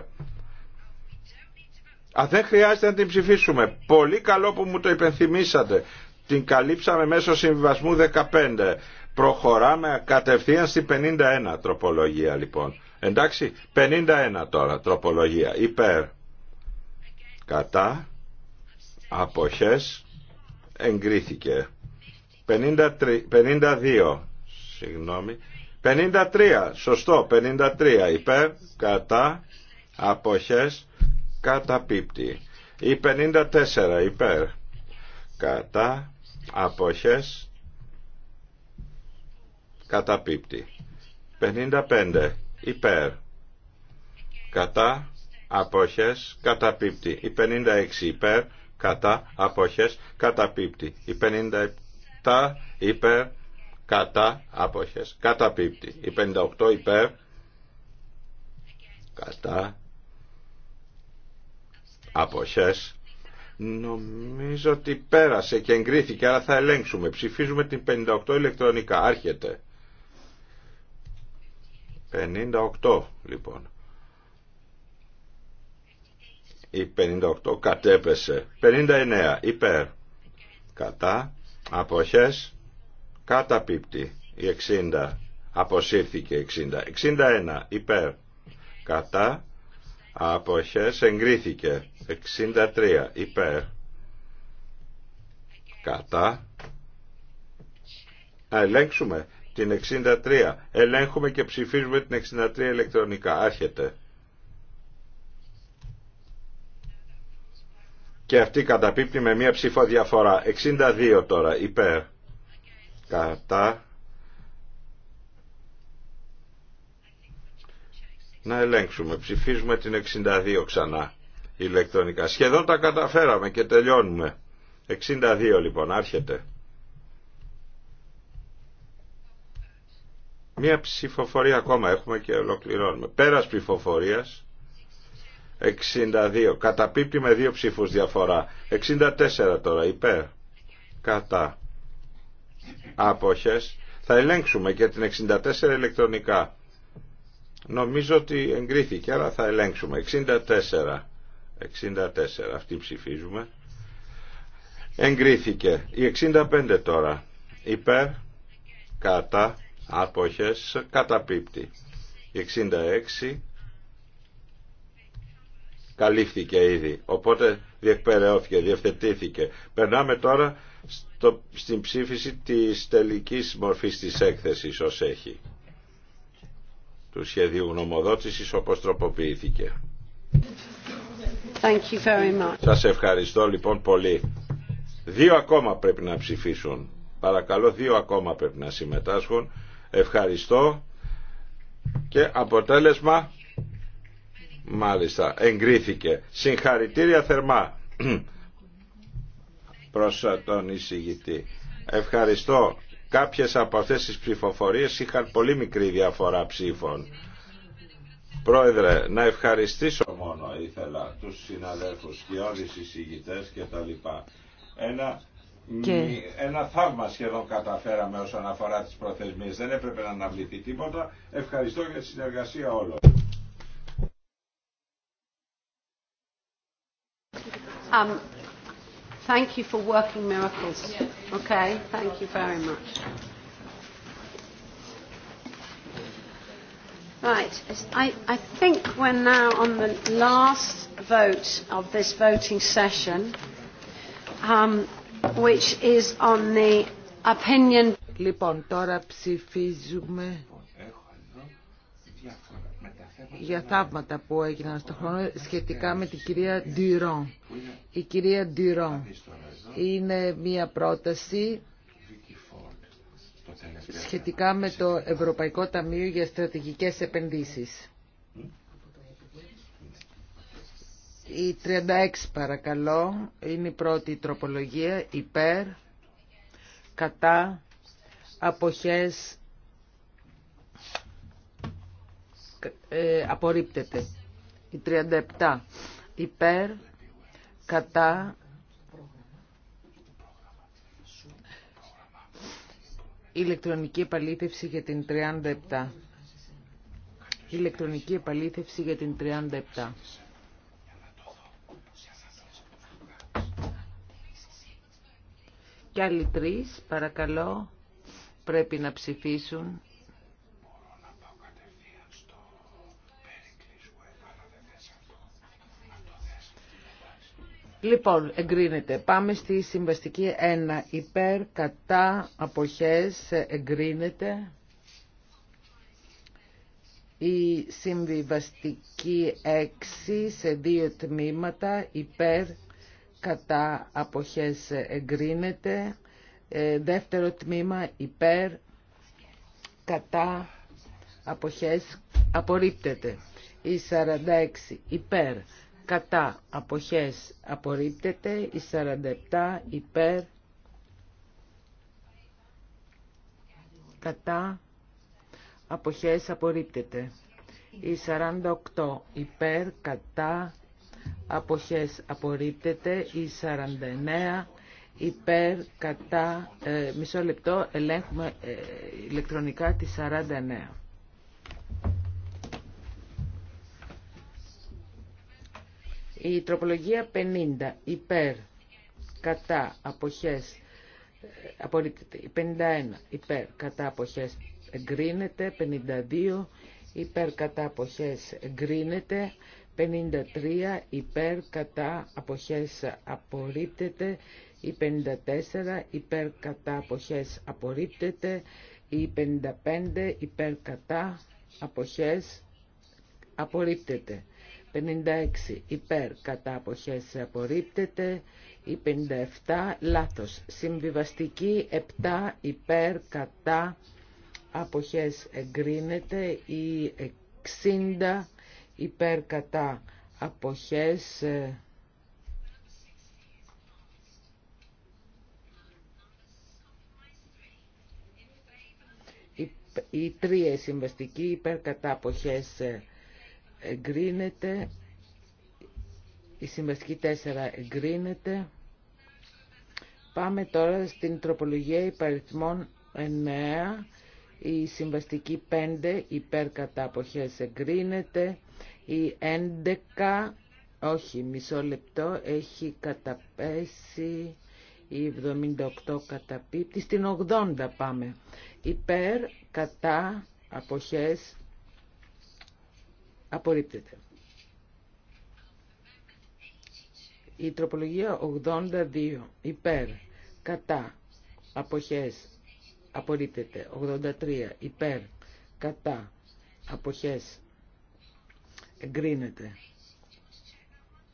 S2: Α, δεν χρειάζεται να την ψηφίσουμε. Πολύ καλό που μου το υπενθυμίσατε. Την καλύψαμε μέσω συμβιβασμού 15. Προχωράμε κατευθείαν στη 51 τροπολογία λοιπόν. Εντάξει, 51 τώρα τροπολογία. Υπέρ. Κατά. Αποχές εγκρίθηκε. 52, συγγνώμη. 53, σωστό, 53 υπέρ, κατά, αποχές, καταπίπτει. Ή 54 υπέρ, κατά, αποχές, καταπίπτει. 55 υπέρ, κατά, αποχές, καταπίπτει. Ή 56 υπέρ, κατά αποχές καταπίπτει. Η 57 υπέρ κατά αποχές καταπίπτει. Η 58 υπέρ κατά αποχές νομίζω ότι πέρασε και εγκρίθηκε αλλά θα ελέγξουμε ψηφίζουμε την 58 ηλεκτρονικά άρχεται 58 λοιπόν η 58 κατέπεσε 59 υπέρ κατά αποχές καταπίπτει η 60 αποσύρθηκε 60 61 υπέρ κατά αποχές εγκρίθηκε 63 υπέρ κατά να ελέγξουμε την 63 ελέγχουμε και ψηφίζουμε την 63 ηλεκτρονικά άρχεται και αυτή καταπίπτει με μία ψήφο διαφορά. 62 τώρα υπέρ κατά να ελέγξουμε. Ψηφίζουμε την 62 ξανά ηλεκτρονικά. Σχεδόν τα καταφέραμε και τελειώνουμε. 62 λοιπόν άρχεται. Μία ψηφοφορία ακόμα έχουμε και ολοκληρώνουμε. Πέρας ψηφοφορίας 62. Καταπίπτει με δύο ψήφους διαφορά. 64 τώρα. Υπέρ. Κατά. Άποχες. Θα ελέγξουμε και την 64 ηλεκτρονικά. Νομίζω ότι εγκρίθηκε, αλλά θα ελέγξουμε. 64. 64. Αυτή ψηφίζουμε. Εγκρίθηκε. Η 65 τώρα. Υπέρ. Κατά. Άποχες. Καταπίπτει. 66 καλύφθηκε ήδη. Οπότε διεκπαιρεώθηκε, διευθετήθηκε. Περνάμε τώρα στο, στην ψήφιση της τελικής μορφής της έκθεσης ως έχει. Του σχεδίου γνωμοδότησης όπως τροποποιήθηκε.
S3: Thank you very much. Σας
S2: ευχαριστώ λοιπόν πολύ. Δύο ακόμα πρέπει να ψηφίσουν. Παρακαλώ δύο ακόμα πρέπει να συμμετάσχουν. Ευχαριστώ. Και αποτέλεσμα Μάλιστα, εγκρίθηκε. Συγχαρητήρια θερμά προς τον εισηγητή. Ευχαριστώ. Κάποιες από αυτές τις ψηφοφορίες είχαν πολύ μικρή διαφορά ψήφων. Πρόεδρε, να ευχαριστήσω μόνο ήθελα τους συναδέλφους και όλους τους εισηγητές και τα λοιπά. Ένα, ένα θαύμα σχεδόν καταφέραμε όσον αφορά τις προθεσμίες. Δεν έπρεπε να αναβληθεί τίποτα. Ευχαριστώ για τη συνεργασία όλων. Um, thank you for working
S3: miracles. Okay, thank you very much. Right, I, I think we're now on the last vote of this voting session, um, which is on the opinion. Λοιπόν, τώρα για θαύματα που έγιναν στον χρόνο σχετικά με την κυρία Ντυρόν. Η κυρία Ντυρόν είναι μία πρόταση σχετικά με το Ευρωπαϊκό Ταμείο για Στρατηγικές Επενδύσεις. Η 36 παρακαλώ είναι η πρώτη τροπολογία υπέρ κατά αποχές ε, απορρίπτεται. Η 37 υπέρ κατά ηλεκτρονική επαλήθευση για την 37. Ηλεκτρονική επαλήθευση για την 37. Και άλλοι τρεις, παρακαλώ, πρέπει να ψηφίσουν Λοιπόν, εγκρίνεται. Πάμε στη συμβαστική 1. Υπέρ, κατά, αποχές, εγκρίνεται. Η συμβιβαστική 6 σε δύο τμήματα. Υπέρ, κατά, αποχές, εγκρίνεται. Ε, δεύτερο τμήμα, υπέρ, κατά, αποχές, απορρίπτεται. Η 46, υπέρ κατά αποχές απορρίπτεται, η 47 υπέρ κατά αποχές απορρίπτεται, η 48 υπέρ κατά αποχές απορρίπτεται, η 49 υπέρ κατά ε, μισό λεπτό ελέγχουμε ε, ηλεκτρονικά τη 49. Η τροπολογία 50 υπέρ κατά αποχές απορρίπτεται. 51 υπέρ κατά αποχές εγκρίνεται. 52 υπέρ κατά αποχές εγκρίνεται. 53 υπέρ κατά αποχές απορρίπτεται. Η 54 υπέρ κατά αποχές απορρίπτεται. Η 55 υπέρ κατά αποχές απορρίπτεται. 56 υπέρ κατά αποχές απορρίπτεται, η 57 λάθος. Συμβιβαστική 7 υπέρ κατά αποχές εγκρίνεται, η 60 υπέρ κατά αποχές ε, η 3 συμβαστική υπέρ κατά αποχές ε, εγκρίνεται, η συμβαστική 4 εγκρίνεται. Πάμε τώρα στην τροπολογία υπαριθμών 9, η συμβαστική 5 υπέρ κατά αποχές εγκρίνεται, η 11, όχι μισό λεπτό, έχει καταπέσει η 78 καταπίπτει, στην 80 πάμε. Υπέρ, κατά, αποχές, Απορρίπτεται. Η τροπολογία 82 υπέρ κατά αποχές απορρίπτεται. 83 υπέρ κατά αποχές εγκρίνεται.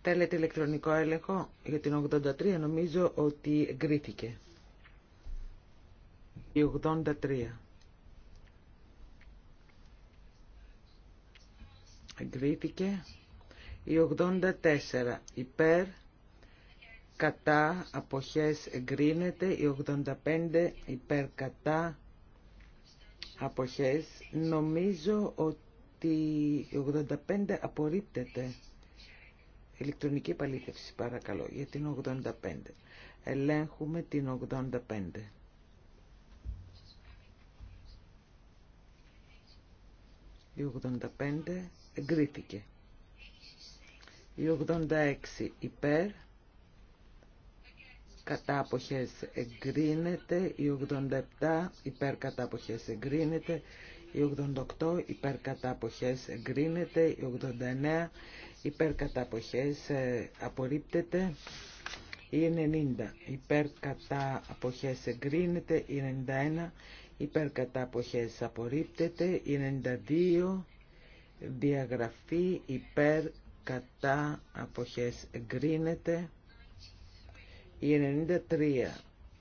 S3: Θέλετε ηλεκτρονικό έλεγχο για την 83 νομίζω ότι εγκρίθηκε. Η 83. Εγκρίθηκε. Η 84 υπέρ. Κατά αποχές εγκρίνεται. Η 85 υπέρ κατά αποχές. Νομίζω ότι η 85 απορρίπτεται. Ηλεκτρονική επαλήθευση παρακαλώ για την 85. Ελέγχουμε την 85. Η 85 εγκρίθηκε. Η 86 υπέρ, κατά αποχές εγκρίνεται. οι 87 υπέρ κατά εγκρίνεται. οι 88 υπέρ κατά εγκρίνεται. οι ε, 89 υπέρ κατά αποχές απορρίπτεται. Η 90 υπέρ κατά εγκρίνεται. Η 91 υπέρ κατά απορρίπτεται. Η 92 διαγραφή υπέρ κατά αποχές εγκρίνεται η 93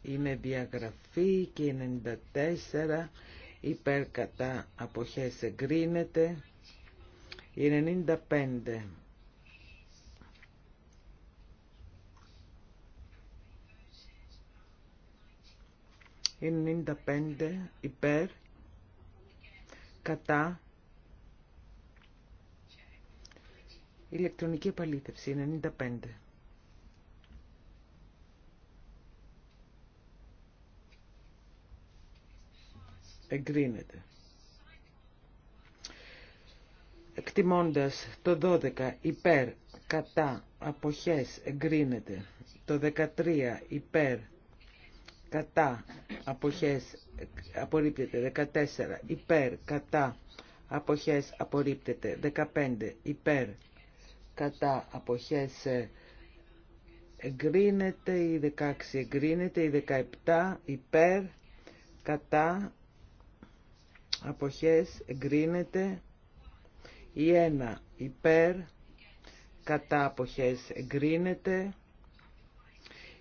S3: είναι διαγραφή και η 94 υπέρ κατά αποχές εγκρίνεται η 95 95 υπέρ κατά Ηλεκτρονική επαλήθευση 95. Εγκρίνεται. Εκτιμώντας το 12 υπέρ κατά αποχές εγκρίνεται. Το 13 υπέρ κατά αποχές απορρίπτεται. 14 υπέρ κατά αποχές απορρίπτεται. 15 υπέρ κατά αποχές ε, εγκρίνεται η 16 εγκρίνεται η 17 υπέρ κατά αποχές εγκρίνεται η 1 υπέρ κατά αποχές εγκρίνεται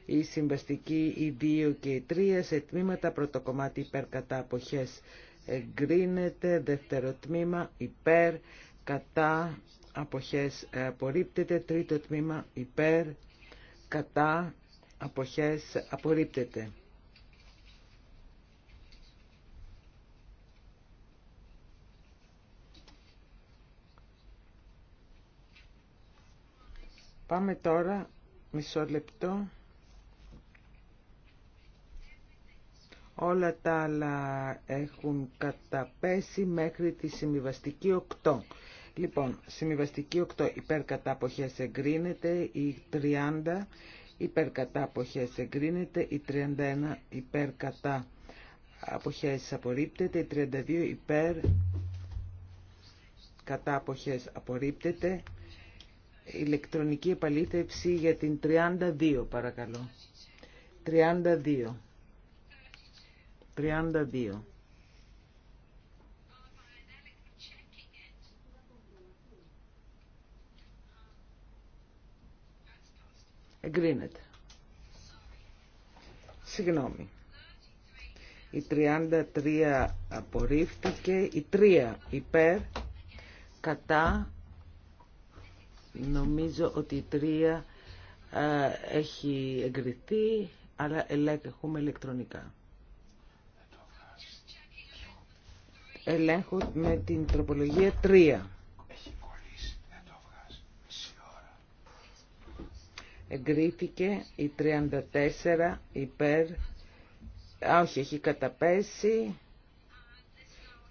S3: η συμβαστική η 2 και η 3 σε τμήματα πρώτο κομμάτι υπέρ κατά αποχές εγκρίνεται δεύτερο τμήμα υπέρ κατά αποχές ε, απορρίπτεται, τρίτο τμήμα υπέρ, κατά, αποχές απορρίπτεται. Πάμε τώρα, μισό λεπτό. Όλα τα άλλα έχουν καταπέσει μέχρι τη συμβιβαστική 8. Λοιπόν, συμβιβαστική 8 υπέρ κατά εγκρίνεται, η 30 υπέρ κατά εγκρίνεται, η 31 υπέρ κατά αποχές απορρίπτεται, η 32 υπέρ κατά αποχές απορρίπτεται, ηλεκτρονική επαλήθευση για την 32 παρακαλώ. 32. 32. Εγκρίνεται. Συγγνώμη. Η 33 απορρίφθηκε. Η 3 υπέρ. Κατά. Νομίζω ότι η 3 έχει εγκριθεί, αλλά ελέγχουμε ηλεκτρονικά. Ελέγχω με την τροπολογία 3. εγκρίθηκε η 34 υπέρ α, όχι έχει καταπέσει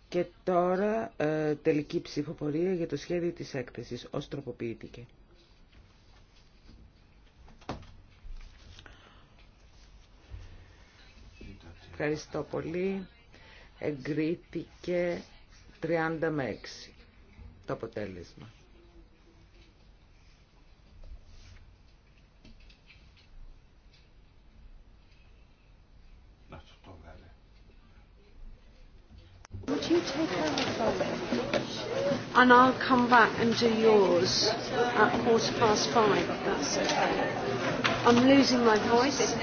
S3: και τώρα ε, τελική ψηφοφορία για το σχέδιο της έκθεσης ως τροποποιήθηκε Ευχαριστώ πολύ εγκρίθηκε 30 με 6 το αποτέλεσμα And I'll come back and do yours at quarter past five, if that's okay. I'm losing my voice.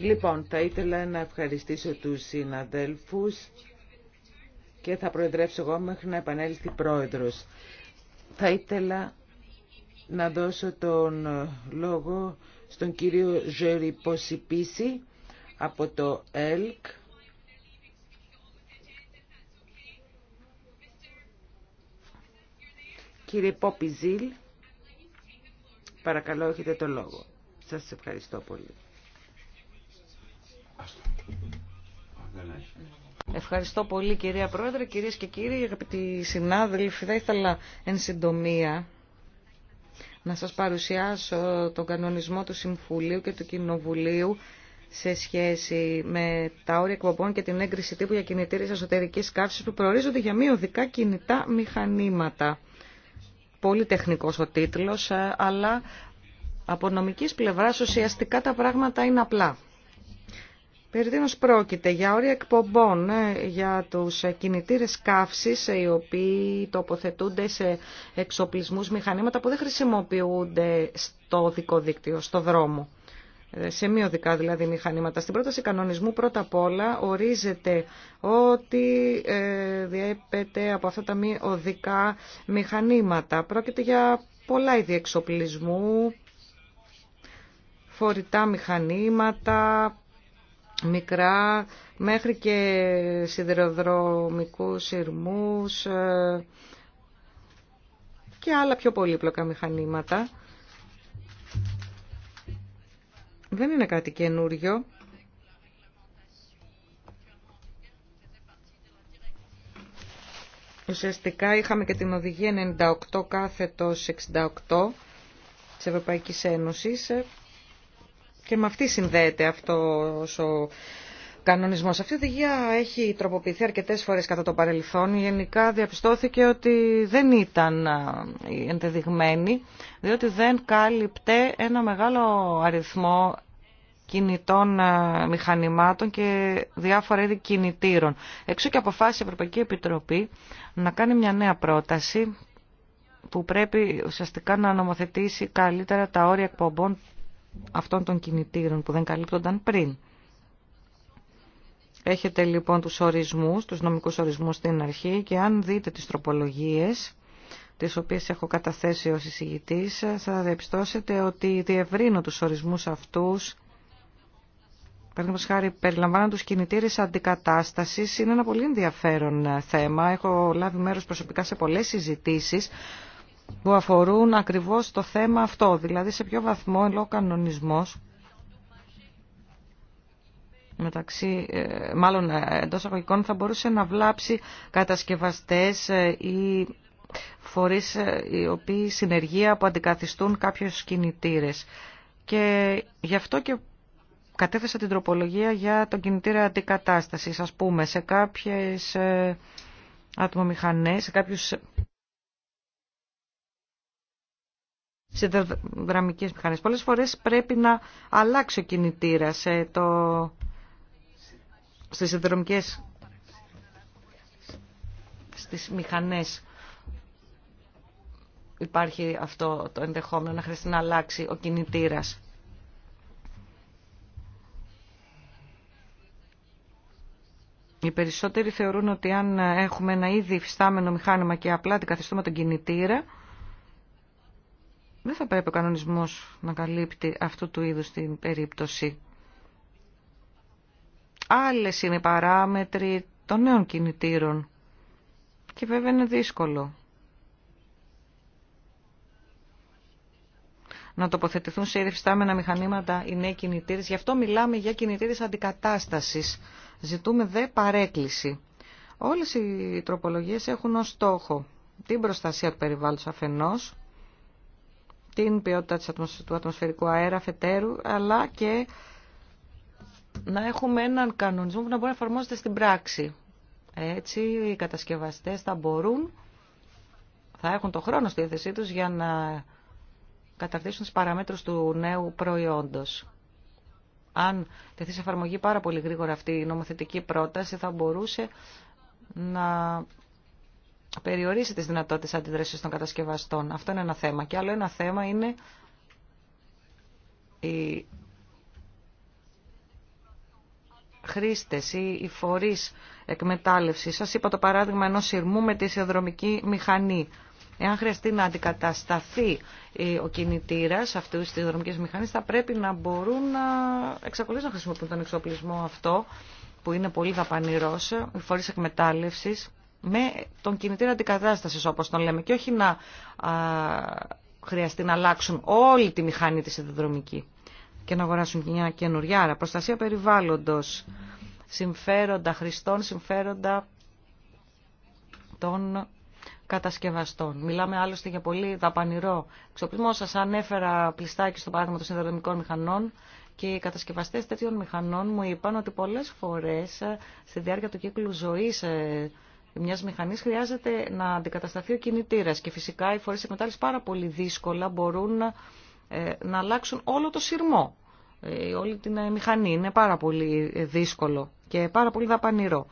S3: Λοιπόν, θα ήθελα να ευχαριστήσω τους συναδέλφους και θα προεδρεύσω εγώ μέχρι να επανέλθει πρόεδρος. Θα ήθελα να δώσω τον λόγο στον κύριο Ζερι Ποσιπίση από το ΕΛΚ. Κύριε Πόπιζιλ. Παρακαλώ, έχετε το λόγο. Σας ευχαριστώ πολύ.
S1: Ευχαριστώ πολύ κυρία Πρόεδρε, κυρίες και κύριοι, αγαπητοί συνάδελφοι. Θα ήθελα εν συντομία να σας παρουσιάσω τον κανονισμό του Συμφουλίου και του Κοινοβουλίου σε σχέση με τα όρια εκπομπών και την έγκριση τύπου για κινητήρες εσωτερικής καύσης που προορίζονται για μειωδικά κινητά μηχανήματα πολύ τεχνικός ο τίτλος, ε, αλλά από νομικής πλευράς ουσιαστικά τα πράγματα είναι απλά. Περιδίνως πρόκειται για όρια εκπομπών ε, για τους ε, κινητήρες καύσης οι οποίοι τοποθετούνται σε εξοπλισμούς μηχανήματα που δεν χρησιμοποιούνται στο δικό δίκτυο, στο δρόμο σε οδικά δηλαδή μηχανήματα. Στην πρόταση κανονισμού πρώτα απ' όλα ορίζεται ότι ε, διέπεται από αυτά τα μη οδικά μηχανήματα. Πρόκειται για πολλά είδη εξοπλισμού, φορητά μηχανήματα, μικρά, μέχρι και σιδηροδρομικούς σειρμούς ε, και άλλα πιο πολύπλοκα μηχανήματα δεν είναι κάτι καινούριο. Ουσιαστικά είχαμε και την οδηγία 98 κάθετος 68 της Ευρωπαϊκής Ένωσης και με αυτή συνδέεται αυτό ο κανονισμός. Αυτή η οδηγία έχει τροποποιηθεί αρκετέ φορέ κατά το παρελθόν. Γενικά διαπιστώθηκε ότι δεν ήταν ενδεδειγμένη, διότι δεν κάλυπτε ένα μεγάλο αριθμό κινητών μηχανημάτων και διάφορα είδη κινητήρων. Εξού και αποφάσισε η Ευρωπαϊκή Επιτροπή να κάνει μια νέα πρόταση που πρέπει ουσιαστικά να νομοθετήσει καλύτερα τα όρια εκπομπών αυτών των κινητήρων που δεν καλύπτονταν πριν. Έχετε λοιπόν τους ορισμούς, τους νομικούς ορισμούς στην αρχή και αν δείτε τις τροπολογίες τις οποίες έχω καταθέσει ως εισηγητής, θα διαπιστώσετε ότι διευρύνω τους ορισμούς αυτούς. Παραδείγματος χάρη, περιλαμβάνω τους κινητήρες αντικατάστασης. Είναι ένα πολύ ενδιαφέρον ε, θέμα. Έχω λάβει μέρος προσωπικά σε πολλές συζητήσεις που αφορούν ακριβώς το θέμα αυτό. Δηλαδή, σε ποιο βαθμό ο κανονισμός μεταξύ, ε, μάλλον ε, εντός αγωγικών θα μπορούσε να βλάψει κατασκευαστές ε, ή φορείς οι οποίοι συνεργεία που αντικαθιστούν κάποιους κινητήρες. Και γι' αυτό και κατέθεσα την τροπολογία για τον κινητήρα αντικατάστασης, ας πούμε, σε κάποιες ατμομηχανές, σε κάποιους συνδεδραμικές μηχανές. Πολλές φορές πρέπει να αλλάξει ο κινητήρας. Το στις συνδρομικές στις μηχανές υπάρχει αυτό το ενδεχόμενο να χρειαστεί να αλλάξει ο κινητήρας. Οι περισσότεροι θεωρούν ότι αν έχουμε ένα ήδη υφιστάμενο μηχάνημα και απλά καθιστούμε τον κινητήρα, δεν θα πρέπει ο κανονισμός να καλύπτει αυτού του είδους την περίπτωση. Άλλες είναι οι παράμετροι των νέων κινητήρων. Και βέβαια είναι δύσκολο. να τοποθετηθούν σε υφιστάμενα μηχανήματα οι νέοι κινητήρε. Γι' αυτό μιλάμε για κινητήρε αντικατάσταση. Ζητούμε δε παρέκκληση. Όλε οι τροπολογίε έχουν ω στόχο την προστασία του περιβάλλοντο αφενό, την ποιότητα του ατμοσφαιρικού αέρα αφετέρου, αλλά και να έχουμε έναν κανονισμό που να μπορεί να εφαρμόζεται στην πράξη. Έτσι οι κατασκευαστές θα μπορούν, θα έχουν το χρόνο στη θέση τους για να καταρτήσουν τις παραμέτρους του νέου προϊόντος. Αν τεθεί σε εφαρμογή πάρα πολύ γρήγορα αυτή η νομοθετική πρόταση θα μπορούσε να περιορίσει τις δυνατότητες αντιδράσεις των κατασκευαστών. Αυτό είναι ένα θέμα. Και άλλο ένα θέμα είναι η Χρήστε ή οι φορείς εκμετάλλευσης. Σας είπα το παράδειγμα ενός σειρμού με τη σιδηροδρομική μηχανή. Εάν χρειαστεί να αντικατασταθεί ε, ο κινητήρα αυτή τη δρομική μηχανή, θα πρέπει να μπορούν να εξακολουθούν να χρησιμοποιούν τον εξοπλισμό αυτό, που είναι πολύ δαπανηρό, φορεί εκμετάλλευση, με τον κινητήρα αντικατάστασης όπως τον λέμε, και όχι να χρειαστεί να αλλάξουν όλη τη μηχανή τη συνδεδρομική και να αγοράσουν μια καινούργια. Άρα προστασία περιβάλλοντος, συμφέροντα χρηστών, συμφέροντα των κατασκευαστών. Μιλάμε άλλωστε για πολύ δαπανηρό εξοπλισμό. Σας ανέφερα πλιστάκι στο παράδειγμα των συνδρομικών μηχανών και οι κατασκευαστές τέτοιων μηχανών μου είπαν ότι πολλές φορές στη διάρκεια του κύκλου ζωής ε, μια μηχανή χρειάζεται να αντικατασταθεί ο κινητήρα. Και φυσικά οι φορεί εκμετάλλευση πάρα πολύ δύσκολα μπορούν ε, να αλλάξουν όλο το σειρμό, ε, όλη την ε, μηχανή. Είναι πάρα πολύ δύσκολο και πάρα πολύ δαπανηρό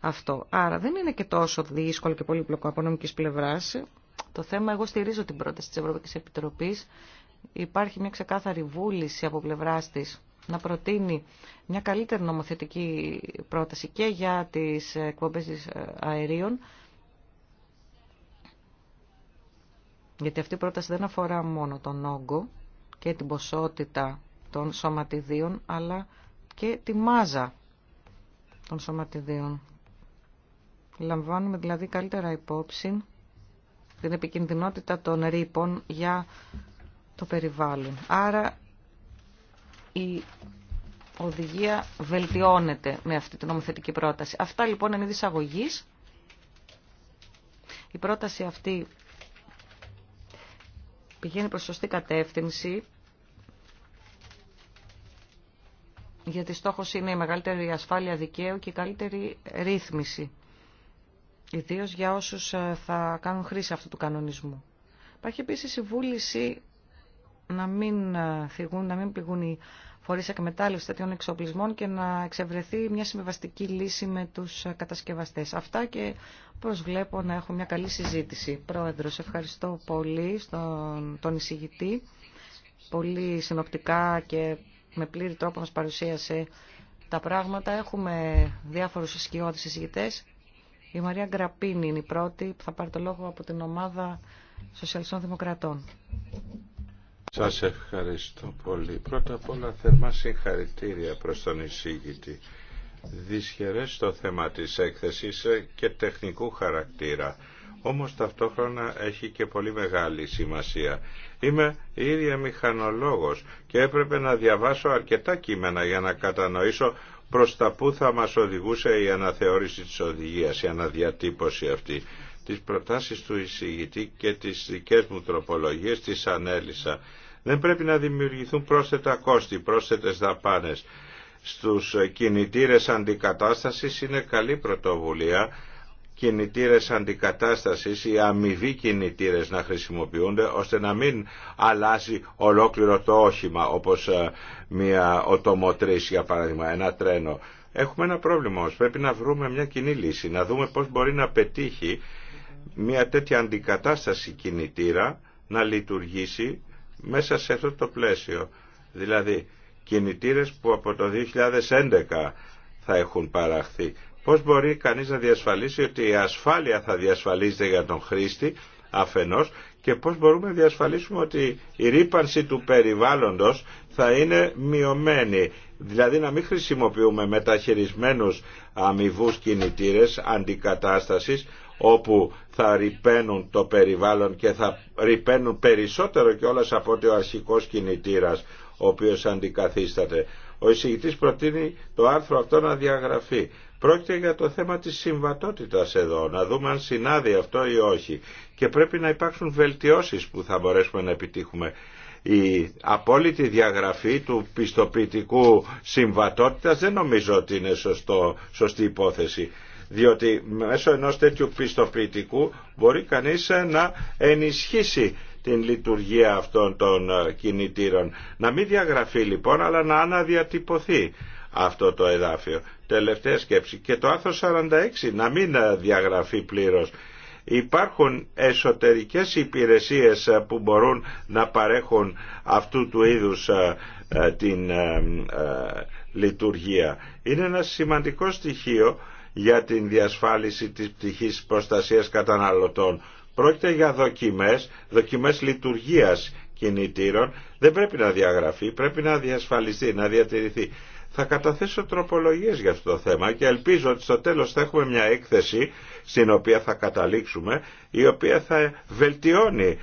S1: αυτό. Άρα δεν είναι και τόσο δύσκολο και πολύπλοκο από νομικής πλευράς. Το θέμα, εγώ στηρίζω την πρόταση της Ευρωπαϊκής Επιτροπής. Υπάρχει μια ξεκάθαρη βούληση από πλευρά τη να προτείνει μια καλύτερη νομοθετική πρόταση και για τις εκπομπές της αερίων. Γιατί αυτή η πρόταση δεν αφορά μόνο τον όγκο, και την ποσότητα των σωματιδίων, αλλά και τη μάζα των σωματιδίων. Λαμβάνουμε δηλαδή καλύτερα υπόψη την επικινδυνότητα των ρήπων για το περιβάλλον. Άρα η οδηγία βελτιώνεται με αυτή την νομοθετική πρόταση. Αυτά λοιπόν είναι δισαγωγής. Η πρόταση αυτή πηγαίνει προς σωστή κατεύθυνση, γιατί στόχος είναι η μεγαλύτερη ασφάλεια δικαίου και η καλύτερη ρύθμιση, ιδίω για όσους ε, θα κάνουν χρήση αυτού του κανονισμού. Υπάρχει επίσης η βούληση να μην θυγούν, ε, να μην πηγούν οι φορείς εκμετάλλευση τέτοιων εξοπλισμών και να εξευρεθεί μια συμβαστική λύση με τους κατασκευαστές. Αυτά και προσβλέπω να έχω μια καλή συζήτηση. Πρόεδρος, ευχαριστώ πολύ στον, τον εισηγητή. Πολύ συνοπτικά και με πλήρη τρόπο μας παρουσίασε τα πράγματα. Έχουμε διάφορους σκιώδεις εισηγητές. Η Μαρία Γκραπίνη είναι η πρώτη που θα πάρει το λόγο από την ομάδα Σοσιαλιστών Δημοκρατών.
S2: Σας ευχαριστώ πολύ. Πρώτα απ' όλα θερμά συγχαρητήρια προς τον εισήγητη. Δυσχερές το θέμα της έκθεσης και τεχνικού χαρακτήρα. Όμως ταυτόχρονα έχει και πολύ μεγάλη σημασία. Είμαι ίδια μηχανολόγος και έπρεπε να διαβάσω αρκετά κείμενα για να κατανοήσω προς τα που θα μας οδηγούσε η αναθεώρηση της οδηγίας, η αναδιατύπωση αυτή τις προτάσεις του εισηγητή και τις δικές μου τροπολογίες τις ανέλησα. Δεν πρέπει να δημιουργηθούν πρόσθετα κόστη, πρόσθετες δαπάνες. Στους κινητήρες αντικατάστασης είναι καλή πρωτοβουλία κινητήρες αντικατάστασης ή αμοιβή κινητήρες να χρησιμοποιούνται ώστε να μην αλλάζει ολόκληρο το όχημα όπως ε, μια οτομοτρής για παράδειγμα, ένα τρένο. Έχουμε ένα πρόβλημα όμως, πρέπει να βρούμε μια κοινή λύση, να δούμε πώς μπορεί να πετύχει μια τέτοια αντικατάσταση κινητήρα να λειτουργήσει μέσα σε αυτό το πλαίσιο. Δηλαδή κινητήρες που από το 2011 θα έχουν παραχθεί. Πώς μπορεί κανείς να διασφαλίσει ότι η ασφάλεια θα διασφαλίζεται για τον χρήστη αφενός και πώς μπορούμε να διασφαλίσουμε ότι η ρήπανση του περιβάλλοντος θα είναι μειωμένη. Δηλαδή να μην χρησιμοποιούμε μεταχειρισμένους αμοιβού κινητήρες αντικατάστασης όπου θα ρηπαίνουν το περιβάλλον και θα ρηπαίνουν περισσότερο κιόλας από ότι ο αρχικός κινητήρας ο οποίος αντικαθίσταται. Ο εισηγητής προτείνει το άρθρο αυτό να διαγραφεί. Πρόκειται για το θέμα της συμβατότητας εδώ, να δούμε αν συνάδει αυτό ή όχι. Και πρέπει να υπάρξουν βελτιώσεις που θα μπορέσουμε να επιτύχουμε. Η απόλυτη διαγραφή του πιστοποιητικού συμβατότητας δεν νομίζω ότι είναι σωστό, σωστή υπόθεση διότι μέσω ενός τέτοιου πιστοποιητικού μπορεί κανείς ε, να ενισχύσει την λειτουργία αυτών των ε, κινητήρων. Να μην διαγραφεί λοιπόν, αλλά να αναδιατυπωθεί αυτό το εδάφιο. Τελευταία σκέψη. Και το άρθρο 46, να μην ε, διαγραφεί πλήρως. Υπάρχουν εσωτερικές υπηρεσίες που μπορούν να παρέχουν αυτού του είδους την λειτουργία. Είναι ένα σημαντικό στοιχείο για την διασφάλιση της πτυχής προστασίας καταναλωτών. Πρόκειται για δοκιμές, δοκιμές λειτουργίας κινητήρων. Δεν πρέπει να διαγραφεί, πρέπει να διασφαλιστεί, να διατηρηθεί. Θα καταθέσω τροπολογίες για αυτό το θέμα και ελπίζω ότι στο τέλος θα έχουμε μια έκθεση στην οποία θα καταλήξουμε, η οποία θα βελτιώνει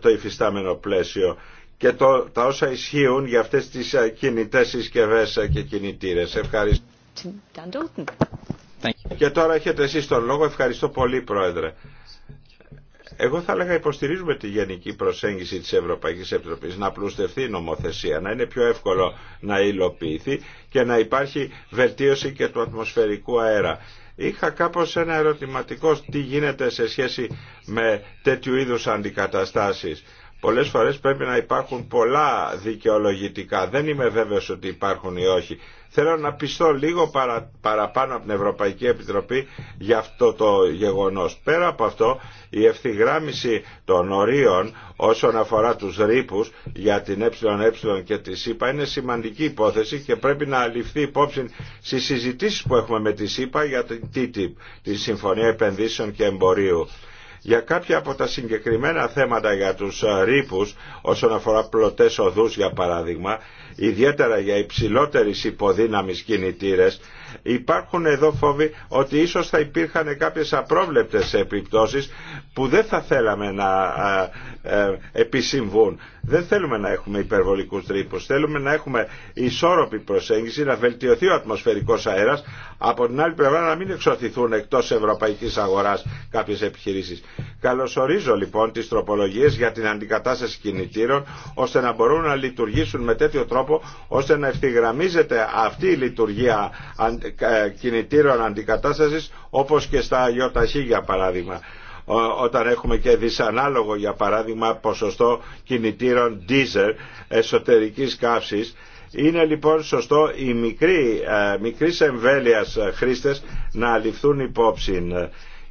S2: το υφιστάμενο πλαίσιο και το, τα όσα ισχύουν για αυτές τις ε, κινητές συσκευές ε, και κινητήρες. Ευχαριστώ. Και τώρα έχετε εσείς τον λόγο. Ευχαριστώ πολύ, Πρόεδρε. Εγώ θα έλεγα υποστηρίζουμε τη γενική προσέγγιση της Ευρωπαϊκής Επιτροπής να πλουστευτεί η νομοθεσία, να είναι πιο εύκολο να υλοποιηθεί και να υπάρχει βελτίωση και του ατμοσφαιρικού αέρα. Είχα κάπως ένα ερωτηματικό τι γίνεται σε σχέση με τέτοιου είδους αντικαταστάσεις Πολλές φορές πρέπει να υπάρχουν πολλά δικαιολογητικά. Δεν είμαι βέβαιος ότι υπάρχουν ή όχι. Θέλω να πιστώ λίγο παρα, παραπάνω από την Ευρωπαϊκή Επιτροπή για αυτό το γεγονός. Πέρα από αυτό, η ευθυγράμμιση των ορίων όσον αφορά τους ρήπους για την ΕΕ και τη ΣΥΠΑ είναι σημαντική υπόθεση και πρέπει να ληφθεί υπόψη στις συζητήσεις που έχουμε με τη ΣΥΠΑ για την TTIP, τη Συμφωνία Επενδύσεων και Εμπορίου. Για κάποια από τα συγκεκριμένα θέματα για τους ρήπους όσον αφορά πλωτές οδούς για παράδειγμα, ιδιαίτερα για υψηλότερης υποδύναμης κινητήρες, Υπάρχουν εδώ φόβοι ότι ίσως θα υπήρχαν κάποιες απρόβλεπτες επιπτώσεις που δεν θα θέλαμε να ε, επισυμβούν. Δεν θέλουμε να έχουμε υπερβολικούς τρύπους. Θέλουμε να έχουμε ισόρροπη προσέγγιση, να βελτιωθεί ο ατμοσφαιρικός αέρας. Από την άλλη πλευρά να μην εξωθηθούν εκτός ευρωπαϊκής αγοράς κάποιες επιχειρήσεις. Καλωσορίζω λοιπόν τις τροπολογίες για την αντικατάσταση κινητήρων ώστε να μπορούν να λειτουργήσουν με τέτοιο τρόπο ώστε να ευθυγραμμίζεται αυτή η λειτουργία ε, κινητήρων αντικατάστασης όπως και στα ΙΟΤΑΣΥ για παράδειγμα όταν έχουμε και δυσανάλογο για παράδειγμα ποσοστό κινητήρων diesel εσωτερικής καύσης είναι λοιπόν σωστό οι μικροί, ε, μικρής εμβέλειας ε, χρήστες να ληφθούν υπόψη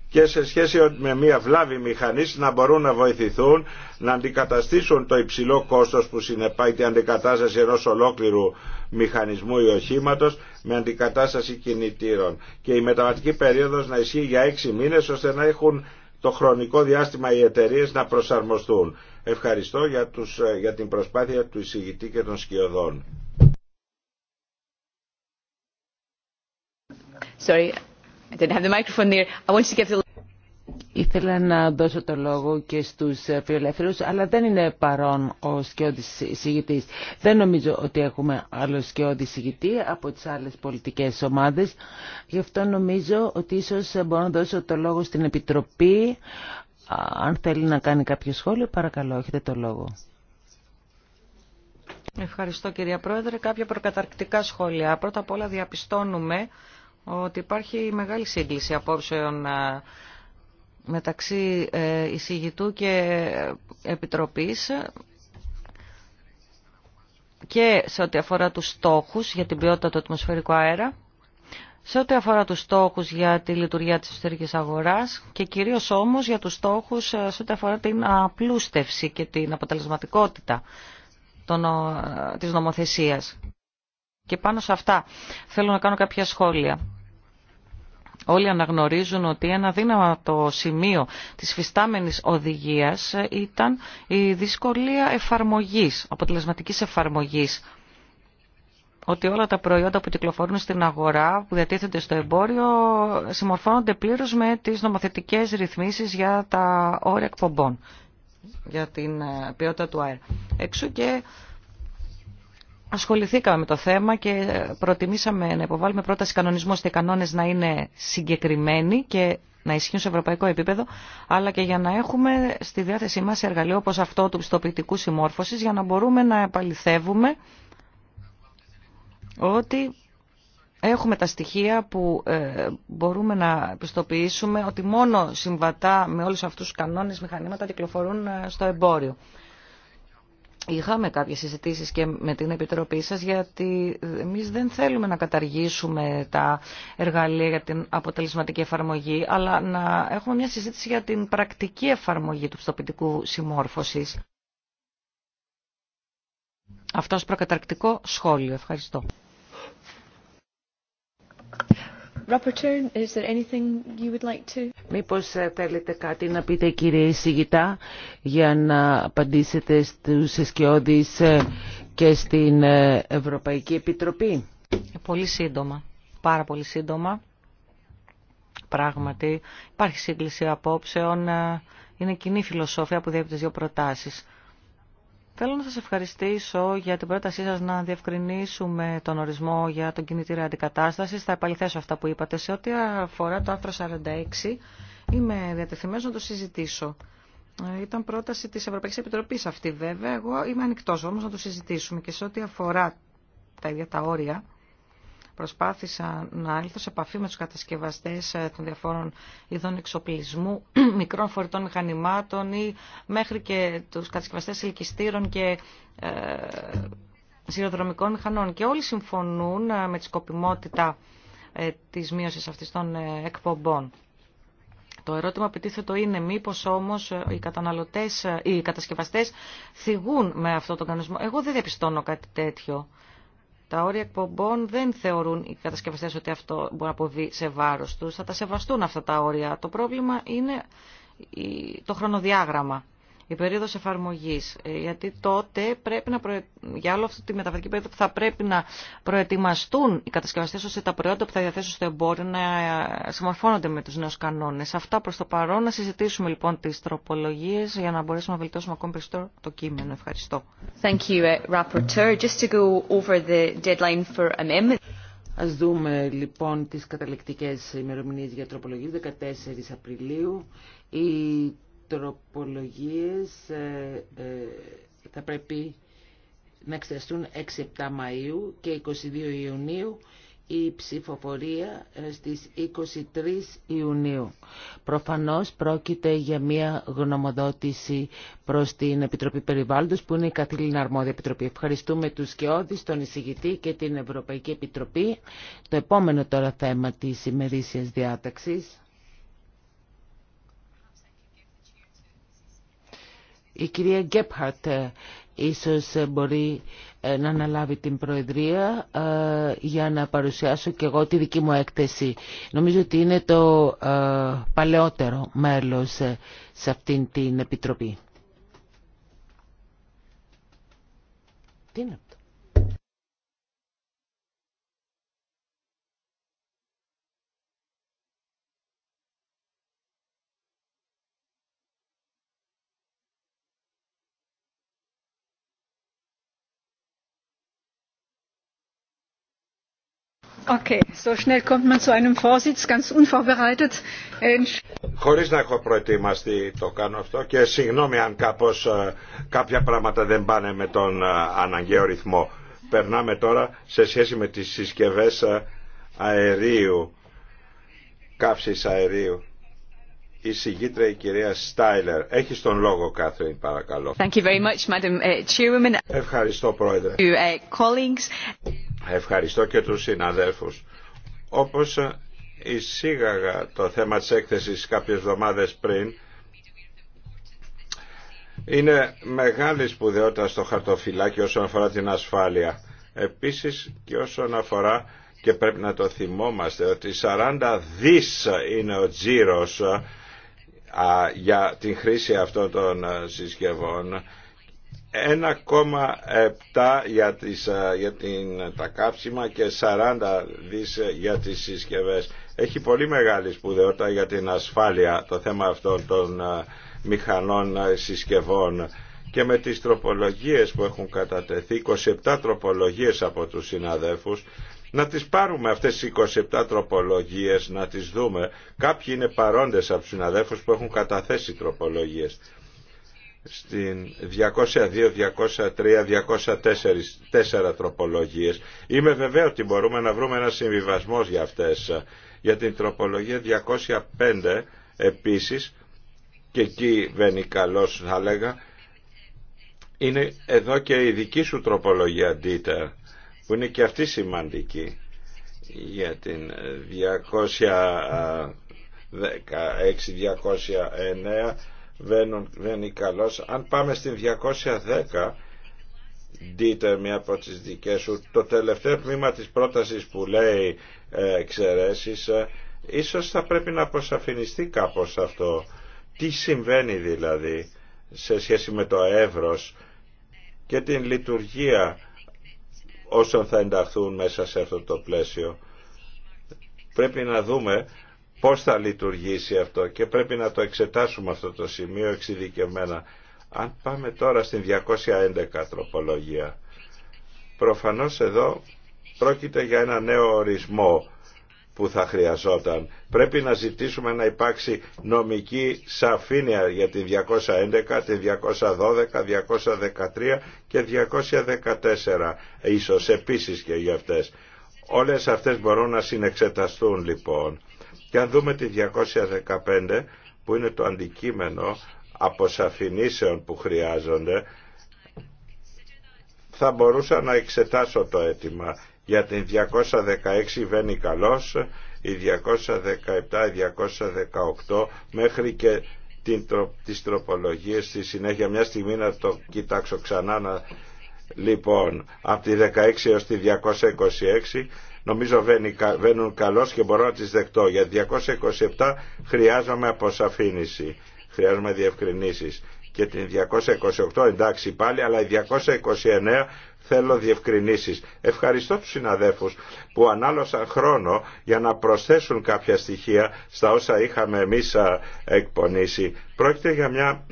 S2: και σε σχέση με μια βλάβη μηχανής να μπορούν να βοηθηθούν να αντικαταστήσουν το υψηλό κόστος που συνεπάει την αντικατάσταση ενός ολόκληρου μηχανισμού ή με αντικατάσταση κινητήρων και η μεταβατική περίοδος να ισχύει για έξι μήνες ώστε να έχουν το χρονικό διάστημα οι εταιρείε να προσαρμοστούν. Ευχαριστώ για, τους, ε, για την προσπάθεια του εισηγητή και των σκιωδών.
S3: Sorry, didn't have the microphone I want to Ήθελα να δώσω το λόγο και στους φιλελεύθερους, αλλά δεν είναι παρόν ο σκιώδης συγητής. Δεν νομίζω ότι έχουμε άλλο σκιώδη συγητή από τις άλλες πολιτικές ομάδες. Γι' αυτό νομίζω ότι ίσως μπορώ να δώσω το λόγο στην Επιτροπή. Αν θέλει να κάνει κάποιο σχόλιο, παρακαλώ, έχετε το λόγο.
S1: Ευχαριστώ κυρία Πρόεδρε. Κάποια προκαταρκτικά σχόλια. Πρώτα απ' όλα διαπιστώνουμε ότι υπάρχει μεγάλη σύγκληση απόψεων μεταξύ ε, εισηγητού και επιτροπής και σε ό,τι αφορά τους στόχους για την ποιότητα του ατμοσφαιρικού αέρα, σε ό,τι αφορά τους στόχους για τη λειτουργία της εσωτερική αγοράς και κυρίως όμως για τους στόχους ε, σε ό,τι αφορά την απλούστευση και την αποτελεσματικότητα των, ε, της νομοθεσίας. Και πάνω σε αυτά θέλω να κάνω κάποια σχόλια. Όλοι αναγνωρίζουν ότι ένα το σημείο της φυστάμενης οδηγίας ήταν η δυσκολία εφαρμογής, αποτελεσματικής εφαρμογής. Ότι όλα τα προϊόντα που κυκλοφορούν στην αγορά, που διατίθενται στο εμπόριο, συμμορφώνονται πλήρως με τις νομοθετικές ρυθμίσεις για τα όρια εκπομπών, για την ε, ποιότητα του αέρα. και ασχοληθήκαμε με το θέμα και προτιμήσαμε να υποβάλουμε πρόταση κανονισμού ώστε οι κανόνες να είναι συγκεκριμένοι και να ισχύουν σε ευρωπαϊκό επίπεδο, αλλά και για να έχουμε στη διάθεσή μας εργαλείο όπως αυτό του πιστοποιητικού συμμόρφωσης για να μπορούμε να επαληθεύουμε ότι έχουμε τα στοιχεία που ε, μπορούμε να πιστοποιήσουμε ότι μόνο συμβατά με όλους αυτούς τους κανόνες μηχανήματα κυκλοφορούν ε, στο εμπόριο. Είχαμε κάποιες συζητήσεις και με την Επιτροπή σας γιατί εμείς δεν θέλουμε να καταργήσουμε τα εργαλεία για την αποτελεσματική εφαρμογή αλλά να έχουμε μια συζήτηση για την πρακτική εφαρμογή του πιστοποιητικού συμμόρφωσης. Αυτό ως προκαταρκτικό
S3: σχόλιο. Ευχαριστώ. Μήπως ε, θέλετε κάτι να πείτε κύριε Σιγητά για να απαντήσετε στους εσκιώδεις ε, και στην ε, Ευρωπαϊκή Επιτροπή. Πολύ σύντομα, πάρα πολύ σύντομα.
S1: Πράγματι υπάρχει σύγκληση απόψεων, είναι κοινή φιλοσόφια που δέχεται δύο προτάσεις. Θέλω να σας ευχαριστήσω για την πρότασή σας να διευκρινίσουμε τον ορισμό για τον κινητήρα αντικατάστασης. Θα επαληθέσω αυτά που είπατε. Σε ό,τι αφορά το άρθρο 46, είμαι διατεθειμένος να το συζητήσω. Ε, ήταν πρόταση της Ευρωπαϊκής Επιτροπής αυτή βέβαια. Εγώ είμαι ανοιχτό όμως να το συζητήσουμε. Και σε ό,τι αφορά τα ίδια τα όρια, προσπάθησα να έλθω σε επαφή με τους κατασκευαστές ε, των διαφόρων ειδών εξοπλισμού, μικρών φορητών μηχανημάτων ή μέχρι και τους κατασκευαστές ελκυστήρων και ε, σειροδρομικών μηχανών. Και όλοι συμφωνούν ε, με τη σκοπιμότητα της μείωσης αυτής των εκπομπών. Το ερώτημα που είναι μήπως όμως οι καταναλωτές, οι κατασκευαστές θυγούν με αυτόν τον κανονισμό. Εγώ δεν διαπιστώνω κάτι τέτοιο. Τα όρια εκπομπών δεν θεωρούν οι κατασκευαστέ ότι αυτό μπορεί να αποβεί σε βάρος τους. Θα τα σεβαστούν αυτά τα όρια. Το πρόβλημα είναι το χρονοδιάγραμμα η περίοδο εφαρμογή. Ε, γιατί τότε πρέπει να προε... για τη μεταβατική περίοδο θα πρέπει να προετοιμαστούν οι κατασκευαστές ώστε τα προϊόντα που θα διαθέσουν στο εμπόριο να ε, συμμορφώνονται με του νέου κανόνε. Αυτά προ το παρόν. Να συζητήσουμε λοιπόν τι τροπολογίε για να μπορέσουμε να βελτιώσουμε ακόμη περισσότερο το κείμενο. Ευχαριστώ. Thank you, ε, Rapporteur. Just to go
S3: over the deadline for amendment. Ας δούμε λοιπόν τι καταληκτικέ ημερομηνίε για τροπολογίε 14 Απριλίου. Η τροπολογίες ε, ε, θα πρέπει να εξεταστούν 6-7 Μαΐου και 22 Ιουνίου η ψηφοφορία ε, στις 23 Ιουνίου. Προφανώς πρόκειται για μια γνωμοδότηση προς την Επιτροπή Περιβάλλοντος που είναι η καθήλυνα αρμόδια επιτροπή. Ευχαριστούμε τους Σκιώδης, τον εισηγητή και την Ευρωπαϊκή Επιτροπή. Το επόμενο τώρα θέμα της ημερήσιας διάταξης Η κυρία Γκέπχαρτ ε, ίσως ε, μπορεί ε, να αναλάβει την Προεδρία για να παρουσιάσω και εγώ τη δική μου έκθεση. Νομίζω ότι είναι το παλαιότερο μέλος σε αυτήν την Επιτροπή.
S1: Okay.
S2: Χωρίς να έχω προετοιμαστεί το κάνω αυτό και συγγνώμη αν κάπως ε, κάποια πράγματα δεν πάνε με τον ε, αναγκαίο ρυθμό. Περνάμε τώρα σε σχέση με τις συσκευές ε, αερίου, καύσης αερίου. Η συγκίτρια η κυρία Στάιλερ. Έχει τον λόγο, Κάθριν, παρακαλώ.
S1: Thank you very much, Madam
S2: Ευχαριστώ, Πρόεδρε. To,
S1: uh,
S2: Ευχαριστώ και τους συναδέλφους. Όπως εισήγαγα το θέμα της έκθεσης κάποιες εβδομάδες πριν, είναι μεγάλη σπουδαιότητα στο χαρτοφυλάκι όσον αφορά την ασφάλεια. Επίσης και όσον αφορά και πρέπει να το θυμόμαστε ότι 40 δις είναι ο τζίρος για την χρήση αυτών των συσκευών 1,7 για, τις, ε, για την, ε, τα κάψιμα και 40 δις ε, για τις συσκευές. Έχει πολύ μεγάλη σπουδαιότητα για την ασφάλεια το θέμα αυτών των μηχανών συσκευών και με τις τροπολογίες που έχουν κατατεθεί, 27 τροπολογίες από τους συναδέλφους, να τις πάρουμε αυτές τις 27 τροπολογίες, να τις δούμε. Κάποιοι είναι παρόντες από τους συναδέφους που έχουν καταθέσει τροπολογίες στην 202, 203, 204 τροπολογίες. Είμαι βεβαίω ότι μπορούμε να βρούμε ένα συμβιβασμό για αυτές. Για την τροπολογία 205 επίσης, και εκεί βαίνει καλός θα λέγα, είναι εδώ και η δική σου τροπολογία, Ντίτερ, που είναι και αυτή σημαντική για την 216, 209, Βαίνουν, βαίνει καλός. Αν πάμε στην 210, δείτε μια από τις δικές σου, το τελευταίο τμήμα της πρότασης που λέει ε, εξαιρέσεις, ε, ίσως θα πρέπει να αποσαφινιστεί κάπως αυτό. Τι συμβαίνει δηλαδή σε σχέση με το εύρος και την λειτουργία όσων θα ενταχθούν μέσα σε αυτό το πλαίσιο. Πρέπει να δούμε πώς θα λειτουργήσει αυτό και πρέπει να το εξετάσουμε αυτό το σημείο εξειδικευμένα. Αν πάμε τώρα στην 211 τροπολογία, προφανώς εδώ πρόκειται για ένα νέο ορισμό που θα χρειαζόταν. Πρέπει να ζητήσουμε να υπάρξει νομική σαφήνεια για την 211, την 212, 213 και 214 ίσως επίσης και για αυτές. Όλες αυτές μπορούν να συνεξεταστούν λοιπόν και αν δούμε τη 215 που είναι το αντικείμενο αποσαφηνήσεων που χρειάζονται, θα μπορούσα να εξετάσω το αίτημα. Για την 216 βαίνει καλός, η 217, η 218 μέχρι και την, τις τροπολογίες στη συνέχεια μια στιγμή να το κοιτάξω ξανά Λοιπόν, από τη 16 έως τη 226 νομίζω βαίνουν καλώς και μπορώ να τις δεχτώ. Για 227 χρειάζομαι αποσαφήνιση, χρειάζομαι διευκρινήσεις. Και την 228 εντάξει πάλι, αλλά η 229 θέλω διευκρινήσεις. Ευχαριστώ τους συναδέφους που ανάλωσαν χρόνο για να προσθέσουν κάποια στοιχεία στα όσα είχαμε εμεί εκπονήσει. Πρόκειται για μια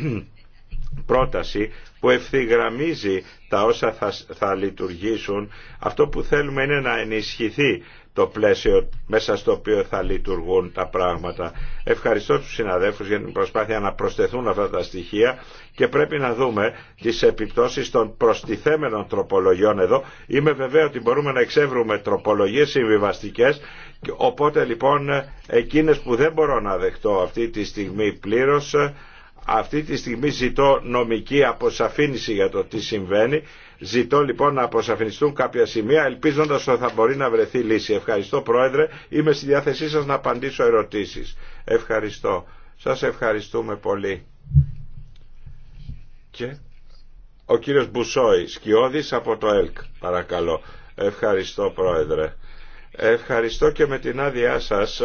S2: πρόταση που ευθυγραμμίζει τα όσα θα, θα λειτουργήσουν. Αυτό που θέλουμε είναι να ενισχυθεί το πλαίσιο μέσα στο οποίο θα λειτουργούν τα πράγματα. Ευχαριστώ τους συναδέλφους για την προσπάθεια να προσθεθούν αυτά τα στοιχεία και πρέπει να δούμε τις επιπτώσεις των προστιθέμενων τροπολογιών εδώ. Είμαι βεβαίω ότι μπορούμε να εξεύρουμε τροπολογίες συμβιβαστικέ, οπότε λοιπόν ε, εκείνες που δεν μπορώ να δεχτώ αυτή τη στιγμή πλήρως αυτή τη στιγμή ζητώ νομική αποσαφήνιση για το τι συμβαίνει. Ζητώ λοιπόν να αποσαφινιστούν κάποια σημεία ελπίζοντα ότι θα μπορεί να βρεθεί λύση. Ευχαριστώ Πρόεδρε. Είμαι στη διάθεσή σας να απαντήσω ερωτήσεις. Ευχαριστώ. Σας ευχαριστούμε πολύ. Και ο κύριος Μπουσόη, σκιώδη από το ΕΛΚ, παρακαλώ. Ευχαριστώ Πρόεδρε. Ευχαριστώ και με την άδειά σας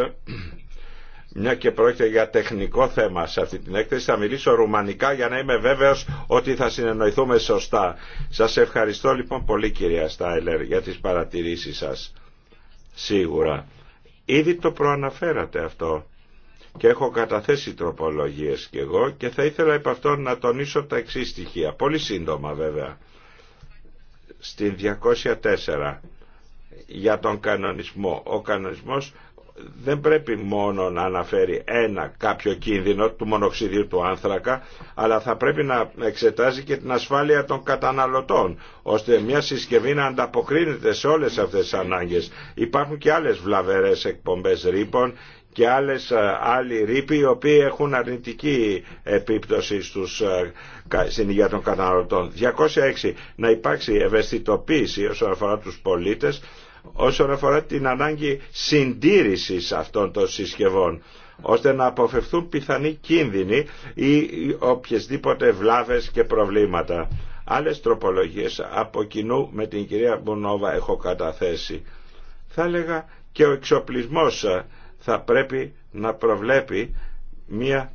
S2: μια και πρόκειται για τεχνικό θέμα σε αυτή την έκθεση, θα μιλήσω ρουμανικά για να είμαι βέβαιος ότι θα συνεννοηθούμε σωστά. Σας ευχαριστώ λοιπόν πολύ κυρία Στάιλερ για τις παρατηρήσεις σας. Σίγουρα. Ήδη το προαναφέρατε αυτό και έχω καταθέσει τροπολογίες κι εγώ και θα ήθελα επ' αυτό να τονίσω τα εξή στοιχεία. Πολύ σύντομα βέβαια. Στην 204 για τον κανονισμό. Ο κανονισμός δεν πρέπει μόνο να αναφέρει ένα κάποιο κίνδυνο του μονοξυδίου του άνθρακα, αλλά θα πρέπει να εξετάζει και την ασφάλεια των καταναλωτών, ώστε μια συσκευή να ανταποκρίνεται σε όλες αυτές τις ανάγκες. Υπάρχουν και άλλες βλαβερές εκπομπές ρήπων και άλλες, ε, άλλοι ρήποι οι οποίοι έχουν αρνητική επίπτωση στους, ε, στην υγεία των καταναλωτών. 206. Να υπάρξει ευαισθητοποίηση όσον αφορά τους πολίτες όσον αφορά την ανάγκη συντήρησης αυτών των συσκευών ώστε να αποφευθούν πιθανοί κίνδυνοι ή οποιασδήποτε βλάβες και προβλήματα. Άλλες τροπολογίες από κοινού με την κυρία Μπουνόβα έχω καταθέσει. Θα έλεγα και ο εξοπλισμός ε, θα πρέπει να προβλέπει μια,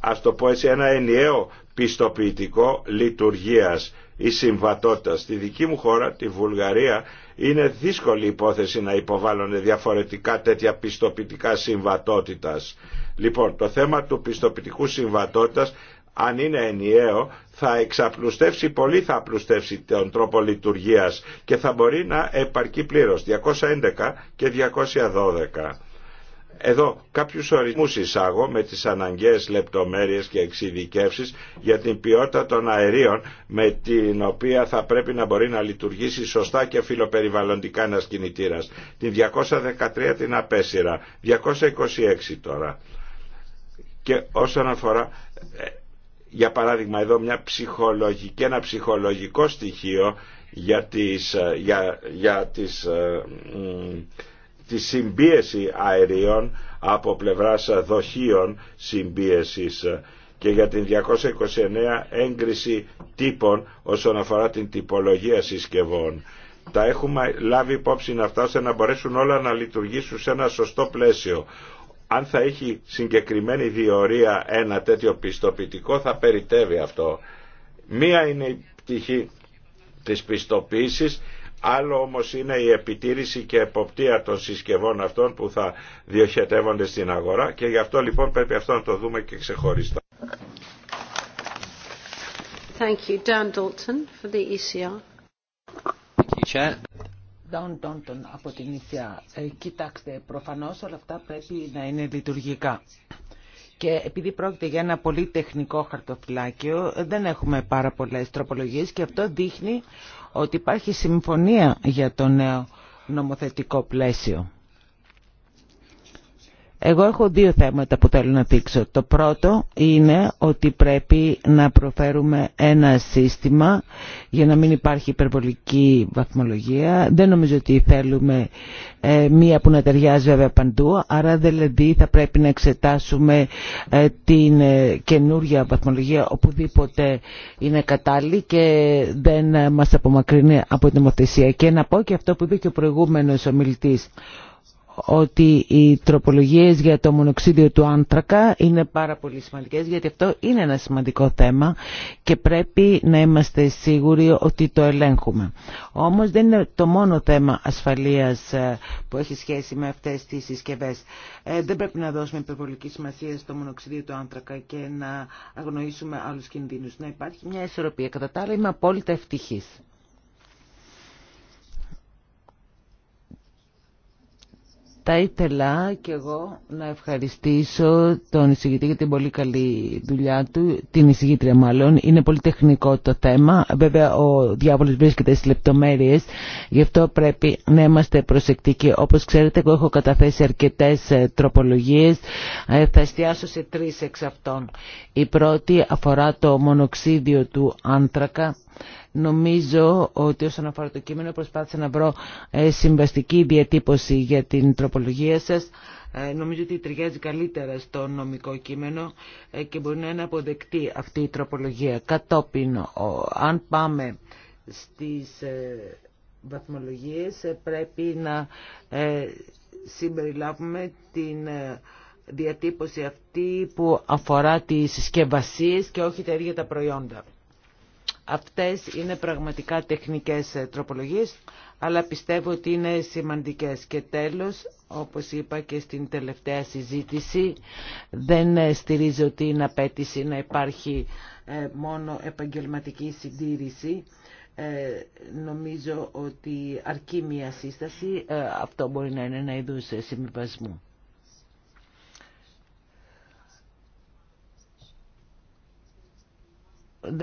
S2: ας ένα ενιαίο πιστοποιητικό λειτουργίας ή συμβατότητα. Στη δική μου χώρα, τη Βουλγαρία, είναι δύσκολη υπόθεση να υποβάλλονται διαφορετικά τέτοια πιστοποιητικά συμβατότητας. Λοιπόν, το θέμα του πιστοποιητικού συμβατότητας αν είναι ενιαίο, θα εξαπλουστεύσει πολύ, θα απλουστεύσει τον τρόπο λειτουργίας και θα μπορεί να επαρκεί πλήρως 211 και 212. Εδώ κάποιους ορισμούς εισάγω με τις αναγκαίες λεπτομέρειες και εξειδικεύσεις για την ποιότητα των αερίων με την οποία θα πρέπει να μπορεί να λειτουργήσει σωστά και φιλοπεριβαλλοντικά ένας κινητήρας. Την 213 την απέσυρα, 226 τώρα. Και όσον αφορά ε, για παράδειγμα εδώ μια ψυχολογική, ένα ψυχολογικό στοιχείο για τις, ε, για, για τις ε, τη συμπίεση αερίων από πλευράς δοχείων συμπίεσης και για την 229 έγκριση τύπων όσον αφορά την τυπολογία συσκευών. Τα έχουμε λάβει υπόψη αυτά ώστε να μπορέσουν όλα να λειτουργήσουν σε ένα σωστό πλαίσιο. Αν θα έχει συγκεκριμένη διορία ένα τέτοιο πιστοποιητικό θα περιτεύει αυτό. Μία είναι η πτυχή της πιστοποίησης Άλλο όμως είναι η επιτήρηση και εποπτεία των συσκευών αυτών που θα διοχετεύονται στην αγορά και γι' αυτό λοιπόν πρέπει αυτό να το δούμε και ξεχωριστά.
S3: Thank you. Dan Dalton for the ECR. Thank you, Chair. Dan Dalton από την ECR. Ε, κοιτάξτε, προφανώς όλα αυτά πρέπει να είναι λειτουργικά. Και επειδή πρόκειται για ένα πολύ τεχνικό χαρτοφυλάκιο, δεν έχουμε πάρα πολλές τροπολογίες και αυτό δείχνει ότι υπάρχει συμφωνία για το νέο νομοθετικό πλαίσιο. Εγώ έχω δύο θέματα που θέλω να δείξω. Το πρώτο είναι ότι πρέπει να προφέρουμε ένα σύστημα για να μην υπάρχει υπερβολική βαθμολογία. Δεν νομίζω ότι θέλουμε ε, μία που να ταιριάζει βέβαια παντού, άρα δηλαδή θα πρέπει να εξετάσουμε ε, την ε, καινούργια βαθμολογία οπουδήποτε είναι κατάλληλη και δεν μας απομακρύνει από την νομοθεσία. Και να πω και αυτό που είπε και ο προηγούμενος ομιλητής ότι οι τροπολογίες για το μονοξίδιο του άνθρακα είναι πάρα πολύ σημαντικές γιατί αυτό είναι ένα σημαντικό θέμα και πρέπει να είμαστε σίγουροι ότι το ελέγχουμε. Όμως δεν είναι το μόνο θέμα ασφαλείας ε, που έχει σχέση με αυτές τις συσκευές. Ε, δεν πρέπει να δώσουμε υπερβολική σημασία στο μονοξίδιο του άνθρακα και να αγνοήσουμε άλλους κινδύνους. Να υπάρχει μια ισορροπία. Κατά τα άλλα είμαι απόλυτα ευτυχής. Θα ήθελα και εγώ να ευχαριστήσω τον εισηγητή για την πολύ καλή δουλειά του, την εισηγήτρια μάλλον. Είναι πολύ τεχνικό το θέμα. Βέβαια ο διάβολος βρίσκεται στις λεπτομέρειες, γι' αυτό πρέπει να είμαστε προσεκτικοί. Όπως ξέρετε εγώ έχω καταθέσει αρκετές ε, τροπολογίες, ε, θα εστιάσω σε τρεις εξ αυτών. Η πρώτη αφορά το μονοξίδιο του άνθρακα Νομίζω ότι όσον αφορά το κείμενο προσπάθησα να βρω ε, συμβαστική διατύπωση για την τροπολογία σας. Ε, νομίζω ότι ταιριάζει καλύτερα στο νομικό κείμενο ε, και μπορεί να είναι αποδεκτή αυτή η τροπολογία. Κατόπιν, αν πάμε στις βαθμολογίες πρέπει να συμπεριλάβουμε την διατύπωση αυτή που αφορά τις συσκευασίε και όχι τα ίδια τα προϊόντα. Αυτές είναι πραγματικά τεχνικές ε, τροπολογίες, αλλά πιστεύω ότι είναι σημαντικές. Και τέλος, όπως είπα και στην τελευταία συζήτηση, δεν ε, στηρίζω την απέτηση να υπάρχει ε, μόνο επαγγελματική συντήρηση. νομίζω ότι αρκεί μια σύσταση, αυτό μπορεί να είναι ένα είδους συμβιβασμού.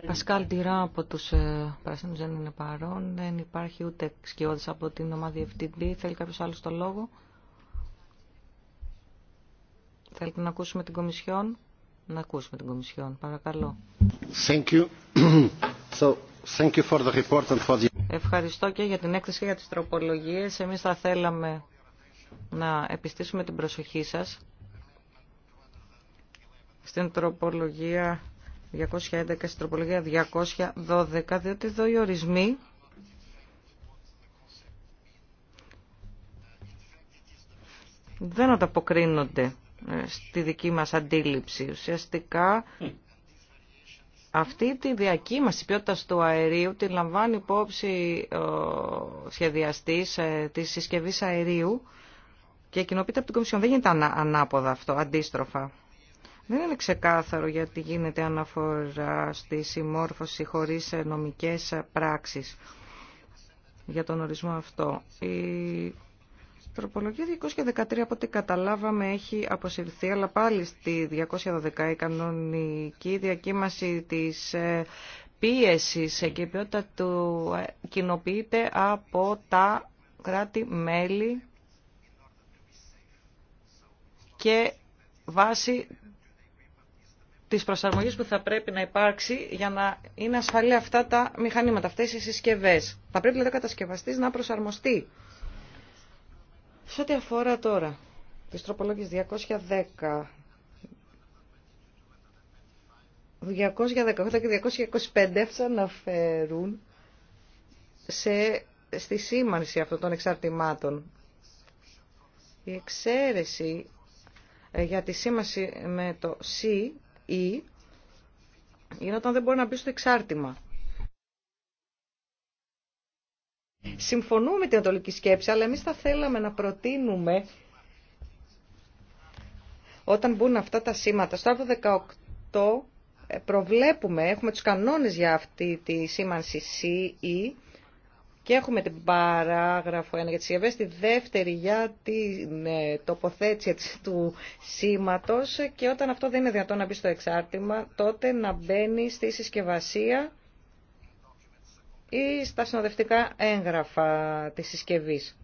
S1: Πασκάλ Τυρά από του ε, Πρασίνου δεν είναι παρόν. Δεν υπάρχει ούτε σκιώδη από την ομάδα FTD. Θέλει κάποιο άλλο το λόγο. Θέλετε να ακούσουμε την Κομισιόν. Να ακούσουμε την Κομισιόν, παρακαλώ.
S2: Thank you. So, thank you for the report and for the...
S1: Ευχαριστώ και για την έκθεση και για τι τροπολογίε. Εμεί θα θέλαμε να επιστήσουμε την προσοχή σα στην τροπολογία 211 στην τροπολογία 212, διότι εδώ οι ορισμοί δεν ανταποκρίνονται ε, στη δική μας αντίληψη. Ουσιαστικά αυτή τη διακύμαση ποιότητα του αερίου τη λαμβάνει υπόψη ο σχεδιαστής ε, της συσκευής αερίου και κοινοποιείται από την Κομισιόν. Δεν γίνεται ανάποδα αυτό, αντίστροφα. Δεν είναι ξεκάθαρο γιατί γίνεται αναφορά στη συμμόρφωση χωρίς νομικές πράξεις για τον ορισμό αυτό. Η τροπολογία 213 από ό,τι καταλάβαμε έχει αποσυρθεί, αλλά πάλι στη 212 η κανονική διακύμαση της ε, πίεσης και η ποιότητα του ε, κοινοποιείται από τα κράτη-μέλη και βάσει της προσαρμογής που θα πρέπει να υπάρξει για να είναι ασφαλή αυτά τα μηχανήματα, αυτές οι συσκευές. Θα πρέπει δηλαδή ο κατασκευαστής να προσαρμοστεί. Σε ό,τι αφορά τώρα τις τροπολόγες 210, 218 και 225 θα να σε, στη σήμανση αυτών των εξαρτημάτων. Η εξαίρεση ε, για τη σήμανση με το C ή είναι όταν δεν μπορεί να μπει στο εξάρτημα. Συμφωνούμε με την ατολική σκέψη, αλλά εμείς θα θέλαμε να προτείνουμε όταν μπουν αυτά τα σήματα. Στο άρθρο 18 ε, προβλέπουμε, έχουμε τους κανόνες για αυτή τη σήμανση C E. Και έχουμε την παράγραφο 1 για τις συσκευές, τη δεύτερη για την ε, τοποθέτηση του σήματος και όταν αυτό δεν είναι δυνατόν να μπει στο εξάρτημα, τότε να μπαίνει στη συσκευασία ή στα συνοδευτικά έγγραφα της συσκευής.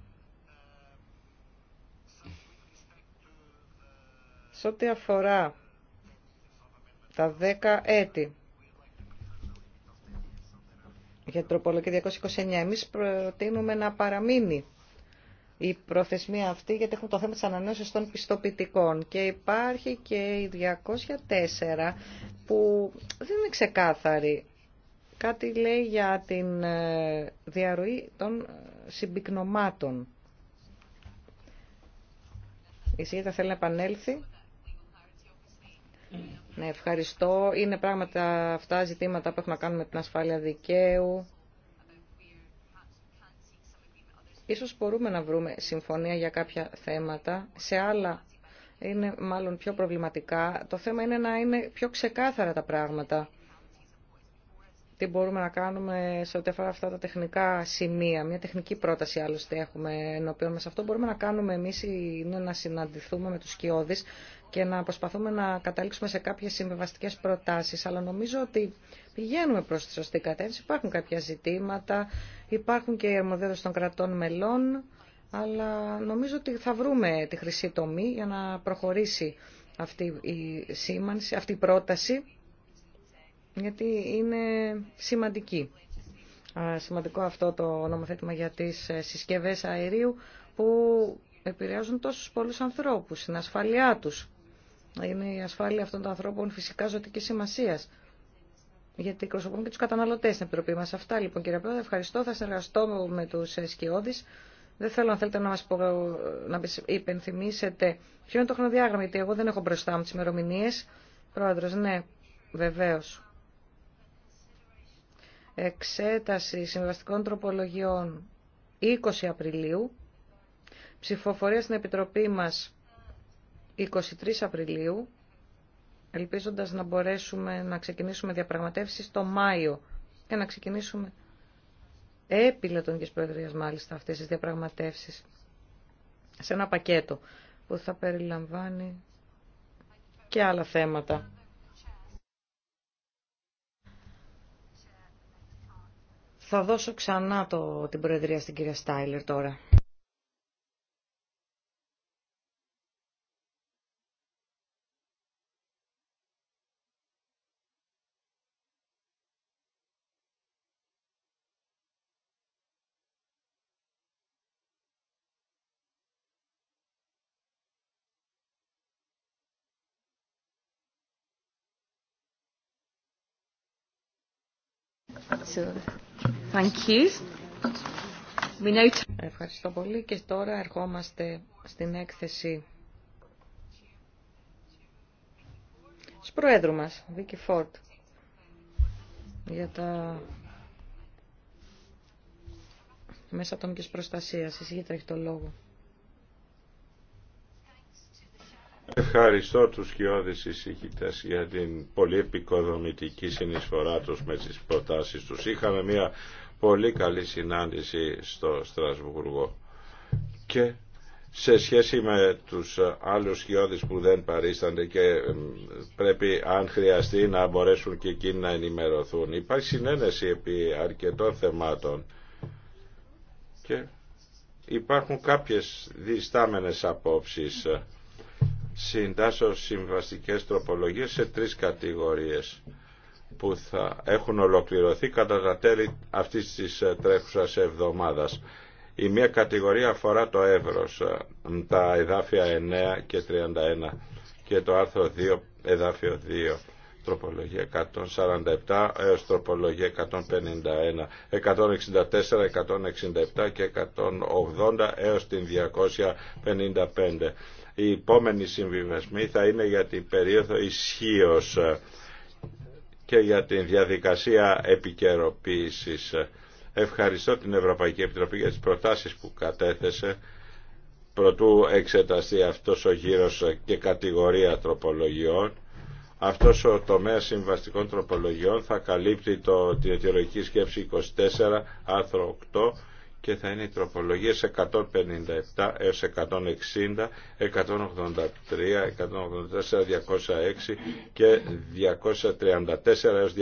S1: Σε ό,τι αφορά τα 10 έτη για την τροπολογία 229. Εμεί προτείνουμε να παραμείνει η προθεσμία αυτή, γιατί έχουμε το θέμα της ανανέωση των πιστοποιητικών. Και υπάρχει και η 204 που δεν είναι ξεκάθαρη. Κάτι λέει για την ε, διαρροή των ε, συμπυκνωμάτων. Η ΣΥΓΙΤΑ θέλει να επανέλθει ναι, Ευχαριστώ. Είναι πράγματα αυτά ζητήματα που έχουμε να κάνουν με την ασφάλεια δικαίου. Ίσως μπορούμε να βρούμε συμφωνία για κάποια θέματα. Σε άλλα είναι μάλλον πιο προβληματικά. Το θέμα είναι να είναι πιο ξεκάθαρα τα πράγματα τι μπορούμε να κάνουμε σε ό,τι αφορά αυτά τα τεχνικά σημεία. Μια τεχνική πρόταση άλλωστε έχουμε ενώπιον μας. Αυτό μπορούμε να κάνουμε εμείς είναι να συναντηθούμε με τους σκιώδεις και να προσπαθούμε να καταλήξουμε σε κάποιες συμβεβαστικέ προτάσεις. Αλλά νομίζω ότι πηγαίνουμε προς τη σωστή κατεύθυνση. Υπάρχουν κάποια ζητήματα, υπάρχουν και οι αρμοδίδες των κρατών μελών, αλλά νομίζω ότι θα βρούμε τη χρυσή τομή για να προχωρήσει αυτή η σήμανση, αυτή η πρόταση γιατί είναι σημαντική. Σημαντικό αυτό το νομοθέτημα για τις ε, συσκευές αερίου που επηρεάζουν τόσους πολλούς ανθρώπους, την ασφαλειά τους. Είναι η ασφάλεια αυτών των ανθρώπων φυσικά ζωτική σημασία. Γιατί εκπροσωπούν και του καταναλωτέ στην Επιτροπή μα. Αυτά λοιπόν κύριε Πρόεδρε, ευχαριστώ. Θα συνεργαστώ με του ε, σκιώδει. Δεν θέλω αν θέλετε να μας, ε, να υπενθυμίσετε ποιο είναι το χρονοδιάγραμμα, γιατί εγώ δεν έχω μπροστά μου τις ημερομηνίε. Πρόεδρος, ναι, βεβαίω εξέταση συμβαστικών τροπολογιών 20 Απριλίου, ψηφοφορία στην Επιτροπή μας 23 Απριλίου, ελπίζοντας να μπορέσουμε να ξεκινήσουμε διαπραγματεύσεις το Μάιο και να ξεκινήσουμε έπειλα των Προεδρίας μάλιστα αυτές τις διαπραγματεύσεις σε ένα πακέτο που θα περιλαμβάνει και άλλα θέματα. Θα δώσω ξανά το, την Προεδρία στην κυρία Στάιλερ τώρα. Ευχαριστώ πολύ και τώρα ερχόμαστε στην έκθεση της Προέδρου μας, Βίκη Φόρτ, για τα μέσα ατομικής προστασίας. Η έχει το λόγο.
S2: Ευχαριστώ τους χειώδεις εισηγητές για την πολύ επικοδομητική συνεισφορά τους με τις προτάσεις τους. Είχαμε μια πολύ καλή συνάντηση στο Στρασβούργο και σε σχέση με τους άλλους σκιώδεις που δεν παρίστανται και πρέπει αν χρειαστεί να μπορέσουν και εκείνοι να ενημερωθούν. Υπάρχει συνένεση επί αρκετών θεμάτων και υπάρχουν κάποιες διστάμενες απόψεις. Συντάσσω συμβαστικές τροπολογίες σε τρεις κατηγορίες που θα έχουν ολοκληρωθεί κατά τα τέλη αυτής της ε, τρέχουσας εβδομάδας. Η μία κατηγορία αφορά το εύρος, ε, τα εδάφια 9 και 31 και το άρθρο 2, εδάφιο 2 τροπολογία 147 έως τροπολογία 151, 164, 167 και 180 έως την 255. Οι επόμενοι συμβιβασμοί θα είναι για την περίοδο ισχύω ε, και για την διαδικασία επικαιροποίηση. Ευχαριστώ την Ευρωπαϊκή Επιτροπή για τις προτάσεις που κατέθεσε προτού εξεταστεί αυτός ο γύρος και κατηγορία τροπολογιών. Αυτός ο τομέας συμβαστικών τροπολογιών θα καλύπτει το, την αιτιολογική σκέψη 24, άρθρο 8, και θα είναι οι τροπολογίες 157 έως 160, 183, 184, 206 και 234 έως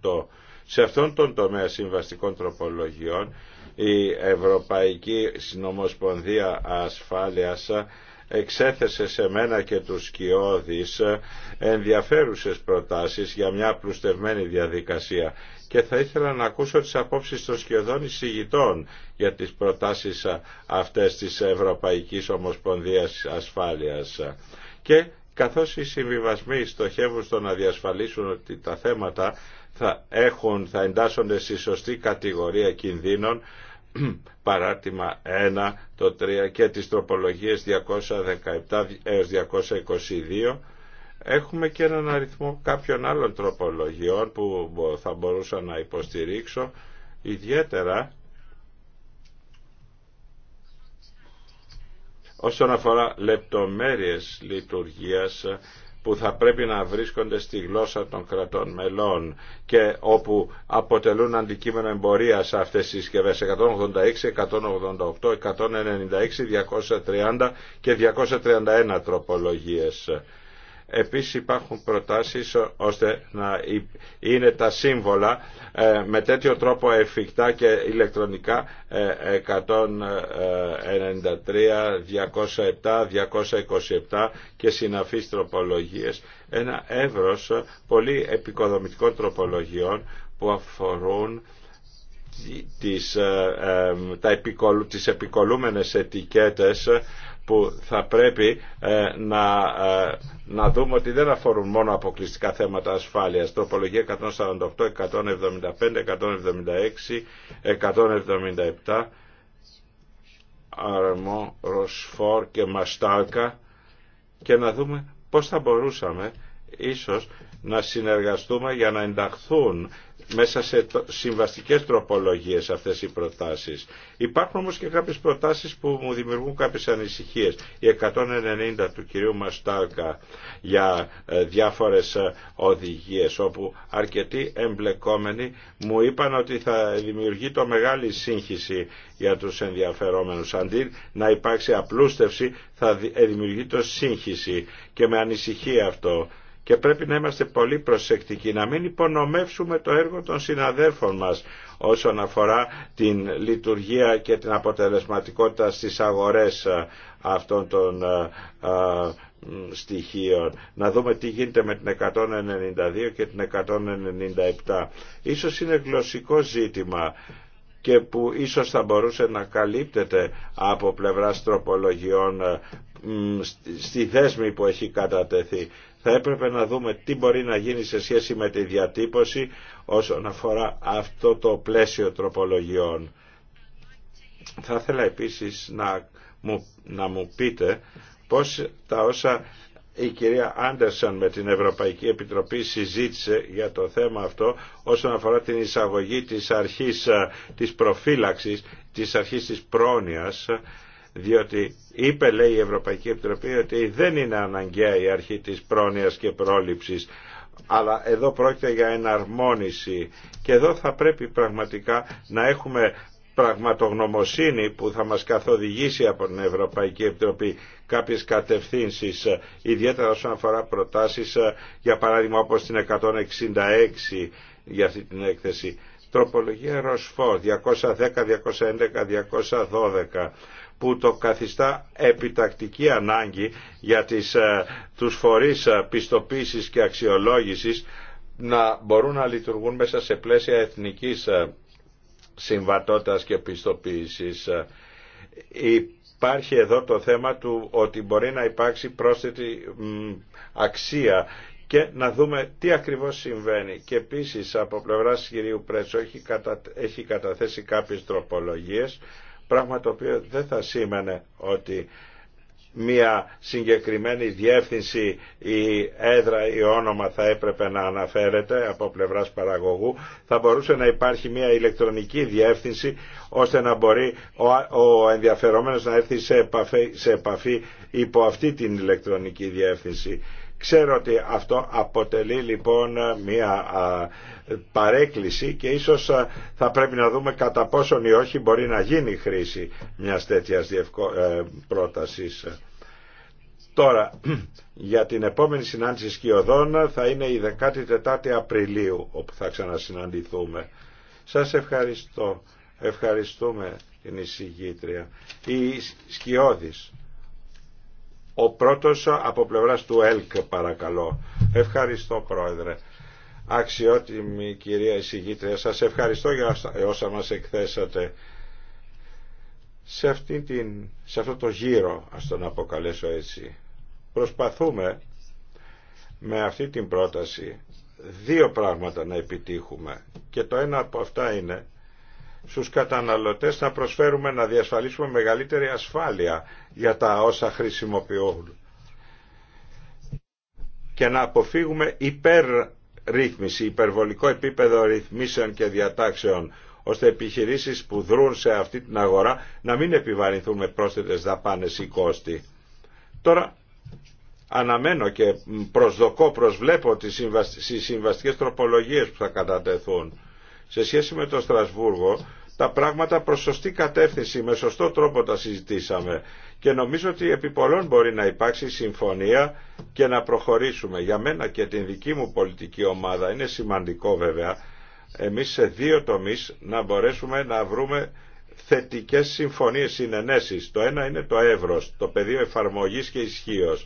S2: 238. Σε αυτόν τον τομέα συμβαστικών τροπολογιών η Ευρωπαϊκή Συνομοσπονδία Ασφάλειας εξέθεσε σε μένα και τους κοιόδης ενδιαφέρουσες προτάσεις για μια πλουστευμένη διαδικασία και θα ήθελα να ακούσω τις απόψεις των σχεδόν εισηγητών για τις προτάσεις αυτές της Ευρωπαϊκής Ομοσπονδίας Ασφάλειας. Και καθώς οι συμβιβασμοί στοχεύουν στο να διασφαλίσουν ότι τα θέματα θα, έχουν, θα εντάσσονται στη σωστή κατηγορία κινδύνων, παράρτημα 1, το 3 και τις τροπολογίες 217 έως 222, Έχουμε και έναν αριθμό κάποιων άλλων τροπολογιών που θα μπορούσα να υποστηρίξω, ιδιαίτερα όσον αφορά λεπτομέρειες λειτουργίας που θα πρέπει να βρίσκονται στη γλώσσα των κρατών μελών και όπου αποτελούν αντικείμενο εμπορία αυτές τις συσκευές 186, 188, 196, 230 και 231 τροπολογίες. Επίσης υπάρχουν προτάσεις ώστε να είναι τα σύμβολα ε, με τέτοιο τρόπο εφικτά και ηλεκτρονικά 193, 207, 227 και συναφείς τροπολογίες. Ένα εύρος πολύ επικοδομητικών τροπολογιών που αφορούν τις, ε, ε, τα επικολου, τις ετικέτες που θα πρέπει ε, να, ε, να δούμε ότι δεν αφορούν μόνο αποκλειστικά θέματα ασφάλειας. Τροπολογία 148, 175, 176, 177, Αρμό, Ροσφόρ και Μαστάλκα και να δούμε πώς θα μπορούσαμε ίσως να συνεργαστούμε για να ενταχθούν μέσα σε συμβαστικές τροπολογίες αυτές οι προτάσεις. Υπάρχουν όμως και κάποιες προτάσεις που μου δημιουργούν κάποιες ανησυχίες. Η 190 του κυρίου Μαστάλκα για ε, διάφορες ε, οδηγίες όπου αρκετοί εμπλεκόμενοι μου είπαν ότι θα δημιουργεί το μεγάλη σύγχυση για τους ενδιαφερόμενους. Αντί να υπάρξει απλούστευση θα ε, δημιουργεί το σύγχυση και με ανησυχεί αυτό και πρέπει να είμαστε πολύ προσεκτικοί, να μην υπονομεύσουμε το έργο των συναδέρφων μας όσον αφορά την λειτουργία και την αποτελεσματικότητα στις αγορές ε, αυτών των ε, ε, στοιχείων. Να δούμε τι γίνεται με την 192 και την 197. Ίσως είναι γλωσσικό ζήτημα και που ίσως θα μπορούσε να καλύπτεται από πλευράς τροπολογιών στη δέσμη που έχει κατατεθεί θα έπρεπε να δούμε τι μπορεί να γίνει σε σχέση με τη διατύπωση όσον αφορά αυτό το πλαίσιο τροπολογιών. Θα ήθελα επίσης να μου, να μου πείτε πώς τα όσα η κυρία Άντερσον με την Ευρωπαϊκή Επιτροπή συζήτησε για το θέμα αυτό όσον αφορά την εισαγωγή της αρχής ε, της προφύλαξης, της αρχής της πρόνοιας διότι είπε λέει η Ευρωπαϊκή Επιτροπή ότι δεν είναι αναγκαία η αρχή της πρόνοιας και πρόληψης αλλά εδώ πρόκειται για εναρμόνιση και εδώ θα πρέπει πραγματικά να έχουμε πραγματογνωμοσύνη που θα μας καθοδηγήσει από την Ευρωπαϊκή Επιτροπή κάποιες κατευθύνσεις, ιδιαίτερα όσον αφορά προτάσεις, για παράδειγμα όπως την 166 για αυτή την έκθεση. Τροπολογία Ροσφόρ 210, 211, 212 που το καθιστά επιτακτική ανάγκη για τις, ε, τους φορείς ε, πιστοποίησης και αξιολόγησης να μπορούν να λειτουργούν μέσα σε πλαίσια εθνικής ε, συμβατότητας και πιστοποίησης. Υπάρχει εδώ το θέμα του ότι μπορεί να υπάρξει πρόσθετη αξία και να δούμε τι ακριβώς συμβαίνει. Και επίσης από πλευράς κυρίου Πρέτσο έχει καταθέσει κάποιες τροπολογίες πράγμα το οποίο δεν θα σήμαινε ότι μια συγκεκριμένη διεύθυνση ή έδρα ή όνομα θα έπρεπε να αναφέρεται από πλευράς παραγωγού θα μπορούσε να υπάρχει μια ηλεκτρονική διεύθυνση ώστε να μπορεί ο ενδιαφερόμενος να έρθει σε επαφή υπό αυτή την ηλεκτρονική διεύθυνση Ξέρω ότι αυτό αποτελεί λοιπόν μια παρέκκληση και ίσως θα πρέπει να δούμε κατά πόσον ή όχι μπορεί να γίνει χρήση μιας τέτοιας ε, πρότασης. Τώρα, για την επόμενη συνάντηση σκιωδών θα είναι η 14η Απριλίου όπου θα ξανασυναντηθούμε. Σας ευχαριστώ. Ευχαριστούμε την εισηγήτρια. Η Σκιώδης. Ο πρώτος από πλευράς του ΕΛΚ παρακαλώ. Ευχαριστώ πρόεδρε. Αξιότιμη κυρία εισηγήτρια, σας ευχαριστώ για όσα μας εκθέσατε σε, αυτή την, αυτό το γύρο, ας τον αποκαλέσω έτσι. Προσπαθούμε με αυτή την πρόταση δύο πράγματα να επιτύχουμε και το ένα από αυτά είναι στους καταναλωτές να προσφέρουμε να διασφαλίσουμε μεγαλύτερη ασφάλεια για τα όσα χρησιμοποιούν και να αποφύγουμε υπερρύθμιση, υπερβολικό επίπεδο ρυθμίσεων και διατάξεων ώστε επιχειρήσεις που δρούν σε αυτή την αγορά να μην επιβαρυνθούν με πρόσθετες δαπάνες ή κόστη. Τώρα αναμένω και προσδοκώ, προσβλέπω τις συμβαστικές τροπολογίες που θα κατατεθούν. Σε σχέση με το Στρασβούργο τα πράγματα προς σωστή κατεύθυνση, με σωστό τρόπο τα συζητήσαμε και νομίζω ότι επί πολλών μπορεί να υπάρξει συμφωνία και να προχωρήσουμε. Για μένα και την δική μου πολιτική ομάδα είναι σημαντικό βέβαια εμείς σε δύο τομείς να μπορέσουμε να βρούμε θετικές συμφωνίες, συνενέσεις. Το ένα είναι το εύρος, το πεδίο εφαρμογής και ισχύω.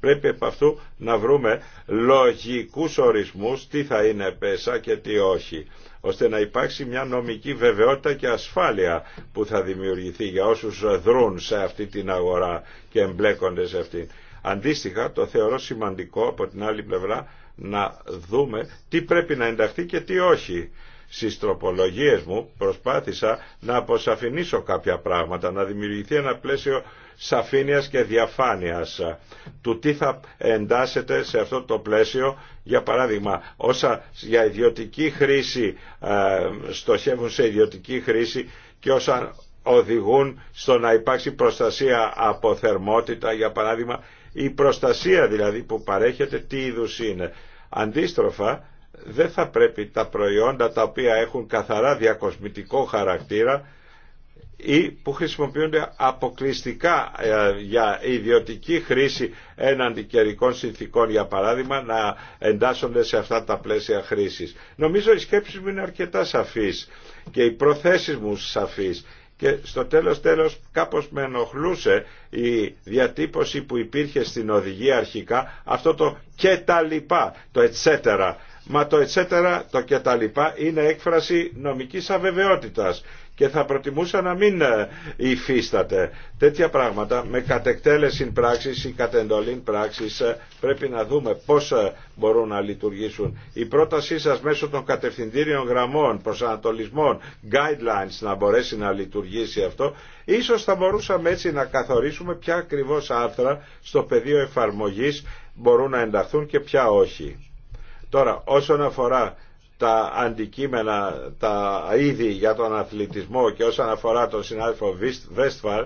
S2: Πρέπει επ' αυτού να βρούμε λογικούς ορισμούς τι θα είναι πέσα και τι όχι ώστε να υπάρξει μια νομική βεβαιότητα και ασφάλεια που θα δημιουργηθεί για όσους δρούν σε αυτή την αγορά και εμπλέκονται σε αυτήν. Αντίστοιχα, το θεωρώ σημαντικό από την άλλη πλευρά να δούμε τι πρέπει να ενταχθεί και τι όχι. Στις τροπολογίες μου προσπάθησα να αποσαφηνίσω κάποια πράγματα, να δημιουργηθεί ένα πλαίσιο σαφήνειας και διαφάνειας του τι θα εντάσσεται σε αυτό το πλαίσιο για παράδειγμα όσα για ιδιωτική χρήση ε, στοχεύουν σε ιδιωτική χρήση και όσα οδηγούν στο να υπάρξει προστασία από θερμότητα για παράδειγμα η προστασία δηλαδή που παρέχεται τι είδου είναι αντίστροφα δεν θα πρέπει τα προϊόντα τα οποία έχουν καθαρά διακοσμητικό χαρακτήρα ή που χρησιμοποιούνται αποκλειστικά ε, για ιδιωτική χρήση έναντι καιρικών συνθήκων για παράδειγμα να εντάσσονται σε αυτά τα πλαίσια χρήσης. Νομίζω οι σκεψη μου είναι αρκετά σαφής και οι προθέσεις μου σαφής και στο τέλος τέλος κάπως με ενοχλούσε η διατύπωση που υπήρχε στην οδηγία αρχικά αυτό το και τα λοιπά, το ετσέτερα. Μα το ετσέτερα, το και τα είναι έκφραση νομικής αβεβαιότητας και θα προτιμούσα να μην ε, υφίσταται. Τέτοια πράγματα με κατεκτέλεση πράξης ή κατεντολήν πράξης ε, πρέπει να δούμε πώς ε, μπορούν να λειτουργήσουν. Η κατεντολη πραξης πρεπει να δουμε πως μπορουν να λειτουργησουν η προταση σας μέσω των κατευθυντήριων γραμμών, προσανατολισμών, guidelines να μπορέσει να λειτουργήσει αυτό, ίσως θα μπορούσαμε έτσι να καθορίσουμε ποια ακριβώς άρθρα στο πεδίο εφαρμογής μπορούν να ενταχθούν και ποια όχι. Τώρα, όσον αφορά τα αντικείμενα, τα είδη για τον αθλητισμό και όσον αφορά τον συνάδελφο Βέστφαρ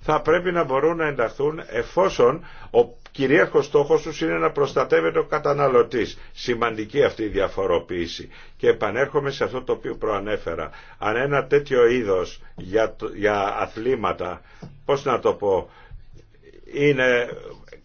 S2: θα πρέπει να μπορούν να ενταχθούν εφόσον ο κυρίαρχος στόχος τους είναι να προστατεύεται ο καταναλωτής. Σημαντική αυτή η διαφοροποίηση. Και επανέρχομαι σε αυτό το οποίο προανέφερα. Αν ένα τέτοιο είδος για, για αθλήματα, πώς να το πω, είναι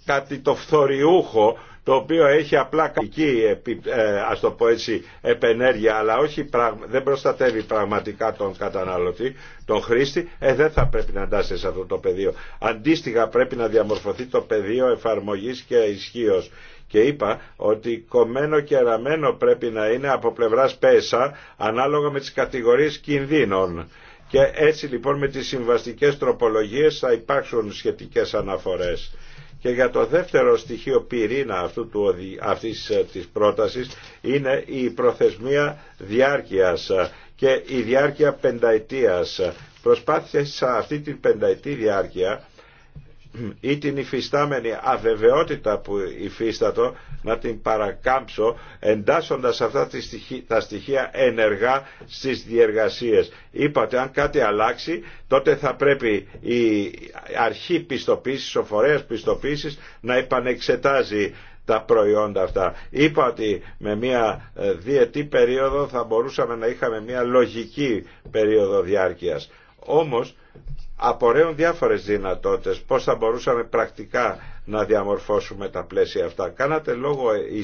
S2: κάτι το φθοριούχο το οποίο έχει απλά κακή ε, ας το πω έτσι, επενέργεια αλλά όχι, δεν προστατεύει πραγματικά τον καταναλωτή, τον χρήστη, ε, δεν θα πρέπει να αντάσσεται σε αυτό το πεδίο. Αντίστοιχα πρέπει να διαμορφωθεί το πεδίο εφαρμογής και ισχύω. Και είπα ότι κομμένο και αραμένο πρέπει να είναι από πλευράς πέσα ανάλογα με τις κατηγορίες κινδύνων. Και έτσι λοιπόν με τις συμβαστικές τροπολογίες θα υπάρξουν σχετικές αναφορές. Και για το δεύτερο στοιχείο πυρήνα αυτού του, αυτής ε, της πρότασης είναι η προθεσμία διάρκειας ε, και η διάρκεια πενταετίας. σε αυτή την πενταετή διάρκεια ή την υφιστάμενη αβεβαιότητα που υφίστατο να την παρακάμψω εντάσσοντας αυτά τα στοιχεία ενεργά στις διεργασίες. Είπατε αν κάτι αλλάξει τότε θα πρέπει η αρχή πιστοποίησης, ο φορέας πιστοποίησης να επανεξετάζει τα προϊόντα αυτά. Είπα με μια ε, διετή περίοδο θα μπορούσαμε να είχαμε μια λογική περίοδο διάρκειας. Όμως απορρέουν διάφορες δυνατότητες πώς θα μπορούσαμε πρακτικά να διαμορφώσουμε τα πλαίσια αυτά. Κάνατε λόγο η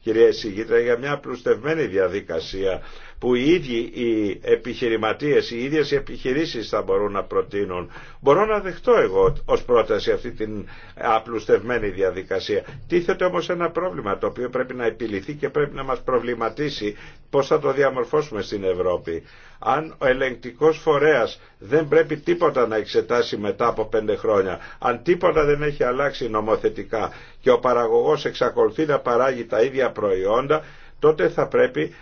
S2: κυρία εισηγήτρια, για μια απλουστευμένη διαδικασία που οι ίδιοι οι επιχειρηματίες, οι ίδιες οι επιχειρήσεις θα μπορούν να προτείνουν. Μπορώ να δεχτώ εγώ ως πρόταση αυτή την απλουστευμένη διαδικασία. Τίθεται όμως ένα πρόβλημα το οποίο πρέπει να επιληθεί και πρέπει να μας προβληματίσει πώς θα το διαμορφώσουμε στην Ευρώπη. Αν ο ελεγκτικός φορέας δεν πρέπει τίποτα να εξετάσει μετά από πέντε χρόνια, αν τίποτα δεν έχει αλλάξει νομοθετικά και ο παραγωγός εξακολουθεί να παράγει τα ίδια προϊόντα, τότε θα πρέπει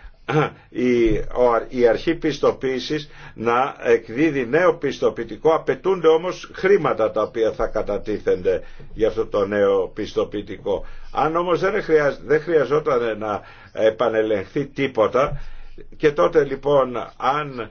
S2: η αρχή πιστοποίησης να εκδίδει νέο πιστοποιητικό απαιτούνται όμως χρήματα τα οποία θα κατατίθενται για αυτό το νέο πιστοποιητικό αν όμως δεν, δεν χρειαζόταν να επανελεγχθεί τίποτα και τότε λοιπόν αν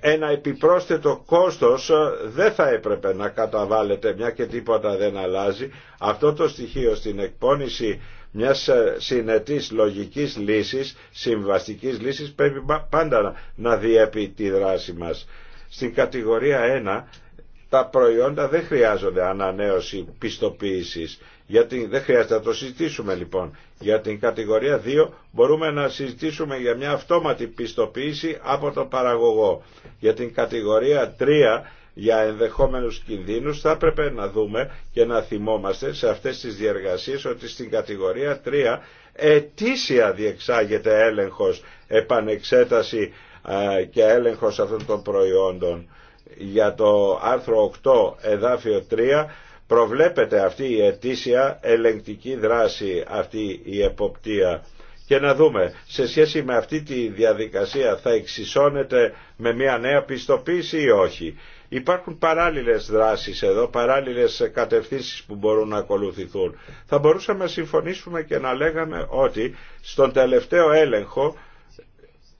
S2: ένα επιπρόσθετο κόστος δεν θα έπρεπε να καταβάλλεται μια και τίποτα δεν αλλάζει αυτό το στοιχείο στην εκπόνηση μιας ε, συνετής λογικής λύσης, συμβαστικής λύσης πρέπει πάντα να διέπει τη δράση μας. Στην κατηγορία 1 τα προϊόντα δεν χρειάζονται ανανέωση πιστοποίησης. Γιατί δεν χρειάζεται να το συζητήσουμε λοιπόν. Για την κατηγορία 2 μπορούμε να συζητήσουμε για μια αυτόματη πιστοποίηση από τον παραγωγό. Για την κατηγορία 3 για ενδεχόμενους κινδύνους θα έπρεπε να δούμε και να θυμόμαστε σε αυτές τις διεργασίες ότι στην κατηγορία 3 ετήσια διεξάγεται έλεγχος, επανεξέταση και έλεγχος αυτών των προϊόντων. Για το άρθρο 8 εδάφιο 3 προβλέπεται αυτή η ετήσια ελεγκτική δράση, αυτή η εποπτεία. Και να δούμε, σε σχέση με αυτή τη διαδικασία θα εξισώνεται με μια νέα πιστοποίηση ή όχι. Υπάρχουν παράλληλες δράσεις εδώ, παράλληλες κατευθύνσεις που μπορούν να ακολουθηθούν. Θα μπορούσαμε να συμφωνήσουμε και να λέγαμε ότι στον τελευταίο έλεγχο,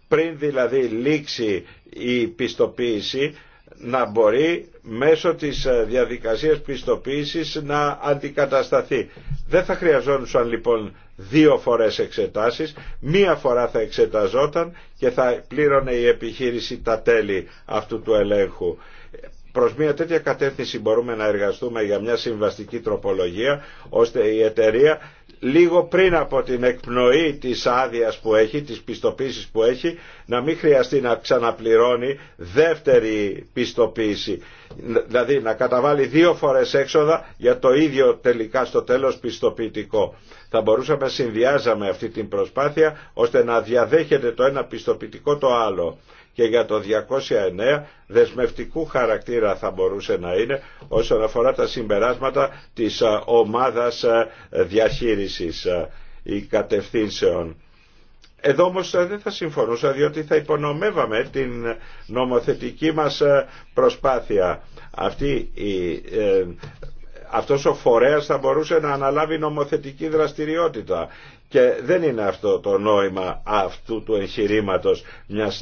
S2: πριν δηλαδή λήξει η πιστοποίηση, να μπορεί μέσω της διαδικασίας πιστοποίησης να αντικατασταθεί. Δεν θα χρειαζόντουσαν λοιπόν δύο φορές εξετάσεις, μία φορά θα εξεταζόταν και θα πλήρωνε η επιχείρηση τα τέλη αυτού του ελέγχου. Προς μια τέτοια κατεύθυνση μπορούμε να εργαστούμε για μια συμβαστική τροπολογία ώστε η εταιρεία λίγο πριν από την εκπνοή της άδεια που έχει, της πιστοποίησης που έχει, να μην χρειαστεί να ξαναπληρώνει δεύτερη πιστοποίηση. Δηλαδή να καταβάλει δύο φορές έξοδα για το ίδιο τελικά στο τέλος πιστοποιητικό. Θα μπορούσαμε να συνδυάζαμε αυτή την προσπάθεια ώστε να διαδέχεται το ένα πιστοποιητικό το άλλο και για το 209 δεσμευτικού χαρακτήρα θα μπορούσε να είναι όσον αφορά τα συμπεράσματα της ε, ομάδας ε, διαχείρισης ε, ή κατευθύνσεων. Εδώ όμως δεν θα συμφωνούσα διότι θα υπονομεύαμε την νομοθετική μας προσπάθεια. Αυτή η, αυτός ο φορέας θα μπορούσε να αναλάβει νομοθετική δραστηριότητα και δεν είναι αυτό το νόημα αυτού του εγχειρήματο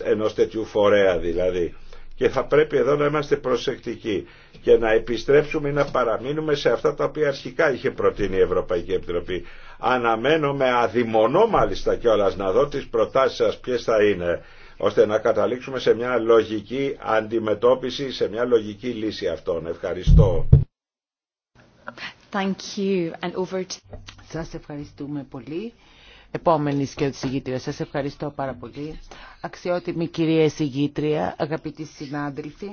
S2: ενός τέτοιου φορέα δηλαδή. Και θα πρέπει εδώ να είμαστε προσεκτικοί και να επιστρέψουμε ή να παραμείνουμε σε αυτά τα οποία αρχικά είχε προτείνει η Ευρωπαϊκή Επιτροπή. Αναμένω με αδειμονώ μάλιστα κιόλα να δω τις προτάσεις σας ποιες θα είναι ώστε να καταλήξουμε σε μια λογική αντιμετώπιση, σε μια λογική λύση αυτών. Ευχαριστώ.
S3: Thank Σας ευχαριστούμε πολύ. Επόμενη σκέψη συγγήτρια, σας ευχαριστώ πάρα πολύ. Αξιότιμη κυρία συγγήτρια, αγαπητοί συνάδελφοι.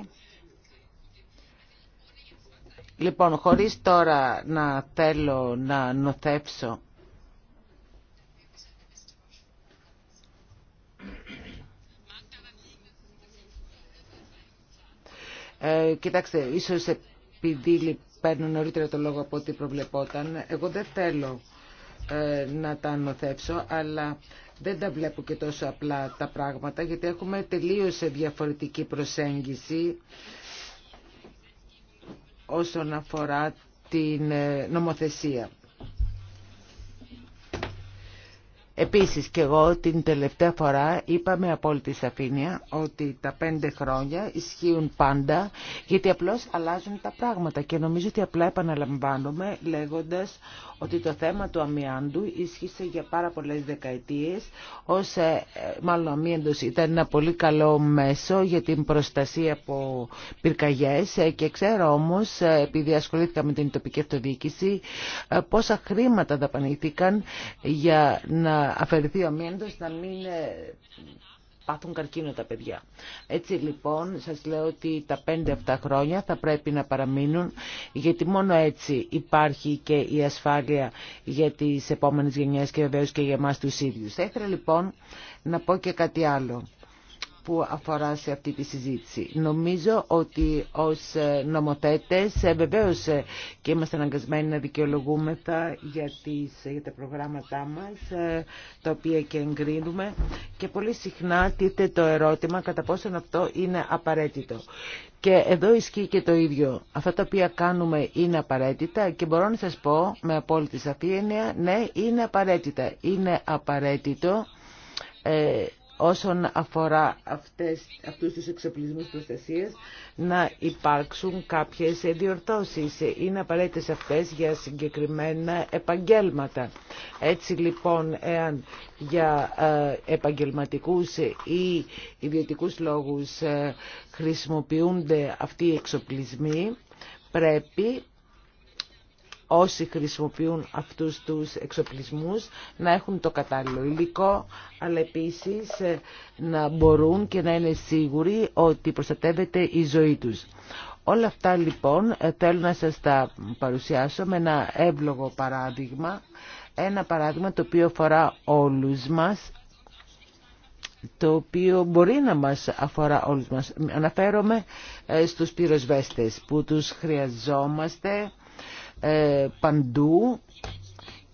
S3: Λοιπόν, χωρίς τώρα να θέλω να νοθεύσω Ε, κοιτάξτε, ίσως επειδή παίρνω νωρίτερα το λόγο από ό,τι προβλεπόταν. Εγώ δεν θέλω ε, να τα ανοθεύσω, αλλά δεν τα βλέπω και τόσο απλά τα πράγματα, γιατί έχουμε τελείως διαφορετική προσέγγιση όσον αφορά την ε, νομοθεσία. Επίσης και εγώ την τελευταία φορά είπα με απόλυτη σαφήνεια ότι τα πέντε χρόνια ισχύουν πάντα γιατί απλώς αλλάζουν τα πράγματα και νομίζω ότι απλά έπαναλαμβάνουμε λέγοντας ότι το θέμα του αμοιάντου ίσχυσε για πάρα πολλές δεκαετίες ως ε, μάλλον αμύαντος ήταν ένα πολύ καλό μέσο για την προστασία από πυρκαγιές ε, και ξέρω όμως ε, επειδή ασχολήθηκα με την τοπική αυτοδιοίκηση πόσα χρήματα δαπανήθηκαν για να αφαιρεθεί ο αμύαντος, να μην ε, πάθουν καρκίνο τα παιδιά. Έτσι λοιπόν σας λέω ότι τα 5 αυτά χρόνια θα πρέπει να παραμείνουν γιατί μόνο έτσι υπάρχει και η ασφάλεια για τις επόμενες γενιές και βεβαίως και για εμάς τους ίδιους. Θα ήθελα λοιπόν να πω και κάτι άλλο που αφορά σε αυτή τη συζήτηση. Νομίζω ότι ως ε, νομοθέτες ε, βεβαίως ε, και είμαστε αναγκασμένοι να δικαιολογούμεθα για, τις, για τα προγράμματά μας τα οποία και εγκρίνουμε και πολύ συχνά τίθεται το ερώτημα κατά πόσο αυτό είναι απαραίτητο. Και εδώ ισχύει και το ίδιο. Αυτά τα οποία κάνουμε είναι απαραίτητα και μπορώ να σας πω με απόλυτη έννοια ναι, είναι απαραίτητα. Είναι απαραίτητο όσον αφορά αυτές, αυτούς τους εξοπλισμούς προστασίας να υπάρξουν κάποιες διορθώσεις. Είναι απαραίτητες αυτές για συγκεκριμένα επαγγέλματα. Έτσι λοιπόν, εάν για ε, επαγγελματικούς ή ιδιωτικούς λόγους ε, χρησιμοποιούνται αυτοί οι εξοπλισμοί, πρέπει όσοι χρησιμοποιούν αυτούς τους εξοπλισμούς να έχουν το κατάλληλο υλικό, αλλά επίσης ε, να μπορούν και να είναι σίγουροι ότι προστατεύεται η ζωή τους. Όλα αυτά λοιπόν ε, θέλω να σας τα παρουσιάσω με ένα εύλογο παράδειγμα, ένα παράδειγμα το οποίο αφορά όλους μας, το οποίο μπορεί να μας αφορά όλους μας. Αναφέρομαι ε, στους πυροσβέστες που τους χρειαζόμαστε ε, παντού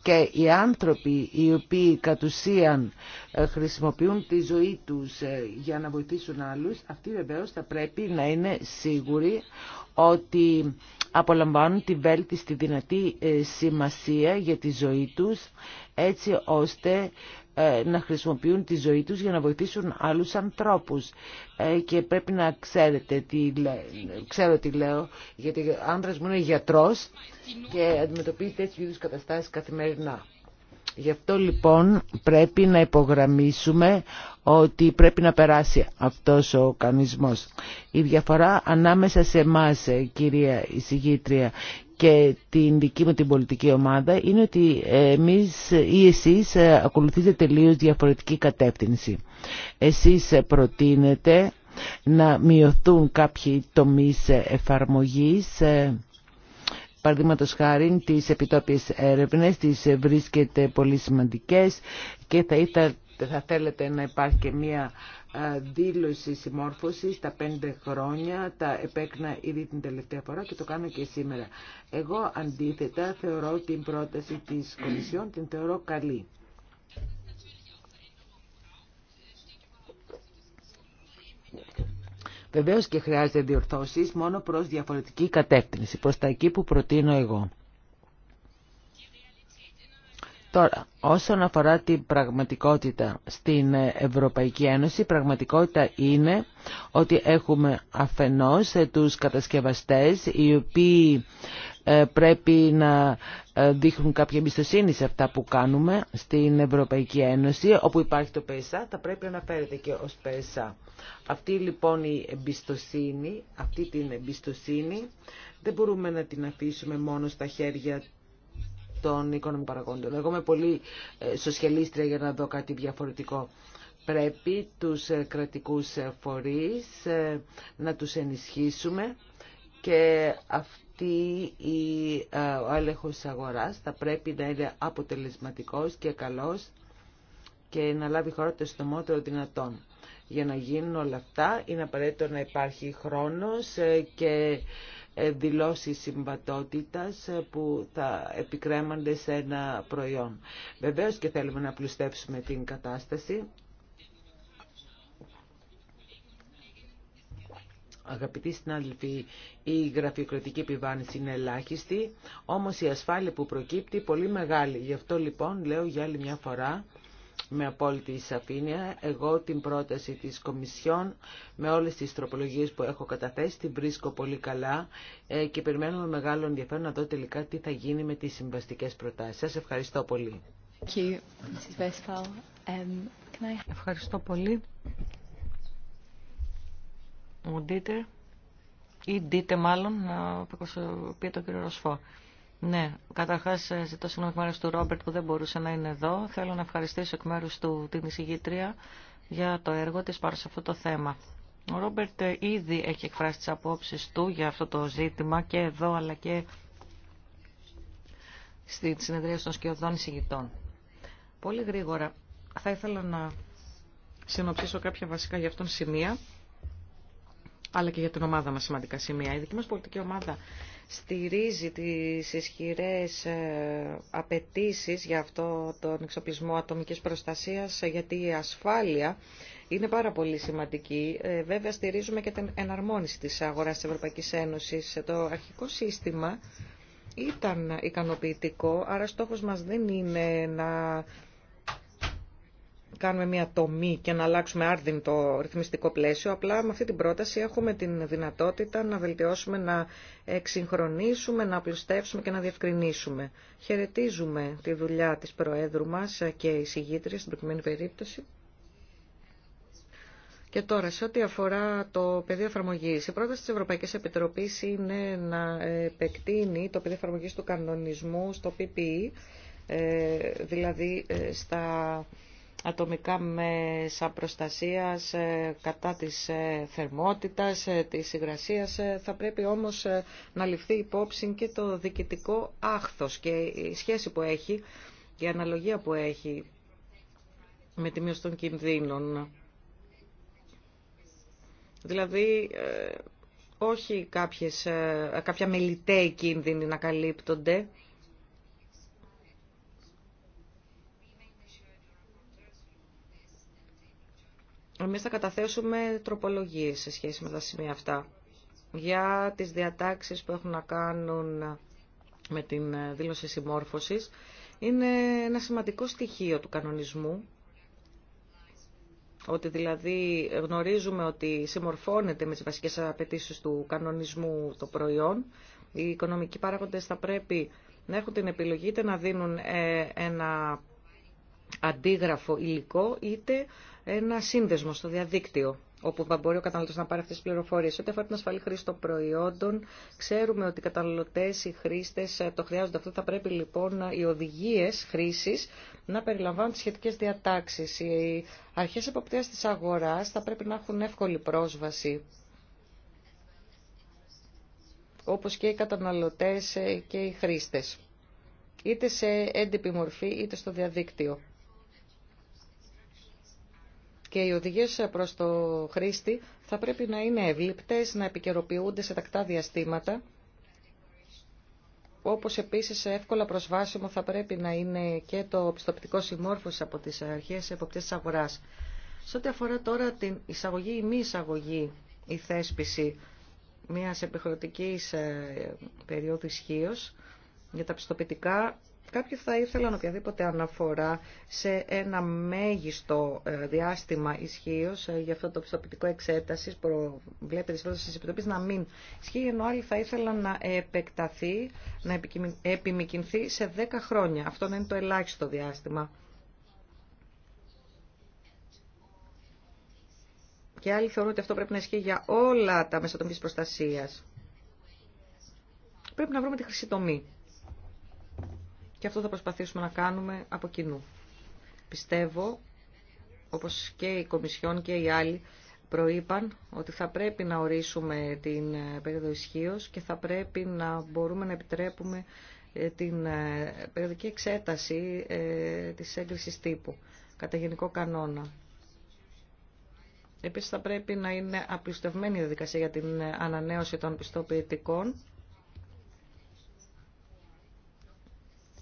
S3: και οι άνθρωποι οι οποίοι κατ' ουσίαν ε, χρησιμοποιούν τη ζωή τους ε, για να βοηθήσουν άλλους, αυτοί βεβαίως θα πρέπει να είναι σίγουροι ότι απολαμβάνουν τη βέλτιστη δυνατή σημασία για τη ζωή τους έτσι ώστε ε, να χρησιμοποιούν τη ζωή τους για να βοηθήσουν άλλους ανθρώπους. Ε, και πρέπει να ξέρετε τι, ξέρω τι λέω, γιατί ο άνδρας μου είναι γιατρός και αντιμετωπίζει τέτοιου είδους καταστάσεις καθημερινά. Γι' αυτό λοιπόν πρέπει να υπογραμμίσουμε ότι πρέπει να περάσει αυτός ο κανισμός. Η διαφορά ανάμεσα σε εμάς, ε, κυρία εισηγήτρια και την δική μου την πολιτική ομάδα είναι ότι εμείς ή εσείς ακολουθείτε τελείως διαφορετική κατεύθυνση. Εσείς προτείνετε να μειωθούν κάποιοι τομείς εφαρμογής παραδείγματο χάρη τι επιτόπιε έρευνε, τι βρίσκεται πολύ σημαντικέ και θα, ήθελα, θα θέλετε να υπάρχει και μια ε, δήλωση συμμόρφωση τα πέντε χρόνια, τα επέκνα ήδη την τελευταία φορά και το κάνω και σήμερα. Εγώ αντίθετα θεωρώ την πρόταση της Κομισιόν, την θεωρώ καλή. Βεβαίως και χρειάζεται διορθώσεις μόνο προς διαφορετική κατεύθυνση, προς τα εκεί που προτείνω εγώ. Τώρα, όσον αφορά την πραγματικότητα στην Ευρωπαϊκή Ένωση, η πραγματικότητα είναι ότι έχουμε αφενός ε, τους κατασκευαστές οι οποίοι ε, πρέπει να ε, δείχνουν κάποια εμπιστοσύνη σε αυτά που κάνουμε στην Ευρωπαϊκή Ένωση όπου υπάρχει το ΠΕΣΑ θα πρέπει να αναφέρεται και ως ΠΕΣΑ αυτή λοιπόν η εμπιστοσύνη αυτή την εμπιστοσύνη δεν μπορούμε να την αφήσουμε μόνο στα χέρια των οικονομικών παραγόντων. Εγώ είμαι πολύ ε, σοσιαλίστρια για να δω κάτι διαφορετικό. Πρέπει τους ε, κρατικούς ε, φορείς να τους ενισχύσουμε και αυτή η, ο έλεγχος αγοράς θα πρέπει να είναι αποτελεσματικός και καλός και να λάβει χώρα το στομότερο δυνατόν. Για να γίνουν όλα αυτά είναι απαραίτητο να υπάρχει χρόνος και δηλώσει συμβατότητα ε, που θα επικρέμανται σε ένα προϊόν. Βεβαίω και θέλουμε να πλουστεύσουμε την κατάσταση. Αγαπητοί συνάδελφοι, η γραφειοκρατική επιβάρυνση είναι ελάχιστη, όμως η ασφάλεια που προκύπτει πολύ μεγάλη. Γι' αυτό λοιπόν λέω για άλλη μια φορά με απόλυτη σαφήνεια. Εγώ την πρόταση της Κομισιόν με όλες τις τροπολογίες που έχω καταθέσει την βρίσκω πολύ καλά ε, και περιμένω με μεγάλο ενδιαφέρον να δω τελικά τι θα γίνει με τις συμβαστικές προτάσεις. Σας ευχαριστώ πολύ.
S1: Um, ευχαριστώ πολύ. Μου δείτε ή δείτε μάλλον να πει το κύριο Ροσφό. Ναι, καταρχά ε, ζητώ συγγνώμη εκ μέρου του Ρόμπερτ που δεν μπορούσε να είναι εδώ. Θέλω να ευχαριστήσω εκ μέρου του την εισηγήτρια για το έργο τη πάνω σε αυτό το θέμα. Ο Ρόμπερτ ε, ήδη έχει εκφράσει τι απόψει του για αυτό το ζήτημα και εδώ αλλά και στη συνεδρία των σκιωδών εισηγητών. Πολύ γρήγορα θα ήθελα να συνοψίσω κάποια βασικά για αυτόν σημεία αλλά και για την ομάδα μας σημαντικά σημεία. Η δική μας πολιτική ομάδα στηρίζει τις ισχυρές ε, απαιτήσεις για αυτό τον εξοπλισμό ατομικής προστασίας, ε, γιατί η ασφάλεια είναι πάρα πολύ σημαντική. Ε, βέβαια, στηρίζουμε και την εναρμόνιση της αγοράς της Ευρωπαϊκής Ένωσης. Το αρχικό σύστημα ήταν ικανοποιητικό, άρα στόχος μας δεν είναι να κάνουμε μια τομή και να αλλάξουμε άρδιν το ρυθμιστικό πλαίσιο. Απλά με αυτή την πρόταση έχουμε την δυνατότητα να βελτιώσουμε, να εξυγχρονίσουμε, να απλουστεύσουμε και να διευκρινίσουμε. Χαιρετίζουμε τη δουλειά της Προέδρου μας και η συγγήτρια στην προκειμένη περίπτωση. Και τώρα, σε ό,τι αφορά το πεδίο εφαρμογή, η πρόταση τη Ευρωπαϊκή Επιτροπή είναι να επεκτείνει το πεδίο εφαρμογή του κανονισμού στο PPE, ε, δηλαδή ε, στα ατομικά μέσα προστασίας ε, κατά της ε, θερμότητας, ε, της υγρασίας. Θα πρέπει όμως να ληφθεί υπόψη και το διοικητικό άχθος και η σχέση που έχει και η αναλογία που έχει με τη μείωση των κινδύνων. Δηλαδή, όχι κάποιες, κάποια μελιτέοι κίνδυνοι να καλύπτονται, Εμείς θα καταθέσουμε τροπολογίες σε σχέση με τα σημεία αυτά για τις διατάξεις που έχουν να κάνουν με την δήλωση συμμόρφωσης είναι ένα σημαντικό στοιχείο του κανονισμού ότι δηλαδή γνωρίζουμε ότι συμμορφώνεται με τις βασικές απαιτήσει του κανονισμού το προϊόν. Οι οικονομικοί παράγοντες θα πρέπει να έχουν την επιλογή είτε να δίνουν ε, ένα αντίγραφο υλικό είτε ένα σύνδεσμο στο διαδίκτυο όπου θα μπορεί ο καταναλωτή να πάρει αυτέ τι πληροφορίε. Ό,τι αφορά την ασφαλή χρήση των προϊόντων, ξέρουμε ότι οι καταναλωτέ, οι χρήστε ε, το χρειάζονται αυτό. Θα πρέπει λοιπόν οι οδηγίε χρήση να περιλαμβάνουν τι σχετικέ διατάξει. Οι αρχέ εποπτεία τη αγορά θα πρέπει να έχουν εύκολη πρόσβαση όπως και οι καταναλωτές ε, και οι χρήστες, είτε σε έντυπη μορφή είτε στο διαδίκτυο και οι οδηγίες προς το χρήστη θα πρέπει να είναι ευλήπτες, να επικαιροποιούνται σε τακτά διαστήματα, όπως επίσης εύκολα προσβάσιμο θα πρέπει να είναι και το πιστοποιητικό συμμόρφωση από τις αρχές εποπτές της αγοράς. Σε ό,τι αφορά τώρα την εισαγωγή ή μη εισαγωγή, η θέσπιση μιας επιχρεωτικής ε, περίοδου ισχύω για τα πιστοποιητικά Κάποιοι θα ήθελαν οποιαδήποτε αναφορά σε ένα μέγιστο ε, διάστημα ισχύω ε, για αυτό το πιστοποιητικό εξέταση που βλέπετε τη πρόταση τη Επιτροπή να μην ισχύει, ενώ άλλοι θα ήθελαν να επεκταθεί, να επιμηκυνθεί σε 10 χρόνια. Αυτό να είναι το ελάχιστο διάστημα. Και άλλοι θεωρούν ότι αυτό πρέπει να ισχύει για όλα τα μέσα προστασία. Πρέπει να βρούμε τη χρυσή τομή και αυτό θα προσπαθήσουμε να κάνουμε από κοινού. Πιστεύω, όπως και η Κομισιόν και οι άλλοι προείπαν, ότι θα πρέπει να ορίσουμε την ε, περίοδο ισχύω και θα πρέπει να μπορούμε να επιτρέπουμε ε, την ε, περιοδική εξέταση της έγκρισης τύπου κατά γενικό κανόνα. Επίσης θα πρέπει να είναι απλουστευμένη η διαδικασία για την ανανέωση των πιστοποιητικών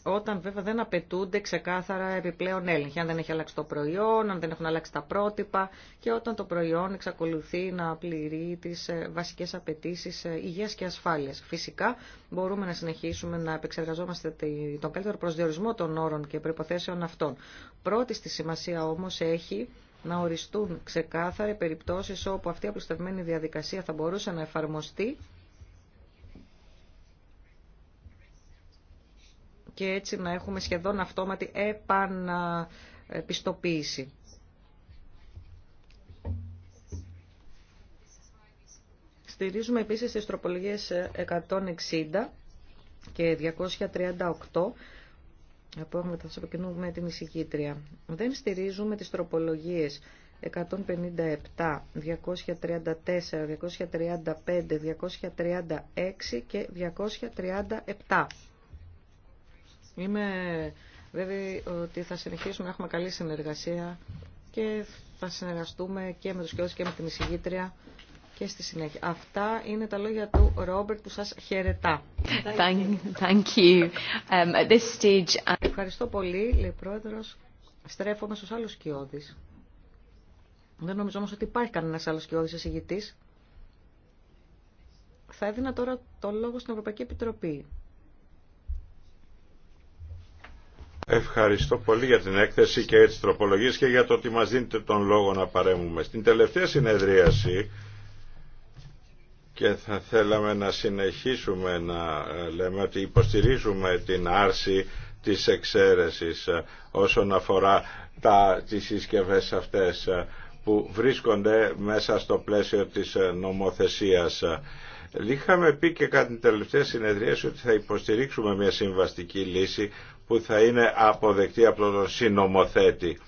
S1: όταν βέβαια δεν απαιτούνται ξεκάθαρα επιπλέον έλεγχοι, αν δεν έχει αλλάξει το προϊόν, αν δεν έχουν αλλάξει τα πρότυπα και όταν το προϊόν εξακολουθεί να πληρεί τις ε, βασικές απαιτήσει, ε, υγείας και ασφάλεια. Φυσικά μπορούμε να συνεχίσουμε να επεξεργαζόμαστε τον καλύτερο προσδιορισμό των όρων και προποθέσεων αυτών. Πρώτη στη σημασία όμω έχει να οριστούν ξεκάθαρα περιπτώσεις όπου αυτή η απλουστευμένη διαδικασία θα μπορούσε να εφαρμοστεί και έτσι να έχουμε σχεδόν αυτόματη επαναπιστοποίηση. Στηρίζουμε επίσης τις τροπολογίες 160 και 238 που έχουμε θα σας με την εισηγήτρια. Δεν στηρίζουμε τις τροπολογίες 157, 234, 235, 236 και 237. Είμαι βέβαιη ότι θα συνεχίσουμε να έχουμε καλή συνεργασία και θα συνεργαστούμε και με τους κοιόδους και με την εισηγήτρια και στη συνέχεια. Αυτά είναι τα λόγια του Ρόμπερτ που σας χαιρετά. Thank you. Um, at this stage... Ευχαριστώ πολύ, λέει ο Πρόεδρος. Στρέφομαι στους άλλους κοιόδης. Δεν νομίζω όμως ότι υπάρχει κανένας άλλος κοιόδης εισηγητής. Θα έδινα τώρα το λόγο στην Ευρωπαϊκή Επιτροπή.
S2: Ευχαριστώ πολύ για την έκθεση και τις τροπολογίες και για το ότι μας δίνετε τον λόγο να παρέμουμε. Στην τελευταία συνεδρίαση και θα θέλαμε να συνεχίσουμε να ε, λέμε ότι υποστηρίζουμε την άρση της εξαίρεσης ε, όσον αφορά τα, τις συσκευές αυτές ε, που βρίσκονται μέσα στο πλαίσιο της νομοθεσίας. Είχαμε πει και κατά την τελευταία συνεδρίαση ότι θα υποστηρίξουμε μια συμβαστική λύση που θα είναι αποδεκτή από τον συνομοθέτη.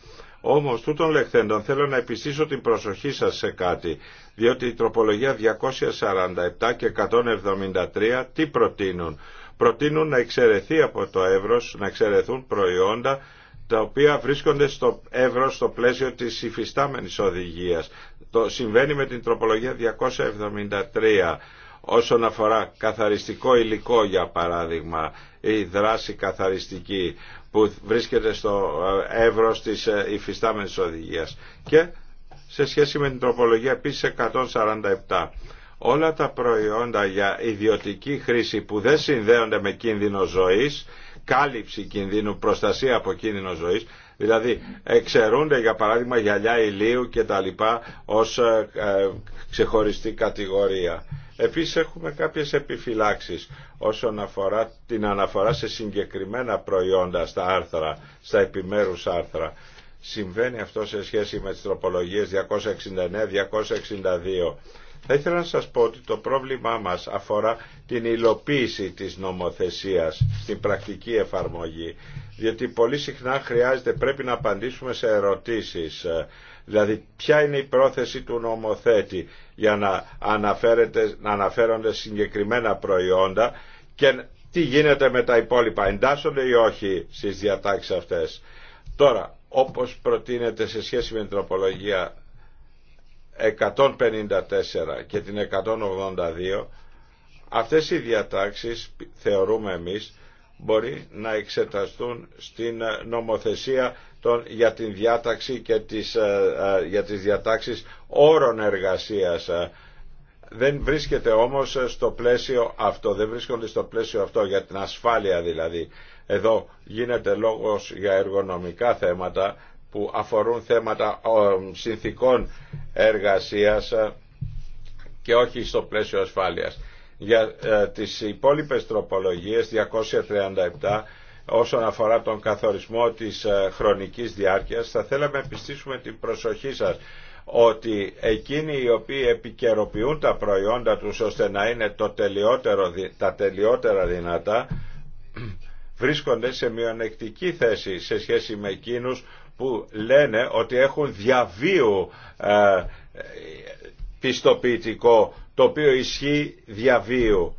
S2: Όμως, τούτων λεχθέντων θέλω να επιστήσω την προσοχή σας σε κάτι, διότι η τροπολογία 247 και 173 τι προτείνουν. Προτείνουν να εξαιρεθεί από το εύρος, να εξαιρεθούν προϊόντα τα οποία βρίσκονται στο εύρος στο πλαίσιο της υφιστάμενης οδηγίας. Το συμβαίνει με την τροπολογία 273 όσον αφορά καθαριστικό υλικό για παράδειγμα ή δράση καθαριστική που βρίσκεται στο ε, εύρος της ε, υφιστάμενης οδηγίας και σε σχέση με την τροπολογία επίσης 147 όλα τα προϊόντα για ιδιωτική χρήση που δεν συνδέονται με κίνδυνο ζωής κάλυψη κινδύνου, προστασία από κίνδυνο ζωής Δηλαδή εξαιρούνται για παράδειγμα γυαλιά ηλίου και τα λοιπά ως ε, ξεχωριστή κατηγορία. Επίσης έχουμε κάποιες επιφυλάξεις όσον αφορά την αναφορά σε συγκεκριμένα προϊόντα στα άρθρα, στα επιμέρους άρθρα. Συμβαίνει αυτό σε σχέση με τις τροπολογίες 269-262. Θα ήθελα να σας πω ότι το πρόβλημά μας αφορά την υλοποίηση της νομοθεσίας στην πρακτική εφαρμογή, διότι πολύ συχνά χρειάζεται, πρέπει να απαντήσουμε σε ερωτήσεις Δηλαδή ποια είναι η πρόθεση του νομοθέτη για να, αναφέρεται, να αναφέρονται συγκεκριμένα προϊόντα και τι γίνεται με τα υπόλοιπα, εντάσσονται ή όχι στις διατάξεις αυτές. Τώρα, όπως προτείνεται σε σχέση με την τροπολογία 154 και την 182, αυτές οι διατάξεις θεωρούμε εμείς μπορεί να εξεταστούν στην νομοθεσία για την διάταξη και τις, ε, ε, για τις διατάξεις όρων εργασίας. Δεν βρίσκεται όμως στο πλαίσιο αυτό, δεν βρίσκονται στο πλαίσιο αυτό για την ασφάλεια δηλαδή. Εδώ γίνεται λόγος για εργονομικά θέματα που αφορούν θέματα ε, συνθήκων εργασίας και όχι στο πλαίσιο ασφάλειας. Για τις υπόλοιπες τροπολογίες 237 όσον αφορά τον καθορισμό της ε, χρονικής διάρκειας θα θέλαμε να επιστήσουμε την προσοχή σας ότι εκείνοι οι οποίοι επικαιροποιούν τα προϊόντα τους ώστε να είναι το τα τελειότερα δυνατά βρίσκονται σε μειονεκτική θέση σε σχέση με εκείνους που λένε ότι έχουν διαβίου ε, πιστοποιητικό το οποίο ισχύει διαβίου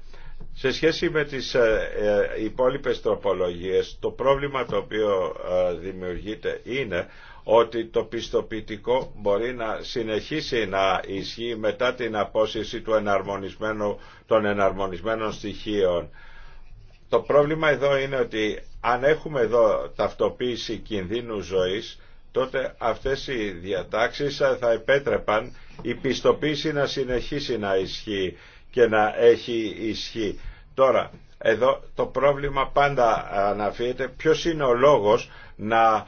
S2: σε σχέση με τις ε, ε, υπόλοιπες τροπολογίες, το πρόβλημα το οποίο ε, δημιουργείται είναι ότι το πιστοποιητικό μπορεί να συνεχίσει να ισχύει μετά την απόσυρση του εναρμονισμένου, των εναρμονισμένων στοιχείων. Το πρόβλημα εδώ είναι ότι αν έχουμε εδώ ταυτοποίηση κινδύνου ζωής, τότε αυτές οι διατάξεις θα επέτρεπαν η πιστοποίηση να συνεχίσει να ισχύει και να έχει ισχύ. Τώρα, εδώ το πρόβλημα πάντα αναφύεται ποιος είναι ο λόγος να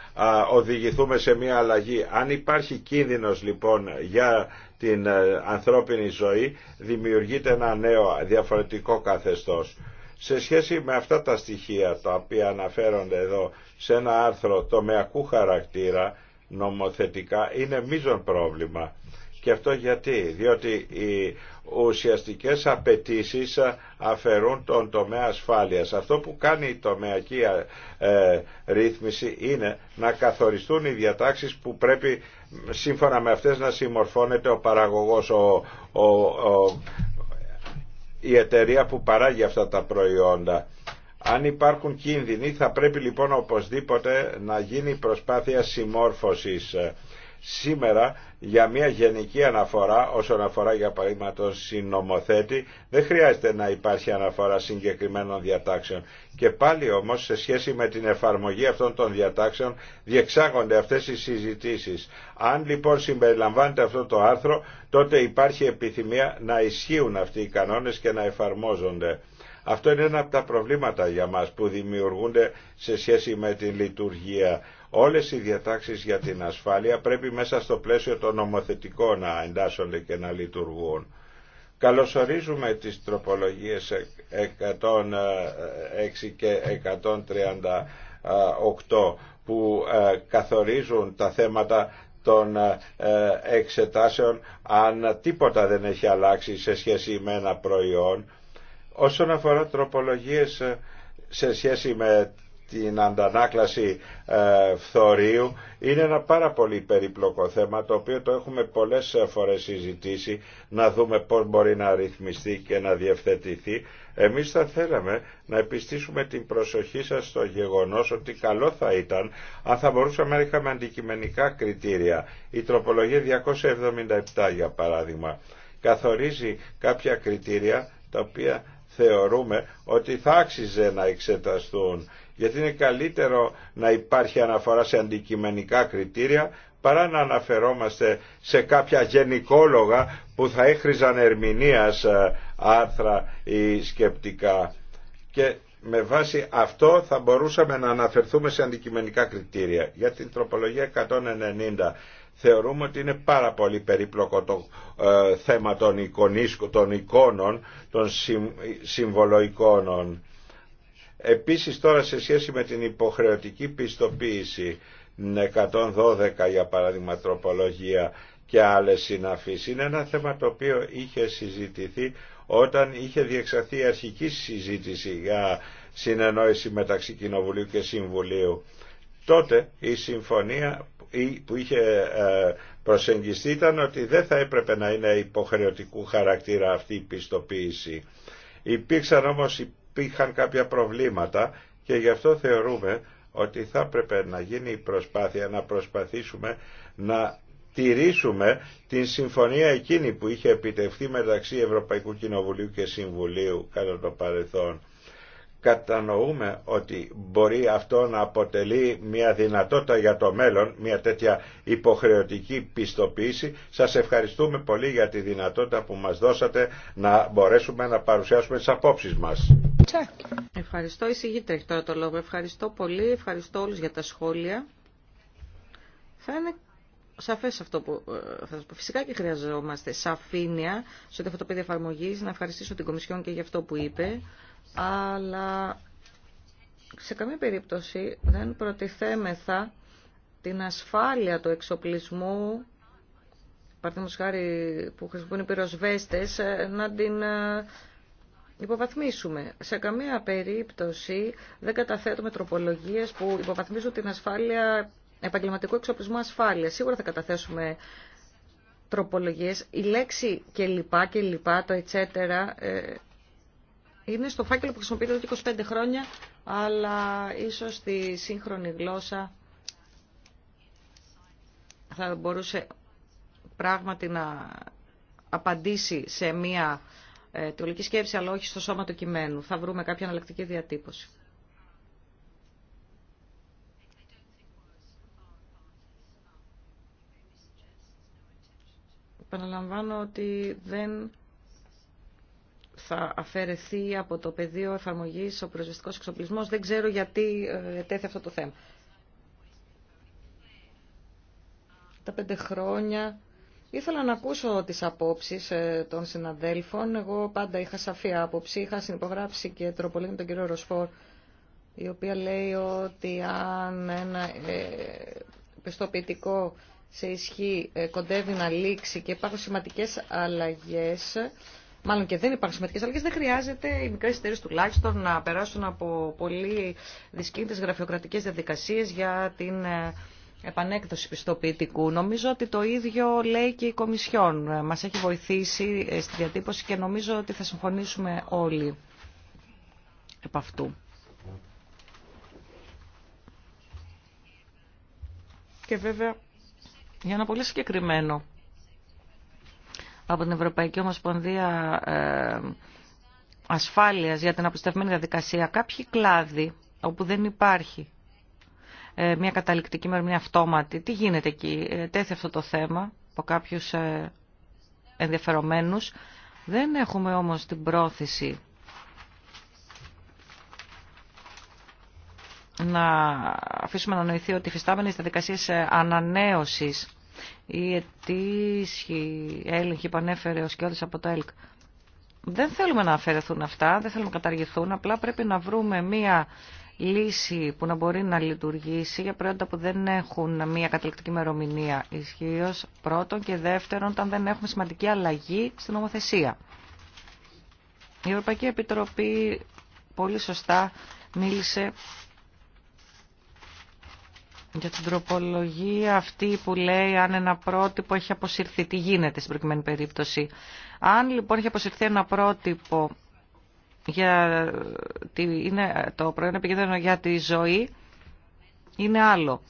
S2: οδηγηθούμε σε μια αλλαγή. Αν υπάρχει κίνδυνος λοιπόν για την ε, ανθρώπινη ζωή δημιουργείται ένα νέο διαφορετικό καθεστώς. Σε σχέση με αυτά τα στοιχεία τα οποία αναφέρονται εδώ σε ένα άρθρο τομεακού χαρακτήρα νομοθετικά είναι μείζον πρόβλημα. Και αυτό γιατί, διότι η ουσιαστικές απαιτήσει αφαιρούν τον τομέα ασφάλειας. Αυτό που κάνει η τομεακή ε, ρύθμιση είναι να καθοριστούν οι διατάξεις που πρέπει σύμφωνα με αυτές να συμμορφώνεται ο παραγωγός, η εταιρεία που παράγει αυτά τα προϊόντα. Αν υπάρχουν κίνδυνοι θα πρέπει λοιπόν οπωσδήποτε να γίνει προσπάθεια συμμόρφωσης Σήμερα για μια γενική αναφορά όσον αφορά για παράδειγμα τον συνομοθέτη δεν χρειάζεται να υπάρχει αναφορά συγκεκριμένων διατάξεων. Και πάλι όμως σε σχέση με την εφαρμογή αυτών των διατάξεων διεξάγονται αυτές οι συζητήσεις. Αν λοιπόν συμπεριλαμβάνεται αυτό το άρθρο τότε υπάρχει επιθυμία να ισχύουν αυτοί οι κανόνες και να εφαρμόζονται. Αυτό είναι ένα από τα προβλήματα για μας που δημιουργούνται σε σχέση με τη λειτουργία Όλες οι διατάξεις για την ασφάλεια πρέπει μέσα στο πλαίσιο των νομοθετικών να εντάσσονται και να λειτουργούν. Καλωσορίζουμε τις τροπολογίες 106 και 138 που ε, καθορίζουν τα θέματα των ε, εξετάσεων αν τίποτα δεν έχει αλλάξει σε σχέση με ένα προϊόν. Όσον αφορά τροπολογίες ε, σε σχέση με την αντανάκλαση ε, φθορείου είναι ένα πάρα πολύ περίπλοκο θέμα το οποίο το έχουμε πολλές φορές συζητήσει να δούμε πώς μπορεί να ρυθμιστεί και να διευθετηθεί. Εμείς θα θέλαμε να επιστήσουμε την προσοχή σας στο γεγονός ότι καλό θα ήταν αν θα μπορούσαμε να είχαμε αντικειμενικά κριτήρια. Η τροπολογία 277 για παράδειγμα καθορίζει κάποια κριτήρια τα οποία θεωρούμε ότι θα άξιζε να εξεταστούν γιατί είναι καλύτερο να υπάρχει αναφορά σε αντικειμενικά κριτήρια παρά να αναφερόμαστε σε κάποια γενικόλογα που θα έχριζαν ερμηνείας ε, άρθρα ή σκεπτικά. Και με βάση αυτό θα μπορούσαμε να αναφερθούμε σε αντικειμενικά κριτήρια. Για την τροπολογία 190 θεωρούμε ότι είναι πάρα πολύ περίπλοκο το ε, θέμα των, των εικόνων, των συμ, ε, Επίσης τώρα σε σχέση με την υποχρεωτική πιστοποίηση 112 για παράδειγμα τροπολογία και άλλες συναφείς είναι ένα θέμα το οποίο είχε συζητηθεί όταν είχε διεξαχθεί η αρχική συζήτηση για συνεννόηση μεταξύ Κοινοβουλίου και Συμβουλίου. Τότε η συμφωνία που είχε ε, προσεγγιστεί ήταν ότι δεν θα έπρεπε να είναι υποχρεωτικού χαρακτήρα αυτή η πιστοποίηση. Υπήρξαν όμως είχαν κάποια προβλήματα και γι' αυτό θεωρούμε ότι θα έπρεπε να γίνει η προσπάθεια να προσπαθήσουμε να τηρήσουμε την συμφωνία εκείνη που είχε επιτευχθεί μεταξύ Ευρωπαϊκού Κοινοβουλίου και Συμβουλίου κατά το παρελθόν. Κατανοούμε ότι μπορεί αυτό να αποτελεί μια δυνατότητα για το μέλλον, μια τέτοια υποχρεωτική πιστοποίηση. Σας ευχαριστούμε πολύ για τη δυνατότητα που μας δώσατε να μπορέσουμε να παρουσιάσουμε τις απόψεις μας.
S1: Ευχαριστώ, εισηγείτε έχει τώρα το λόγο. Ευχαριστώ πολύ, ευχαριστώ όλους για τα σχόλια. Θα είναι σαφές αυτό που ε, φυσικά και χρειαζόμαστε σαφήνεια σε ό,τι αυτό το εφαρμογή να ευχαριστήσω την Κομισιόν και για αυτό που είπε, αλλά σε καμία περίπτωση δεν προτιθέμεθα την ασφάλεια του εξοπλισμού παραδείγματος χάρη που χρησιμοποιούν οι πυροσβέστες ε, να την ε, υποβαθμίσουμε. Σε καμία περίπτωση δεν καταθέτουμε τροπολογίες που υποβαθμίζουν την ασφάλεια, επαγγελματικού εξοπλισμού ασφάλεια. Σίγουρα θα καταθέσουμε τροπολογίες. Η λέξη και λοιπά και το etc. Ε, είναι στο φάκελο που χρησιμοποιείται εδώ και 25 χρόνια, αλλά ίσως στη σύγχρονη γλώσσα θα μπορούσε πράγματι να απαντήσει σε μία ε, σκέψη, αλλά όχι στο σώμα του κειμένου. Θα βρούμε κάποια αναλλακτική διατύπωση. Επαναλαμβάνω ότι δεν θα αφαιρεθεί από το πεδίο εφαρμογής ο προσβεστικός εξοπλισμός. Δεν ξέρω γιατί ε, τέθη αυτό το θέμα. Τα πέντε χρόνια Ήθελα να ακούσω τις απόψεις ε, των συναδέλφων. Εγώ πάντα είχα σαφή άποψη. Είχα συνυπογράψει και τροπολή με τον κύριο Ροσφόρ, η οποία λέει ότι αν ένα ε, πιστοποιητικό σε ισχύ ε, κοντεύει να λήξει και υπάρχουν σημαντικές αλλαγές, μάλλον και δεν υπάρχουν σημαντικέ αλλαγέ, δεν χρειάζεται οι μικρέ εταιρείε τουλάχιστον να περάσουν από πολύ δυσκίνητε γραφειοκρατικέ διαδικασίε για την επανέκδοση πιστοποιητικού. Νομίζω ότι το ίδιο λέει και η Κομισιόν. Μας έχει βοηθήσει στη διατύπωση και νομίζω ότι θα συμφωνήσουμε όλοι επ' αυτού. Και βέβαια για ένα πολύ συγκεκριμένο από την Ευρωπαϊκή Ομοσπονδία ε, Ασφάλειας για την αποστευμένη διαδικασία κάποιοι κλάδοι όπου δεν υπάρχει ε, μια καταληκτική μία αυτόματη. Τι γίνεται εκεί, ε, τέθη αυτό το θέμα από κάποιους ε, ενδιαφερομένους. Δεν έχουμε όμως την πρόθεση να αφήσουμε να νοηθεί ότι οι φυστάμενες διαδικασίες ανανέωσης ή ετήσιοι έλεγχοι που ανέφερε ο Σκιώδης από το ΕΛΚ δεν θέλουμε να αφαιρεθούν αυτά, δεν θέλουμε να καταργηθούν, απλά πρέπει να βρούμε μία λύση που να μπορεί να λειτουργήσει για προϊόντα που δεν έχουν μια καταληκτική μερομηνία ισχύω πρώτον και δεύτερον όταν δεν έχουμε σημαντική αλλαγή στην νομοθεσία. Η Ευρωπαϊκή Επιτροπή πολύ σωστά μίλησε για την τροπολογία αυτή που λέει αν ένα πρότυπο έχει αποσυρθεί, τι γίνεται στην προκειμένη περίπτωση. Αν λοιπόν έχει αποσυρθεί ένα πρότυπο γιατί είναι το προϊόν επικίνδυνο για τη ζωή είναι άλλο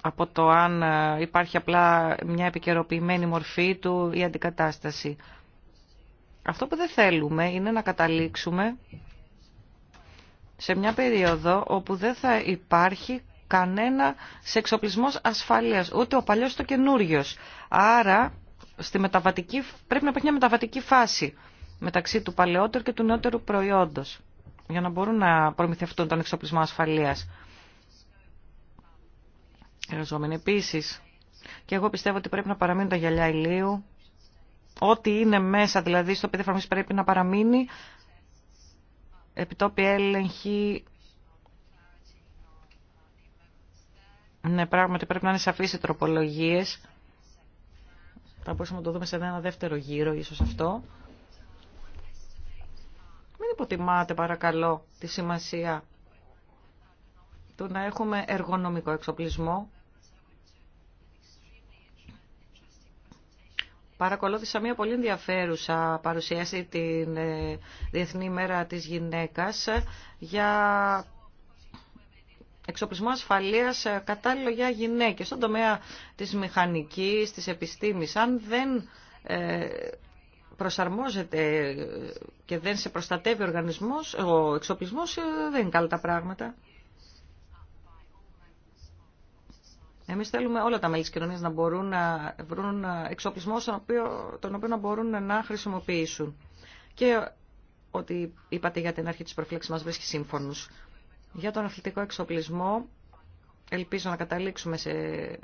S1: από το αν ε, υπάρχει απλά μια επικαιροποιημένη μορφή του ή αντικατάσταση. Αυτό που δεν θέλουμε είναι να καταλήξουμε σε μια περίοδο όπου δεν θα υπάρχει κανένα εξοπλισμός ασφαλείας, ούτε ο παλιός το καινούριος. Άρα στη μεταβατική, πρέπει να υπάρχει μια μεταβατική φάση μεταξύ του παλαιότερου και του νεότερου προϊόντος για να μπορούν να προμηθευτούν τον εξοπλισμό ασφαλείας. Εργαζόμενοι Επίση. Και εγώ πιστεύω ότι πρέπει να παραμείνουν τα γυαλιά ηλίου. Ό,τι είναι μέσα, δηλαδή στο οποίο εφαρμογή πρέπει να παραμείνει. Επιτόπι έλεγχη. Ναι, πράγματι πρέπει να είναι σαφείς οι τροπολογίες. Θα μπορούσαμε να το δούμε σε ένα δεύτερο γύρο, ίσως αυτό. Μην υποτιμάτε παρακαλώ τη σημασία του να έχουμε εργονομικό εξοπλισμό. Παρακολούθησα μια πολύ ενδιαφέρουσα παρουσίαση την ε, Διεθνή Μέρα της Γυναίκας ε, για εξοπλισμό ασφαλείας ε, κατάλληλο για γυναίκες στον τομέα της μηχανικής, της επιστήμης. Αν δεν προσαρμόζεται και δεν σε προστατεύει ο οργανισμός, ο εξοπλισμός ε, δεν είναι καλά τα πράγματα. Εμείς θέλουμε όλα τα μέλη της κοινωνίας να μπορούν να βρουν εξοπλισμό τον οποίο, να μπορούν να χρησιμοποιήσουν. Και ότι είπατε για την αρχή της προφύλαξης μας βρίσκει σύμφωνους. Για τον αθλητικό εξοπλισμό ελπίζω να καταλήξουμε σε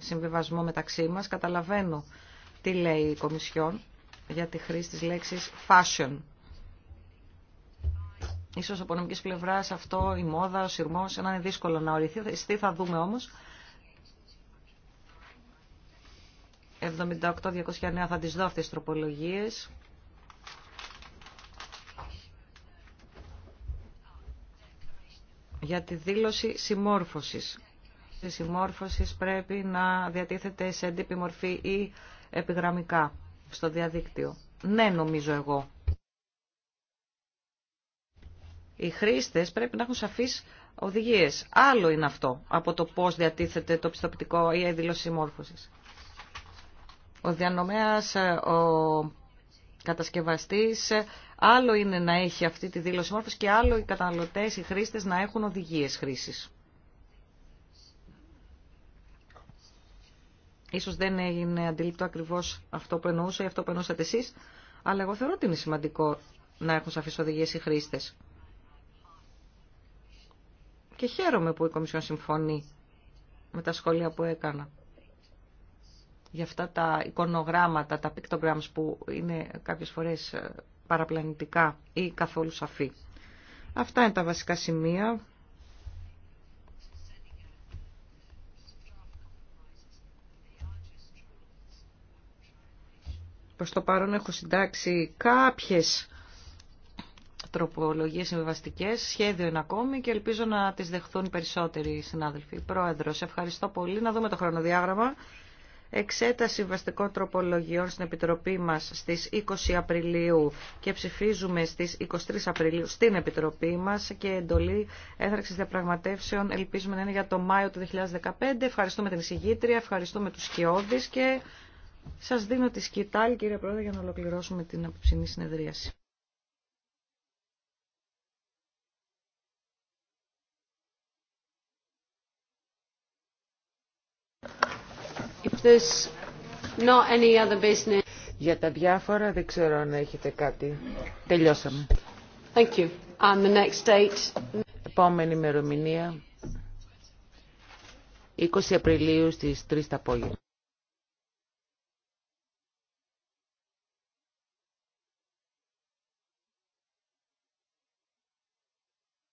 S1: συμβιβασμό μεταξύ μας. Καταλαβαίνω τι λέει η Κομισιόν για τη χρήση της λέξης fashion. Ίσως από νομικής πλευράς αυτό, η μόδα, ο σειρμός, να είναι δύσκολο να οριθεί. Τι Θα δούμε όμως. 78-209 θα τις δω αυτές τις τροπολογίες. Για τη δήλωση συμμόρφωσης. Η συμμόρφωση πρέπει να διατίθεται σε έντυπη μορφή ή επιγραμμικά στο διαδίκτυο. Ναι, νομίζω εγώ. Οι χρήστες πρέπει να έχουν σαφείς οδηγίες. Άλλο είναι αυτό από το πώς διατίθεται το πιστοποιητικό ή η δήλωση Ο διανομέας, ο κατασκευαστής, άλλο είναι να έχει αυτή τη δήλωση μόρφωσης και άλλο οι καταναλωτές, οι χρήστες να έχουν οδηγίες χρήσης. Ίσως δεν έγινε αντιληπτό ακριβώς αυτό που εννοούσα ή αυτό που εννοούσατε εσείς, αλλά εγώ θεωρώ ότι είναι σημαντικό να έχουν σαφείς οδηγίες οι χρήστες. Και χαίρομαι που η Κομισιόν συμφωνεί με τα σχόλια που έκανα για αυτά τα εικονογράμματα, τα pictograms που είναι κάποιες φορές παραπλανητικά ή καθόλου σαφή. Αυτά είναι τα βασικά σημεία Προς το παρόν έχω συντάξει κάποιες τροπολογίες συμβιβαστικέ, σχέδιο είναι ακόμη και ελπίζω να τις δεχθούν περισσότεροι συνάδελφοι. Πρόεδρος, ευχαριστώ πολύ. Να δούμε το χρονοδιάγραμμα. Εξέταση συμβαστικών τροπολογιών στην Επιτροπή μας στις 20 Απριλίου και ψηφίζουμε στις 23 Απριλίου στην Επιτροπή μας και εντολή έθραξης διαπραγματεύσεων ελπίζουμε να είναι για το Μάιο του 2015. Ευχαριστούμε την εισηγήτρια, ευχαριστούμε τους σκιώδεις και σας δίνω τη σκητάλη, κύριε Πρόεδρε, για να ολοκληρώσουμε την απόψινή συνεδρίαση.
S3: not any other business... Για τα διάφορα δεν ξέρω αν έχετε κάτι. Τελειώσαμε. Thank you. the next date... Επόμενη ημερομηνία 20 Απριλίου στις 3 τα απόγευμα.